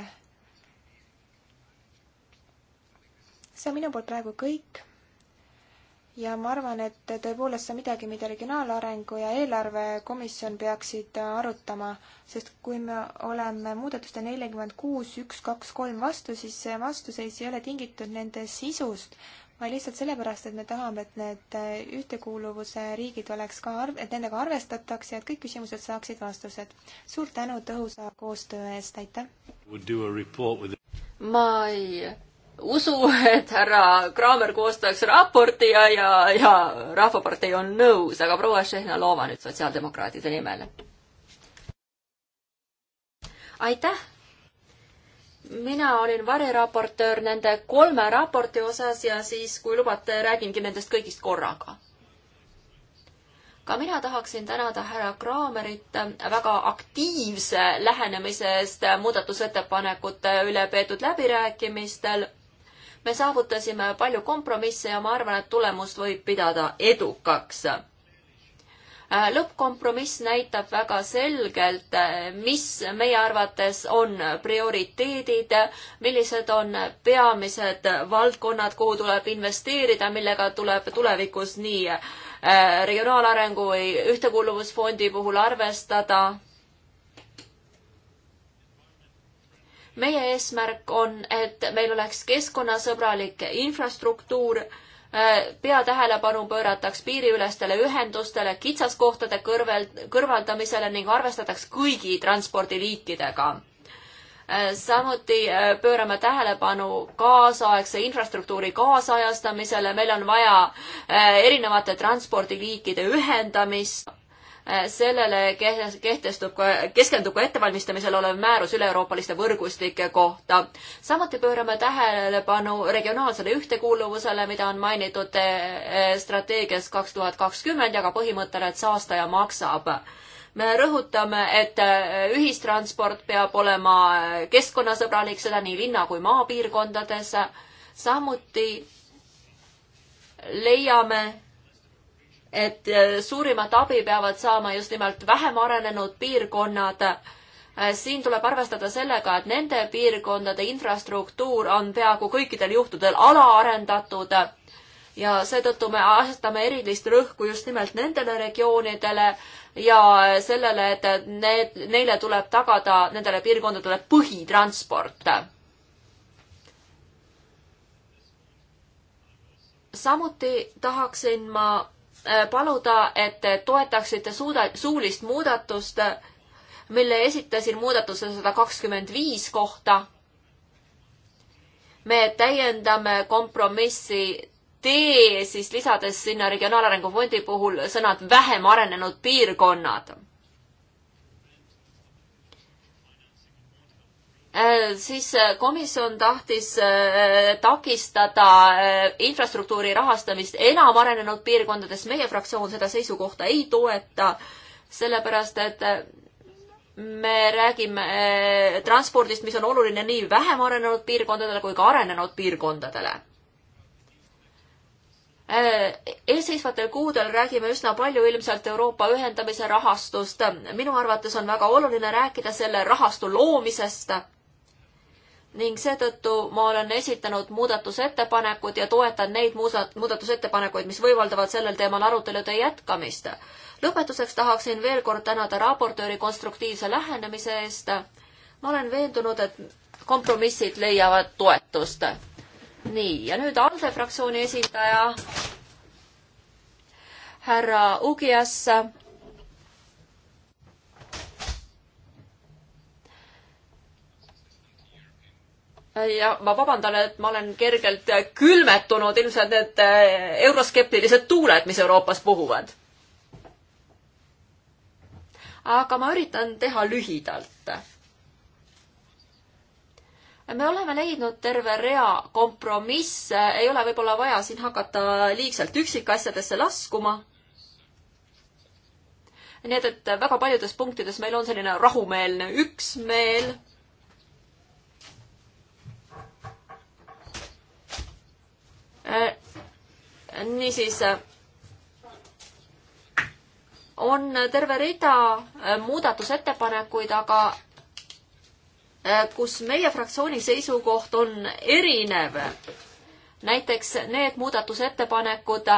see on minu poolt praegu kõik ja ma arvan, et tõepoolest see on midagi, mida Regionaalarengu ja eelarvekomisjon peaksid arutama, sest kui me oleme muudatuste nelikümmend kuus, üks, kaks, kolm vastu, siis see vastuseis ei ole tingitud nende sisust, vaid lihtsalt sellepärast, et me tahame, et need ühtekuuluvuse riigid oleks ka arv-, et nendega arvestataks ja et kõik küsimused saaksid vastused. suur tänu tõhusa koostöö eest, aitäh! ma ei usu, et härra Kraamer koostaks raporti ja, ja, ja Rahvapartei on nõus, aga proua Šehnalova nüüd sotsiaaldemokraatide nimel. aitäh! mina olin variraportöör nende kolme raporti osas ja siis, kui lubate, räägingi nendest kõigist korraga. ka mina tahaksin tänada härra Kraamerit väga aktiivse lähenemise eest muudatusettepanekute üle peetud läbirääkimistel me saavutasime palju kompromisse ja ma arvan, et tulemust võib pidada edukaks. Äh, lõppkompromiss näitab väga selgelt, äh, mis meie arvates on prioriteedid, millised on peamised valdkonnad, kuhu tuleb investeerida, millega tuleb tulevikus nii äh, regionaalarengu või ühtekuuluvusfondi puhul arvestada meie eesmärk on, et meil oleks keskkonnasõbralik infrastruktuur, äh, peatähelepanu pöörataks piiriülestele ühendustele, kitsaskohtade kõrvel, kõrvaldamisele ning arvestataks kõigi transpordiliikidega äh, samuti äh, pöörame tähelepanu kaasaegse infrastruktuuri kaasajastamisele, meil on vaja erinevate transpordiliikide ühendamist Äh, sellele kehtestub ka, keskendub ka ettevalmistamisel olev määrus üle-euroopaliste võrgustike kohta. samuti pöörame tähelepanu regionaalsele ühtekuuluvusele, mida on mainitud äh, äh, strateegias kaks tuhat kakskümmend ja ka põhimõttele, et saastaja maksab me rõhutame, et ühistransport peab olema keskkonnasõbralik, seda nii linna kui maapiirkondades. samuti leiame, et äh, suurimat abi peavad saama just nimelt vähem arenenud piirkonnad. Äh, siin tuleb arvestada sellega, et nende piirkondade infrastruktuur on peaaegu kõikidel juhtudel alaarendatud ja seetõttu me asetame erilist rõhku just nimelt nendele regioonidele ja sellele, et need, neile tuleb tagada, nendele piirkondadele põhitransport. samuti tahaksin ma Äh, paluda, et te toetaksite suuda, suulist muudatust, mille esitasin muudatuse sada kakskümmend viis kohta. me täiendame kompromissi tee, siis lisades sinna Regionaalarengu Fondi puhul sõnad vähem arenenud piirkonnad Äh, siis äh, komisjon tahtis äh, takistada infrastruktuuri rahastamist enam arenenud piirkondades. meie fraktsioon seda seisukohta ei toeta, sellepärast et me räägime transpordist, mis on oluline nii vähem arenenud piirkondadele kui ka arenenud piirkondadele. Eelseisvatel kuudel räägime üsna palju ilmselt Euroopa ühendamise rahastust. minu arvates on väga oluline rääkida selle rahastu loomisest ning seetõttu ma olen esitanud muudatusettepanekud ja toetan neid muudatusettepanekuid, mis võimaldavad sellel teemal arutelude jätkamist. lõpetuseks tahaksin veel kord tänada raportööri konstruktiivse lähenemise eest. ma olen veendunud, et kompromissid leiavad toetust. nii, ja nüüd ALDE fraktsiooni esindaja härra Ugias ja ma vabandan, et ma olen kergelt külmetunud, ilmselt need eh, euroskeptilised tuuled, mis Euroopas puhuvad. aga ma üritan teha lühidalt. me oleme leidnud terve rea kompromisse, ei ole võib-olla vaja siin hakata liigselt üksikasjadesse laskuma. nii et, et väga paljudes punktides meil on selline rahumeelne üksmeel Äh, niisiis äh, on terve rida äh, muudatusettepanekuid, aga kus meie fraktsiooni seisukoht on erinev. näiteks need muudatusettepanekud,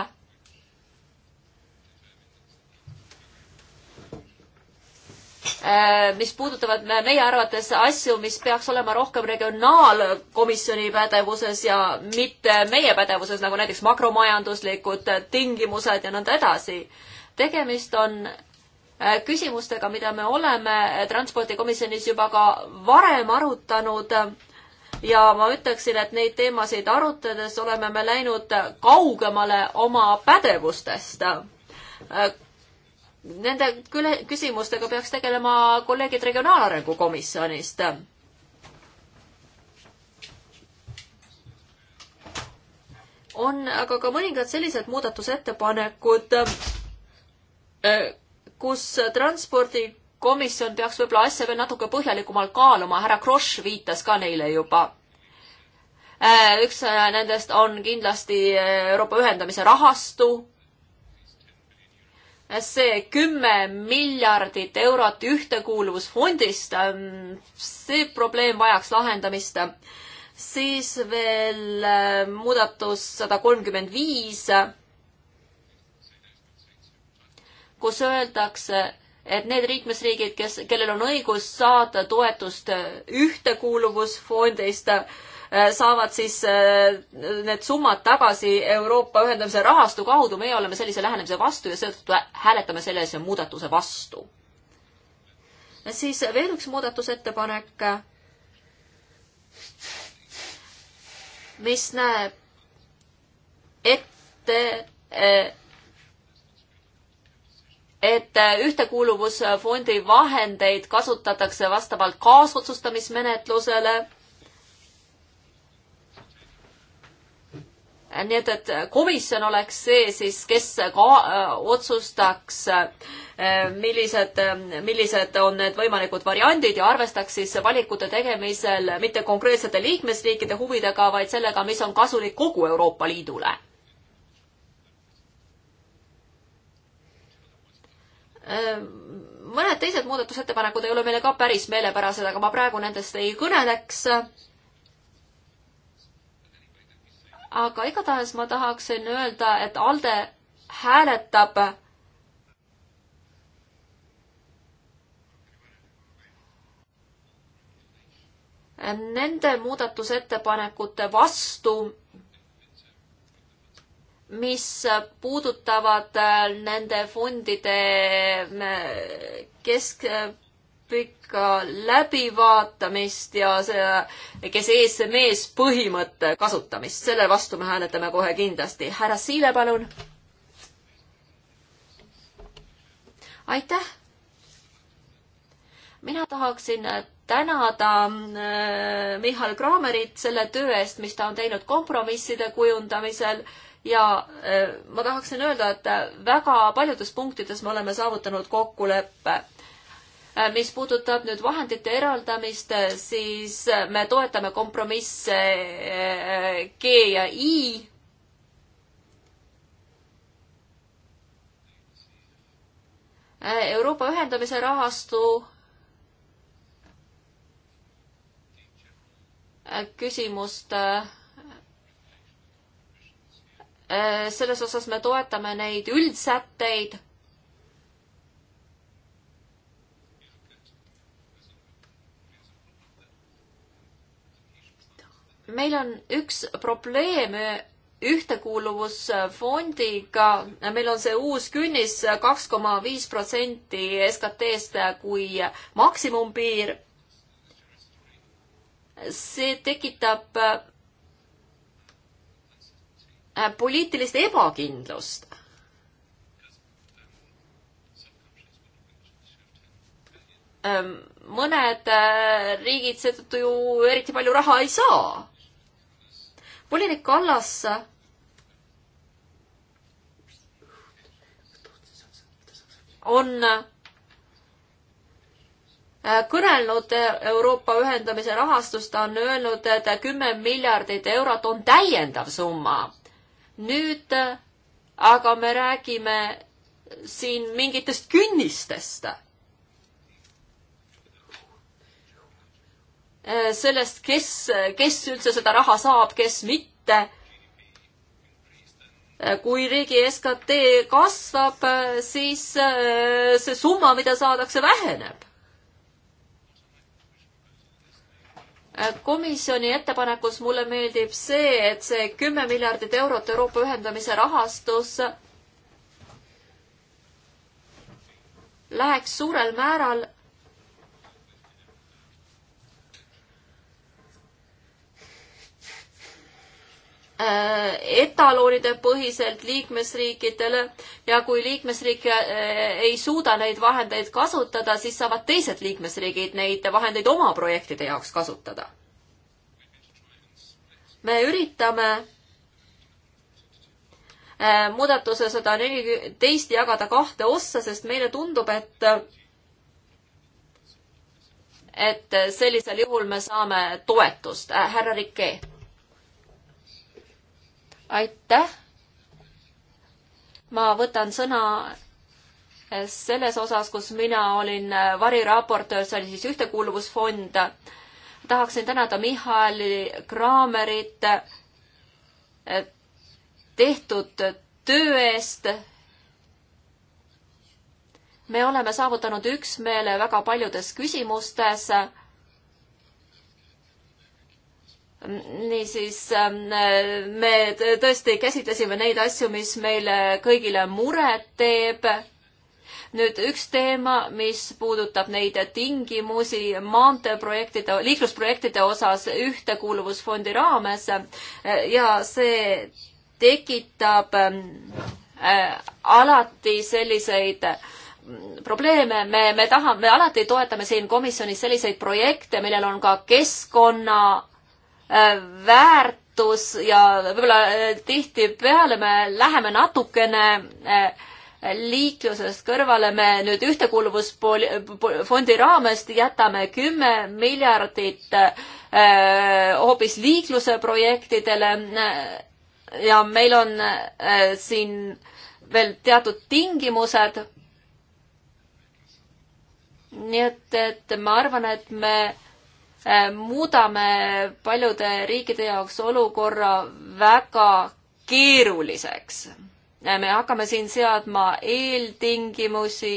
Äh, mis puudutavad meie arvates asju, mis peaks olema rohkem regionaalkomisjoni pädevuses ja mitte meie pädevuses, nagu näiteks makromajanduslikud tingimused ja nõnda edasi. tegemist on äh, küsimustega, mida me oleme transpordikomisjonis juba ka varem arutanud ja ma ütleksin, et neid teemasid arutades oleme me läinud kaugemale oma pädevustest äh, Nende küle, küsimustega peaks tegelema kolleegid Regionaalarengu komisjonist. on aga ka mõningad sellised muudatusettepanekud, äh, kus transpordikomisjon peaks võib-olla asja veel natuke põhjalikumalt kaaluma, härra Kross viitas ka neile juba äh, üks äh, nendest on kindlasti Euroopa ühendamise rahastu see kümme miljardit eurot ühtekuuluvusfondist, ähm, see probleem vajaks lahendamist. siis veel äh, muudatus sada kolmkümmend viis, kus öeldakse, et need liikmesriigid, kes, kellel on õigus saada toetust ühtekuuluvusfondist, Äh, saavad siis äh, need summad tagasi Euroopa ühendamise rahastu kaudu, meie oleme sellise lähenemise vastu ja seetõttu hääletame sellise muudatuse vastu. siis veel üks muudatusettepanek, mis näeb ette äh, et ühtekuuluvusfondi vahendeid kasutatakse vastavalt kaasotsustamismenetlusele nii et, et komisjon oleks see siis, kes ka äh, otsustaks, äh, millised, äh, millised on need võimalikud variandid ja arvestaks siis valikute tegemisel mitte konkreetsete liikmesriikide huvidega, vaid sellega, mis on kasulik kogu Euroopa Liidule. mõned teised muudatusettepanekud ei ole meile ka päris meelepärased, aga ma praegu nendest ei kõneleks aga igatahes ma tahaksin öelda, et ALDE hääletab nende muudatusettepanekute vastu, mis puudutavad nende fondide kesk, pikka läbivaatamist ja see, kes ees, see mees põhimõtte kasutamist, selle vastu me hääletame kohe kindlasti. härra Siile, palun. aitäh. mina tahaksin tänada äh, Mihhail Kraamerit selle töö eest, mis ta on teinud kompromisside kujundamisel ja äh, ma tahaksin öelda, et väga paljudes punktides me oleme saavutanud kokkuleppe Äh, mis puudutab nüüd vahendite eraldamist, äh, siis äh, me toetame kompromisse G ja I. Euroopa ühendamise rahastu küsimust. selles osas me toetame neid üldsätteid meil on üks probleem ühtekuuluvusfondiga, meil on see uus künnis kaks koma viis protsenti SKT-st kui maksimumpiir. see tekitab äh, poliitilist ebakindlust. Ähm, mõned äh, riigid seetõttu ju eriti palju raha ei saa volinik Kallas on äh, kõnelnud Euroopa ühendamise rahastust, ta on öelnud, et kümme miljardit eurot on täiendav summa. nüüd äh, aga me räägime siin mingitest künnistest Äh, sellest, kes, kes üldse seda raha saab, kes mitte. Äh, kui riigi SKT kasvab, äh, siis see summa, mida saadakse, väheneb. komisjoni ettepanekus mulle meeldib see, et see kümme miljardit eurot Euroopa ühendamise rahastus läheks suurel määral Äh, etaloonide põhiselt liikmesriikidele ja kui liikmesriik äh, ei suuda neid vahendeid kasutada, siis saavad teised liikmesriigid neid vahendeid oma projektide jaoks kasutada. me üritame äh, muudatuse sada neliteist jagada kahte ossa, sest meile tundub, et et sellisel juhul me saame toetust. härra Rikke aitäh! ma võtan sõna selles osas, kus mina olin variraportöör, see oli siis Ühtekuuluvusfond. tahaksin tänada Mihhail Kraamerit eh, tehtud töö eest. me oleme saavutanud üksmeele väga paljudes küsimustes niisiis ähm, me tõesti käsitlesime neid asju, mis meile kõigile muret teeb. nüüd üks teema, mis puudutab neid tingimusi maanteeprojektide, liiklusprojektide osas Ühtekuuluvusfondi raames äh, ja see tekitab ähm, äh, alati selliseid mm, probleeme, me, me tahame, alati toetame siin komisjonis selliseid projekte, millel on ka keskkonna Äh, väärtus ja võib-olla äh, tihtipeale me läheme natukene äh, liiklusest kõrvale, me nüüd ühtekuuluvusfondi raames jätame kümme miljardit hoopis liikluse projektidele ja meil on siin veel teatud tingimused. nii et, et ma arvan, et me Äh, muudame paljude riikide jaoks olukorra väga keeruliseks. Äh, me hakkame siin seadma eeltingimusi,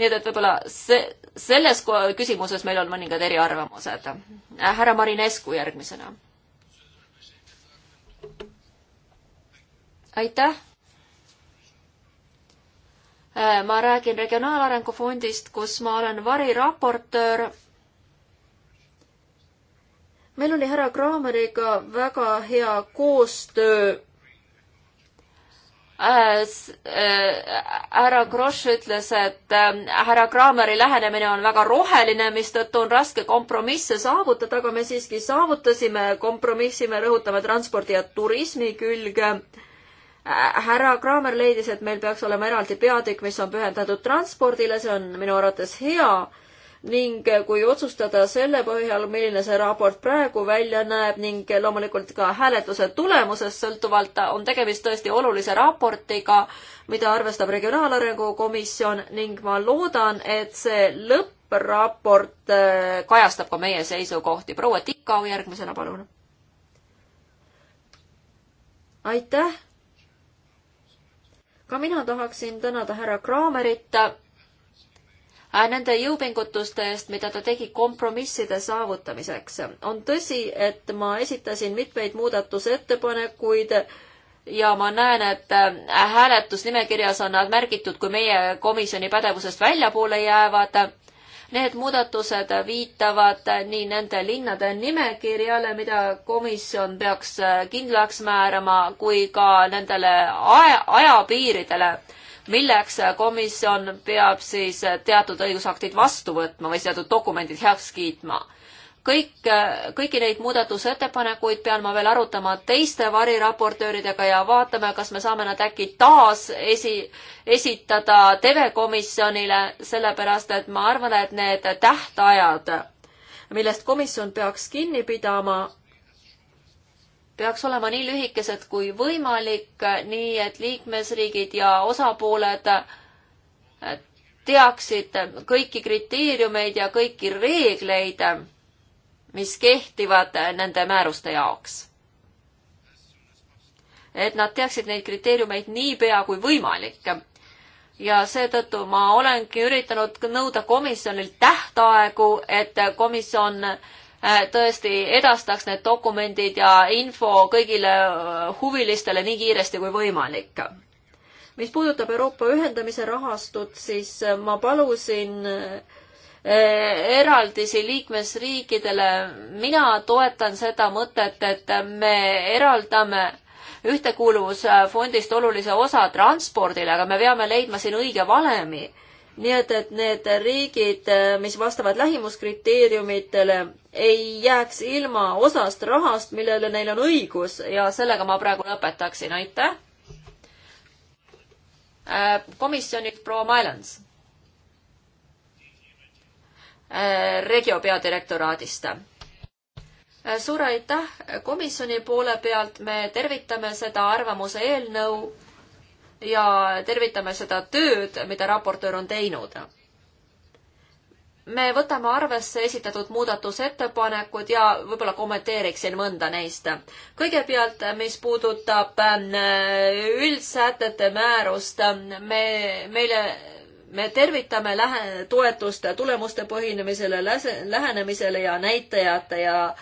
nii et, et võib-olla see, selles küsimuses meil on mõningad eriarvamused. Äh, härra Marinescu järgmisena. aitäh. ma räägin Regionaalarengu Fondist, kus ma olen variraportöör meil oli härra Kraameriga väga hea koostöö äh, äh, härra Grosch ütles, et äh, härra Krahmeri lähenemine on väga roheline, mistõttu on raske kompromisse saavutada, aga me siiski saavutasime kompromissi, me rõhutame transpordi ja turismi külge. härra Krahmer leidis, et meil peaks olema eraldi peatükk, mis on pühendatud transpordile, see on minu arvates hea ning kui otsustada selle põhjal, milline see raport praegu välja näeb ning loomulikult ka hääletuse tulemusest sõltuvalt, on tegemist tõesti olulise raportiga, mida arvestab Regionaalarengu Komisjon ning ma loodan, et see lõppraport äh, kajastab ka meie seisukohti. proua Tikau järgmisena, palun. aitäh! ka mina tahaksin tänada härra Kraamerit Äh, nende jõupingutuste eest, mida ta tegi kompromisside saavutamiseks. on tõsi, et ma esitasin mitmeid muudatusettepanekuid ja ma näen, et äh, hääletusnimekirjas on nad märgitud kui meie komisjoni pädevusest väljapoole jäävad. Need muudatused viitavad äh, nii nende linnade nimekirjale, mida komisjon peaks kindlaks määrama, kui ka nendele aja, ajapiiridele milleks komisjon peab siis teatud õigusaktid vastu võtma või teatud dokumendid heaks kiitma kõik, kõiki neid muudatusettepanekuid pean ma veel arutama teiste variraportööridega ja vaatame, kas me saame nad äkki taas esi, esitada telekomisjonile, sellepärast et ma arvan, et need tähtajad, millest komisjon peaks kinni pidama, peaks olema nii lühikesed kui võimalik, nii et liikmesriigid ja osapooled äh, teaksid kõiki kriteeriumeid ja kõiki reegleid, mis kehtivad nende määruste jaoks. et nad teaksid neid kriteeriumeid niipea kui võimalik. ja seetõttu ma olengi üritanud nõuda komisjonilt tähtaegu, et komisjon äh, Äh, tõesti edastaks need dokumendid ja info kõigile äh, huvilistele nii kiiresti kui võimalik. mis puudutab Euroopa ühendamise rahastut, siis äh, ma palusin eraldisi liikmesriikidele. mina toetan seda mõtet, et me eraldame ühtekuuluvusfondist olulise osa transpordile, aga me peame leidma siin õige valemi. nii et, et need riigid, mis vastavad lähimuskriteeriumitele, ei jääks ilma osast rahast, millele neil on õigus ja sellega ma praegu lõpetaksin, aitäh. Äh, komisjonilt proua Maelans. Äh, regio peadirektoraadist. Äh, suur aitäh, komisjoni poole pealt me tervitame seda arvamuse eelnõu ja tervitame seda tööd, mida raportöör on teinud me võtame arvesse esitatud muudatusettepanekud ja võib-olla kommenteeriksin mõnda neist. kõigepealt, mis puudutab äh, üldsätete määrust, me, meile, me tervitame lähe-, toetust tulemuste põhinemisele, lähenemisele ja näitajate ja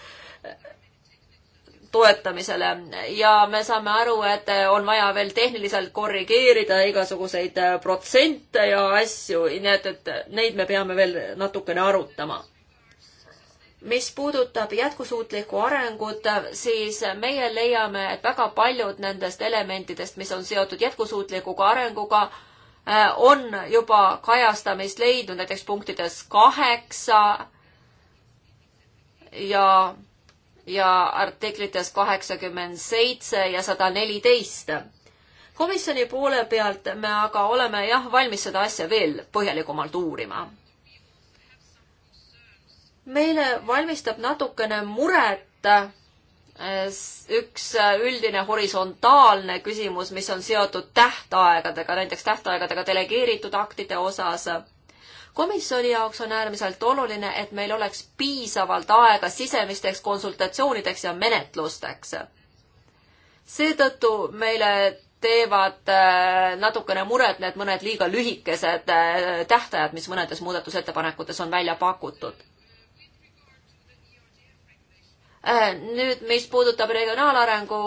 toetamisele ja me saame aru, et on vaja veel tehniliselt korrigeerida igasuguseid äh, protsente ja asju, nii et, et neid me peame veel natukene arutama. mis puudutab jätkusuutlikku arengut, siis meie leiame, et väga paljud nendest elementidest, mis on seotud jätkusuutlikuga arenguga, äh, on juba kajastamist leidnud, näiteks punktides kaheksa ja ja artiklites kaheksakümmend seitse ja sada neliteist. komisjoni poole pealt me aga oleme jah, valmis seda asja veel põhjalikumalt uurima. meile valmistab natukene muret eh, üks üldine horisontaalne küsimus, mis on seotud tähtaegadega, näiteks tähtaegadega delegeeritud aktide osas komisjoni jaoks on äärmiselt oluline, et meil oleks piisavalt aega sisemisteks konsultatsioonideks ja menetlusteks. seetõttu meile teevad äh, natukene muret need mõned liiga lühikesed äh, tähtajad, mis mõnedes muudatusettepanekutes on välja pakutud äh, Nüüd, mis puudutab regionaalarengu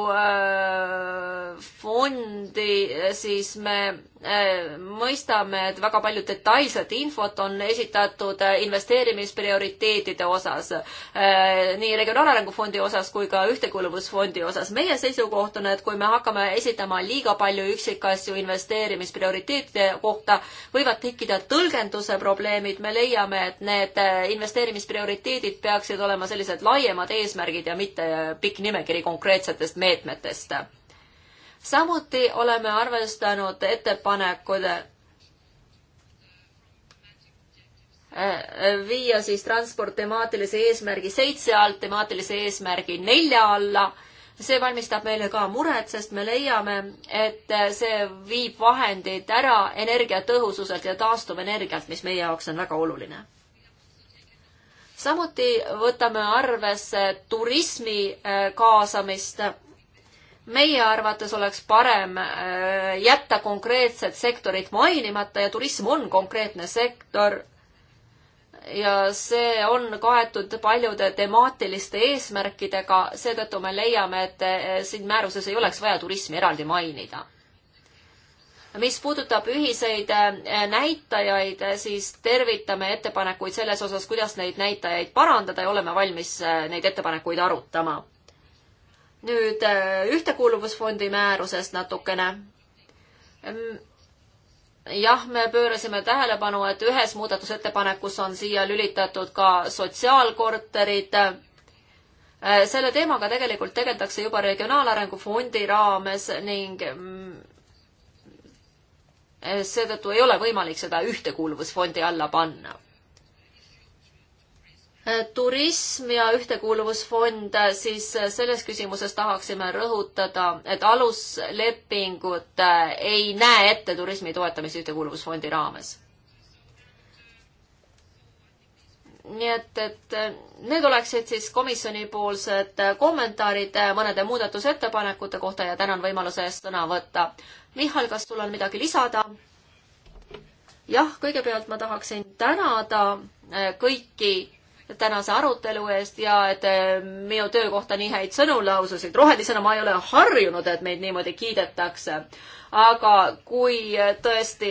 fondi, siis me Äh, mõistame, et väga palju detailset infot on esitatud äh, investeerimisprioriteetide osas, äh, nii Regionaalarengu Fondi osas kui ka Ühtekuuluvusfondi osas. meie seisukoht on, et kui me hakkame esitama liiga palju üksikasju investeerimisprioriteetide kohta, võivad tekkida tõlgenduse probleemid, me leiame, et need investeerimisprioriteedid peaksid olema sellised laiemad eesmärgid ja mitte pikk nimekiri konkreetsetest meetmetest samuti oleme arvestanud ettepanekud eh, viia siis transport temaatilise eesmärgi seitse alt temaatilise eesmärgi nelja alla. see valmistab meile ka muret, sest me leiame, et see viib vahendid ära energiatõhususelt ja taastuvenergialt, mis meie jaoks on väga oluline. samuti võtame arvesse turismi eh, kaasamist meie arvates oleks parem äh, jätta konkreetset sektorit mainimata ja turism on konkreetne sektor. ja see on kaetud paljude temaatiliste eesmärkidega, seetõttu me leiame, et äh, siin määruses ei oleks vaja turismi eraldi mainida mis puudutab ühiseid äh, näitajaid, siis tervitame ettepanekuid selles osas, kuidas neid näitajaid parandada ja oleme valmis neid ettepanekuid arutama nüüd äh, Ühtekuuluvusfondi määrusest natukene. jah, me pöörasime tähelepanu, et ühes muudatusettepanekus on siia lülitatud ka sotsiaalkorterid. Äh, selle teemaga tegelikult tegeldakse juba Regionaalarengu Fondi raames ning mm, seetõttu ei ole võimalik seda Ühtekuuluvusfondi alla panna Äh, turism ja ühtekuuluvusfond, äh, siis äh, selles küsimuses tahaksime rõhutada, et aluslepingud ei näe ette turismi toetamist ühtekuuluvusfondi raames. nii et, et need oleksid siis komisjonipoolsed kommentaarid mõnede muudatusettepanekute kohta ja tänan võimaluse eest sõna võtta. Mihhail, kas sul on midagi lisada? jah, kõigepealt ma tahaksin tänada kõiki tänase arutelu eest ja et eh, minu töö kohta nii häid sõnu laususid. rohelisena ma ei ole harjunud, et meid niimoodi kiidetakse. aga kui tõesti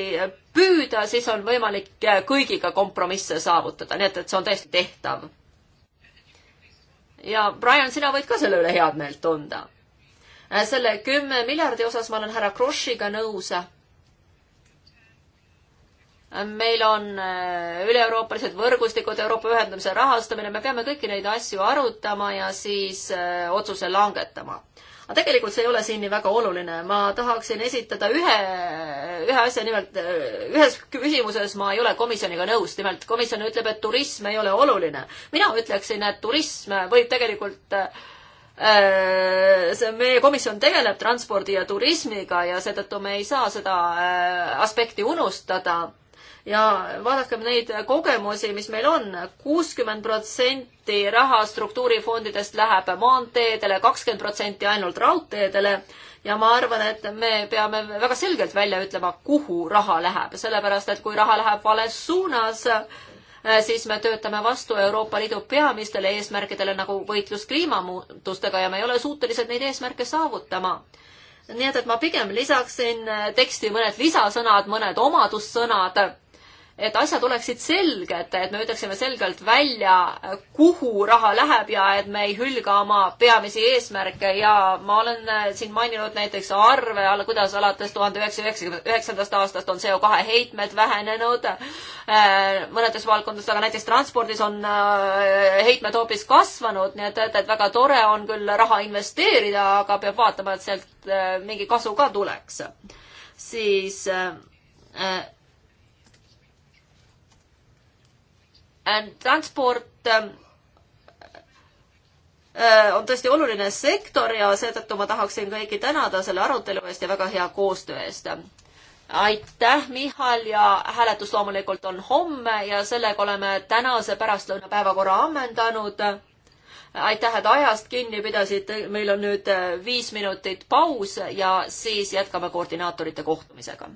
püüda, siis on võimalik eh, kõigiga kompromisse saavutada, nii et, et see on täiesti tehtav. ja Brian, sina võid ka selle üle head meelt tunda. Eh, selle kümne miljardi osas ma olen härra Krossiga nõus meil on äh, üle-euroopalised võrgustikud, Euroopa ühendamise rahastamine, me peame kõiki neid asju arutama ja siis äh, otsuse langetama. aga tegelikult see ei ole siin nii väga oluline, ma tahaksin esitada ühe, ühe asja, nimelt äh, ühes küsimuses ma ei ole komisjoniga nõus, nimelt komisjon ütleb, et turism ei ole oluline. mina ütleksin, et turism võib tegelikult see meie komisjon tegeleb transpordi ja turismiga ja seetõttu me ei saa seda aspekti unustada ja vaadakem neid kogemusi, mis meil on. kuuskümmend protsenti raha struktuurifondidest läheb maanteedele, kakskümmend protsenti ainult raudteedele ja ma arvan, et me peame väga selgelt välja ütlema, kuhu raha läheb, sellepärast et kui raha läheb vales suunas, eh, siis me töötame vastu Euroopa Liidu peamistele eesmärkidele nagu võitlus kliimamuutustega ja me ei ole suutelised neid eesmärke saavutama. nii et, et ma pigem lisaksin teksti mõned lisasõnad, mõned omadussõnad et asjad oleksid selged, et me ütleksime selgelt välja, kuhu raha läheb ja et me ei hülga oma peamisi eesmärke ja ma olen äh, siin maininud näiteks arve alla, kuidas alates tuhande üheksasaja üheksakümne üheksandast aastast on CO kahe heitmed vähenenud äh, mõnedes valdkondades, aga näiteks transpordis on äh, heitmed hoopis kasvanud, nii et, et, et väga tore on küll raha investeerida, aga peab vaatama, et sealt mingi kasu ka tuleks. siis äh, transport ähm, äh, on tõesti oluline sektor ja seetõttu ma tahaksin kõiki tänada selle arutelu eest ja väga hea koostöö eest. aitäh, Michal, ja hääletus loomulikult on homme ja sellega oleme tänase pärastlõuna päevakorra ammendanud. aitäh, et ajast kinni pidasite, meil on nüüd äh, viis minutit paus ja siis jätkame koordinaatorite kohtumisega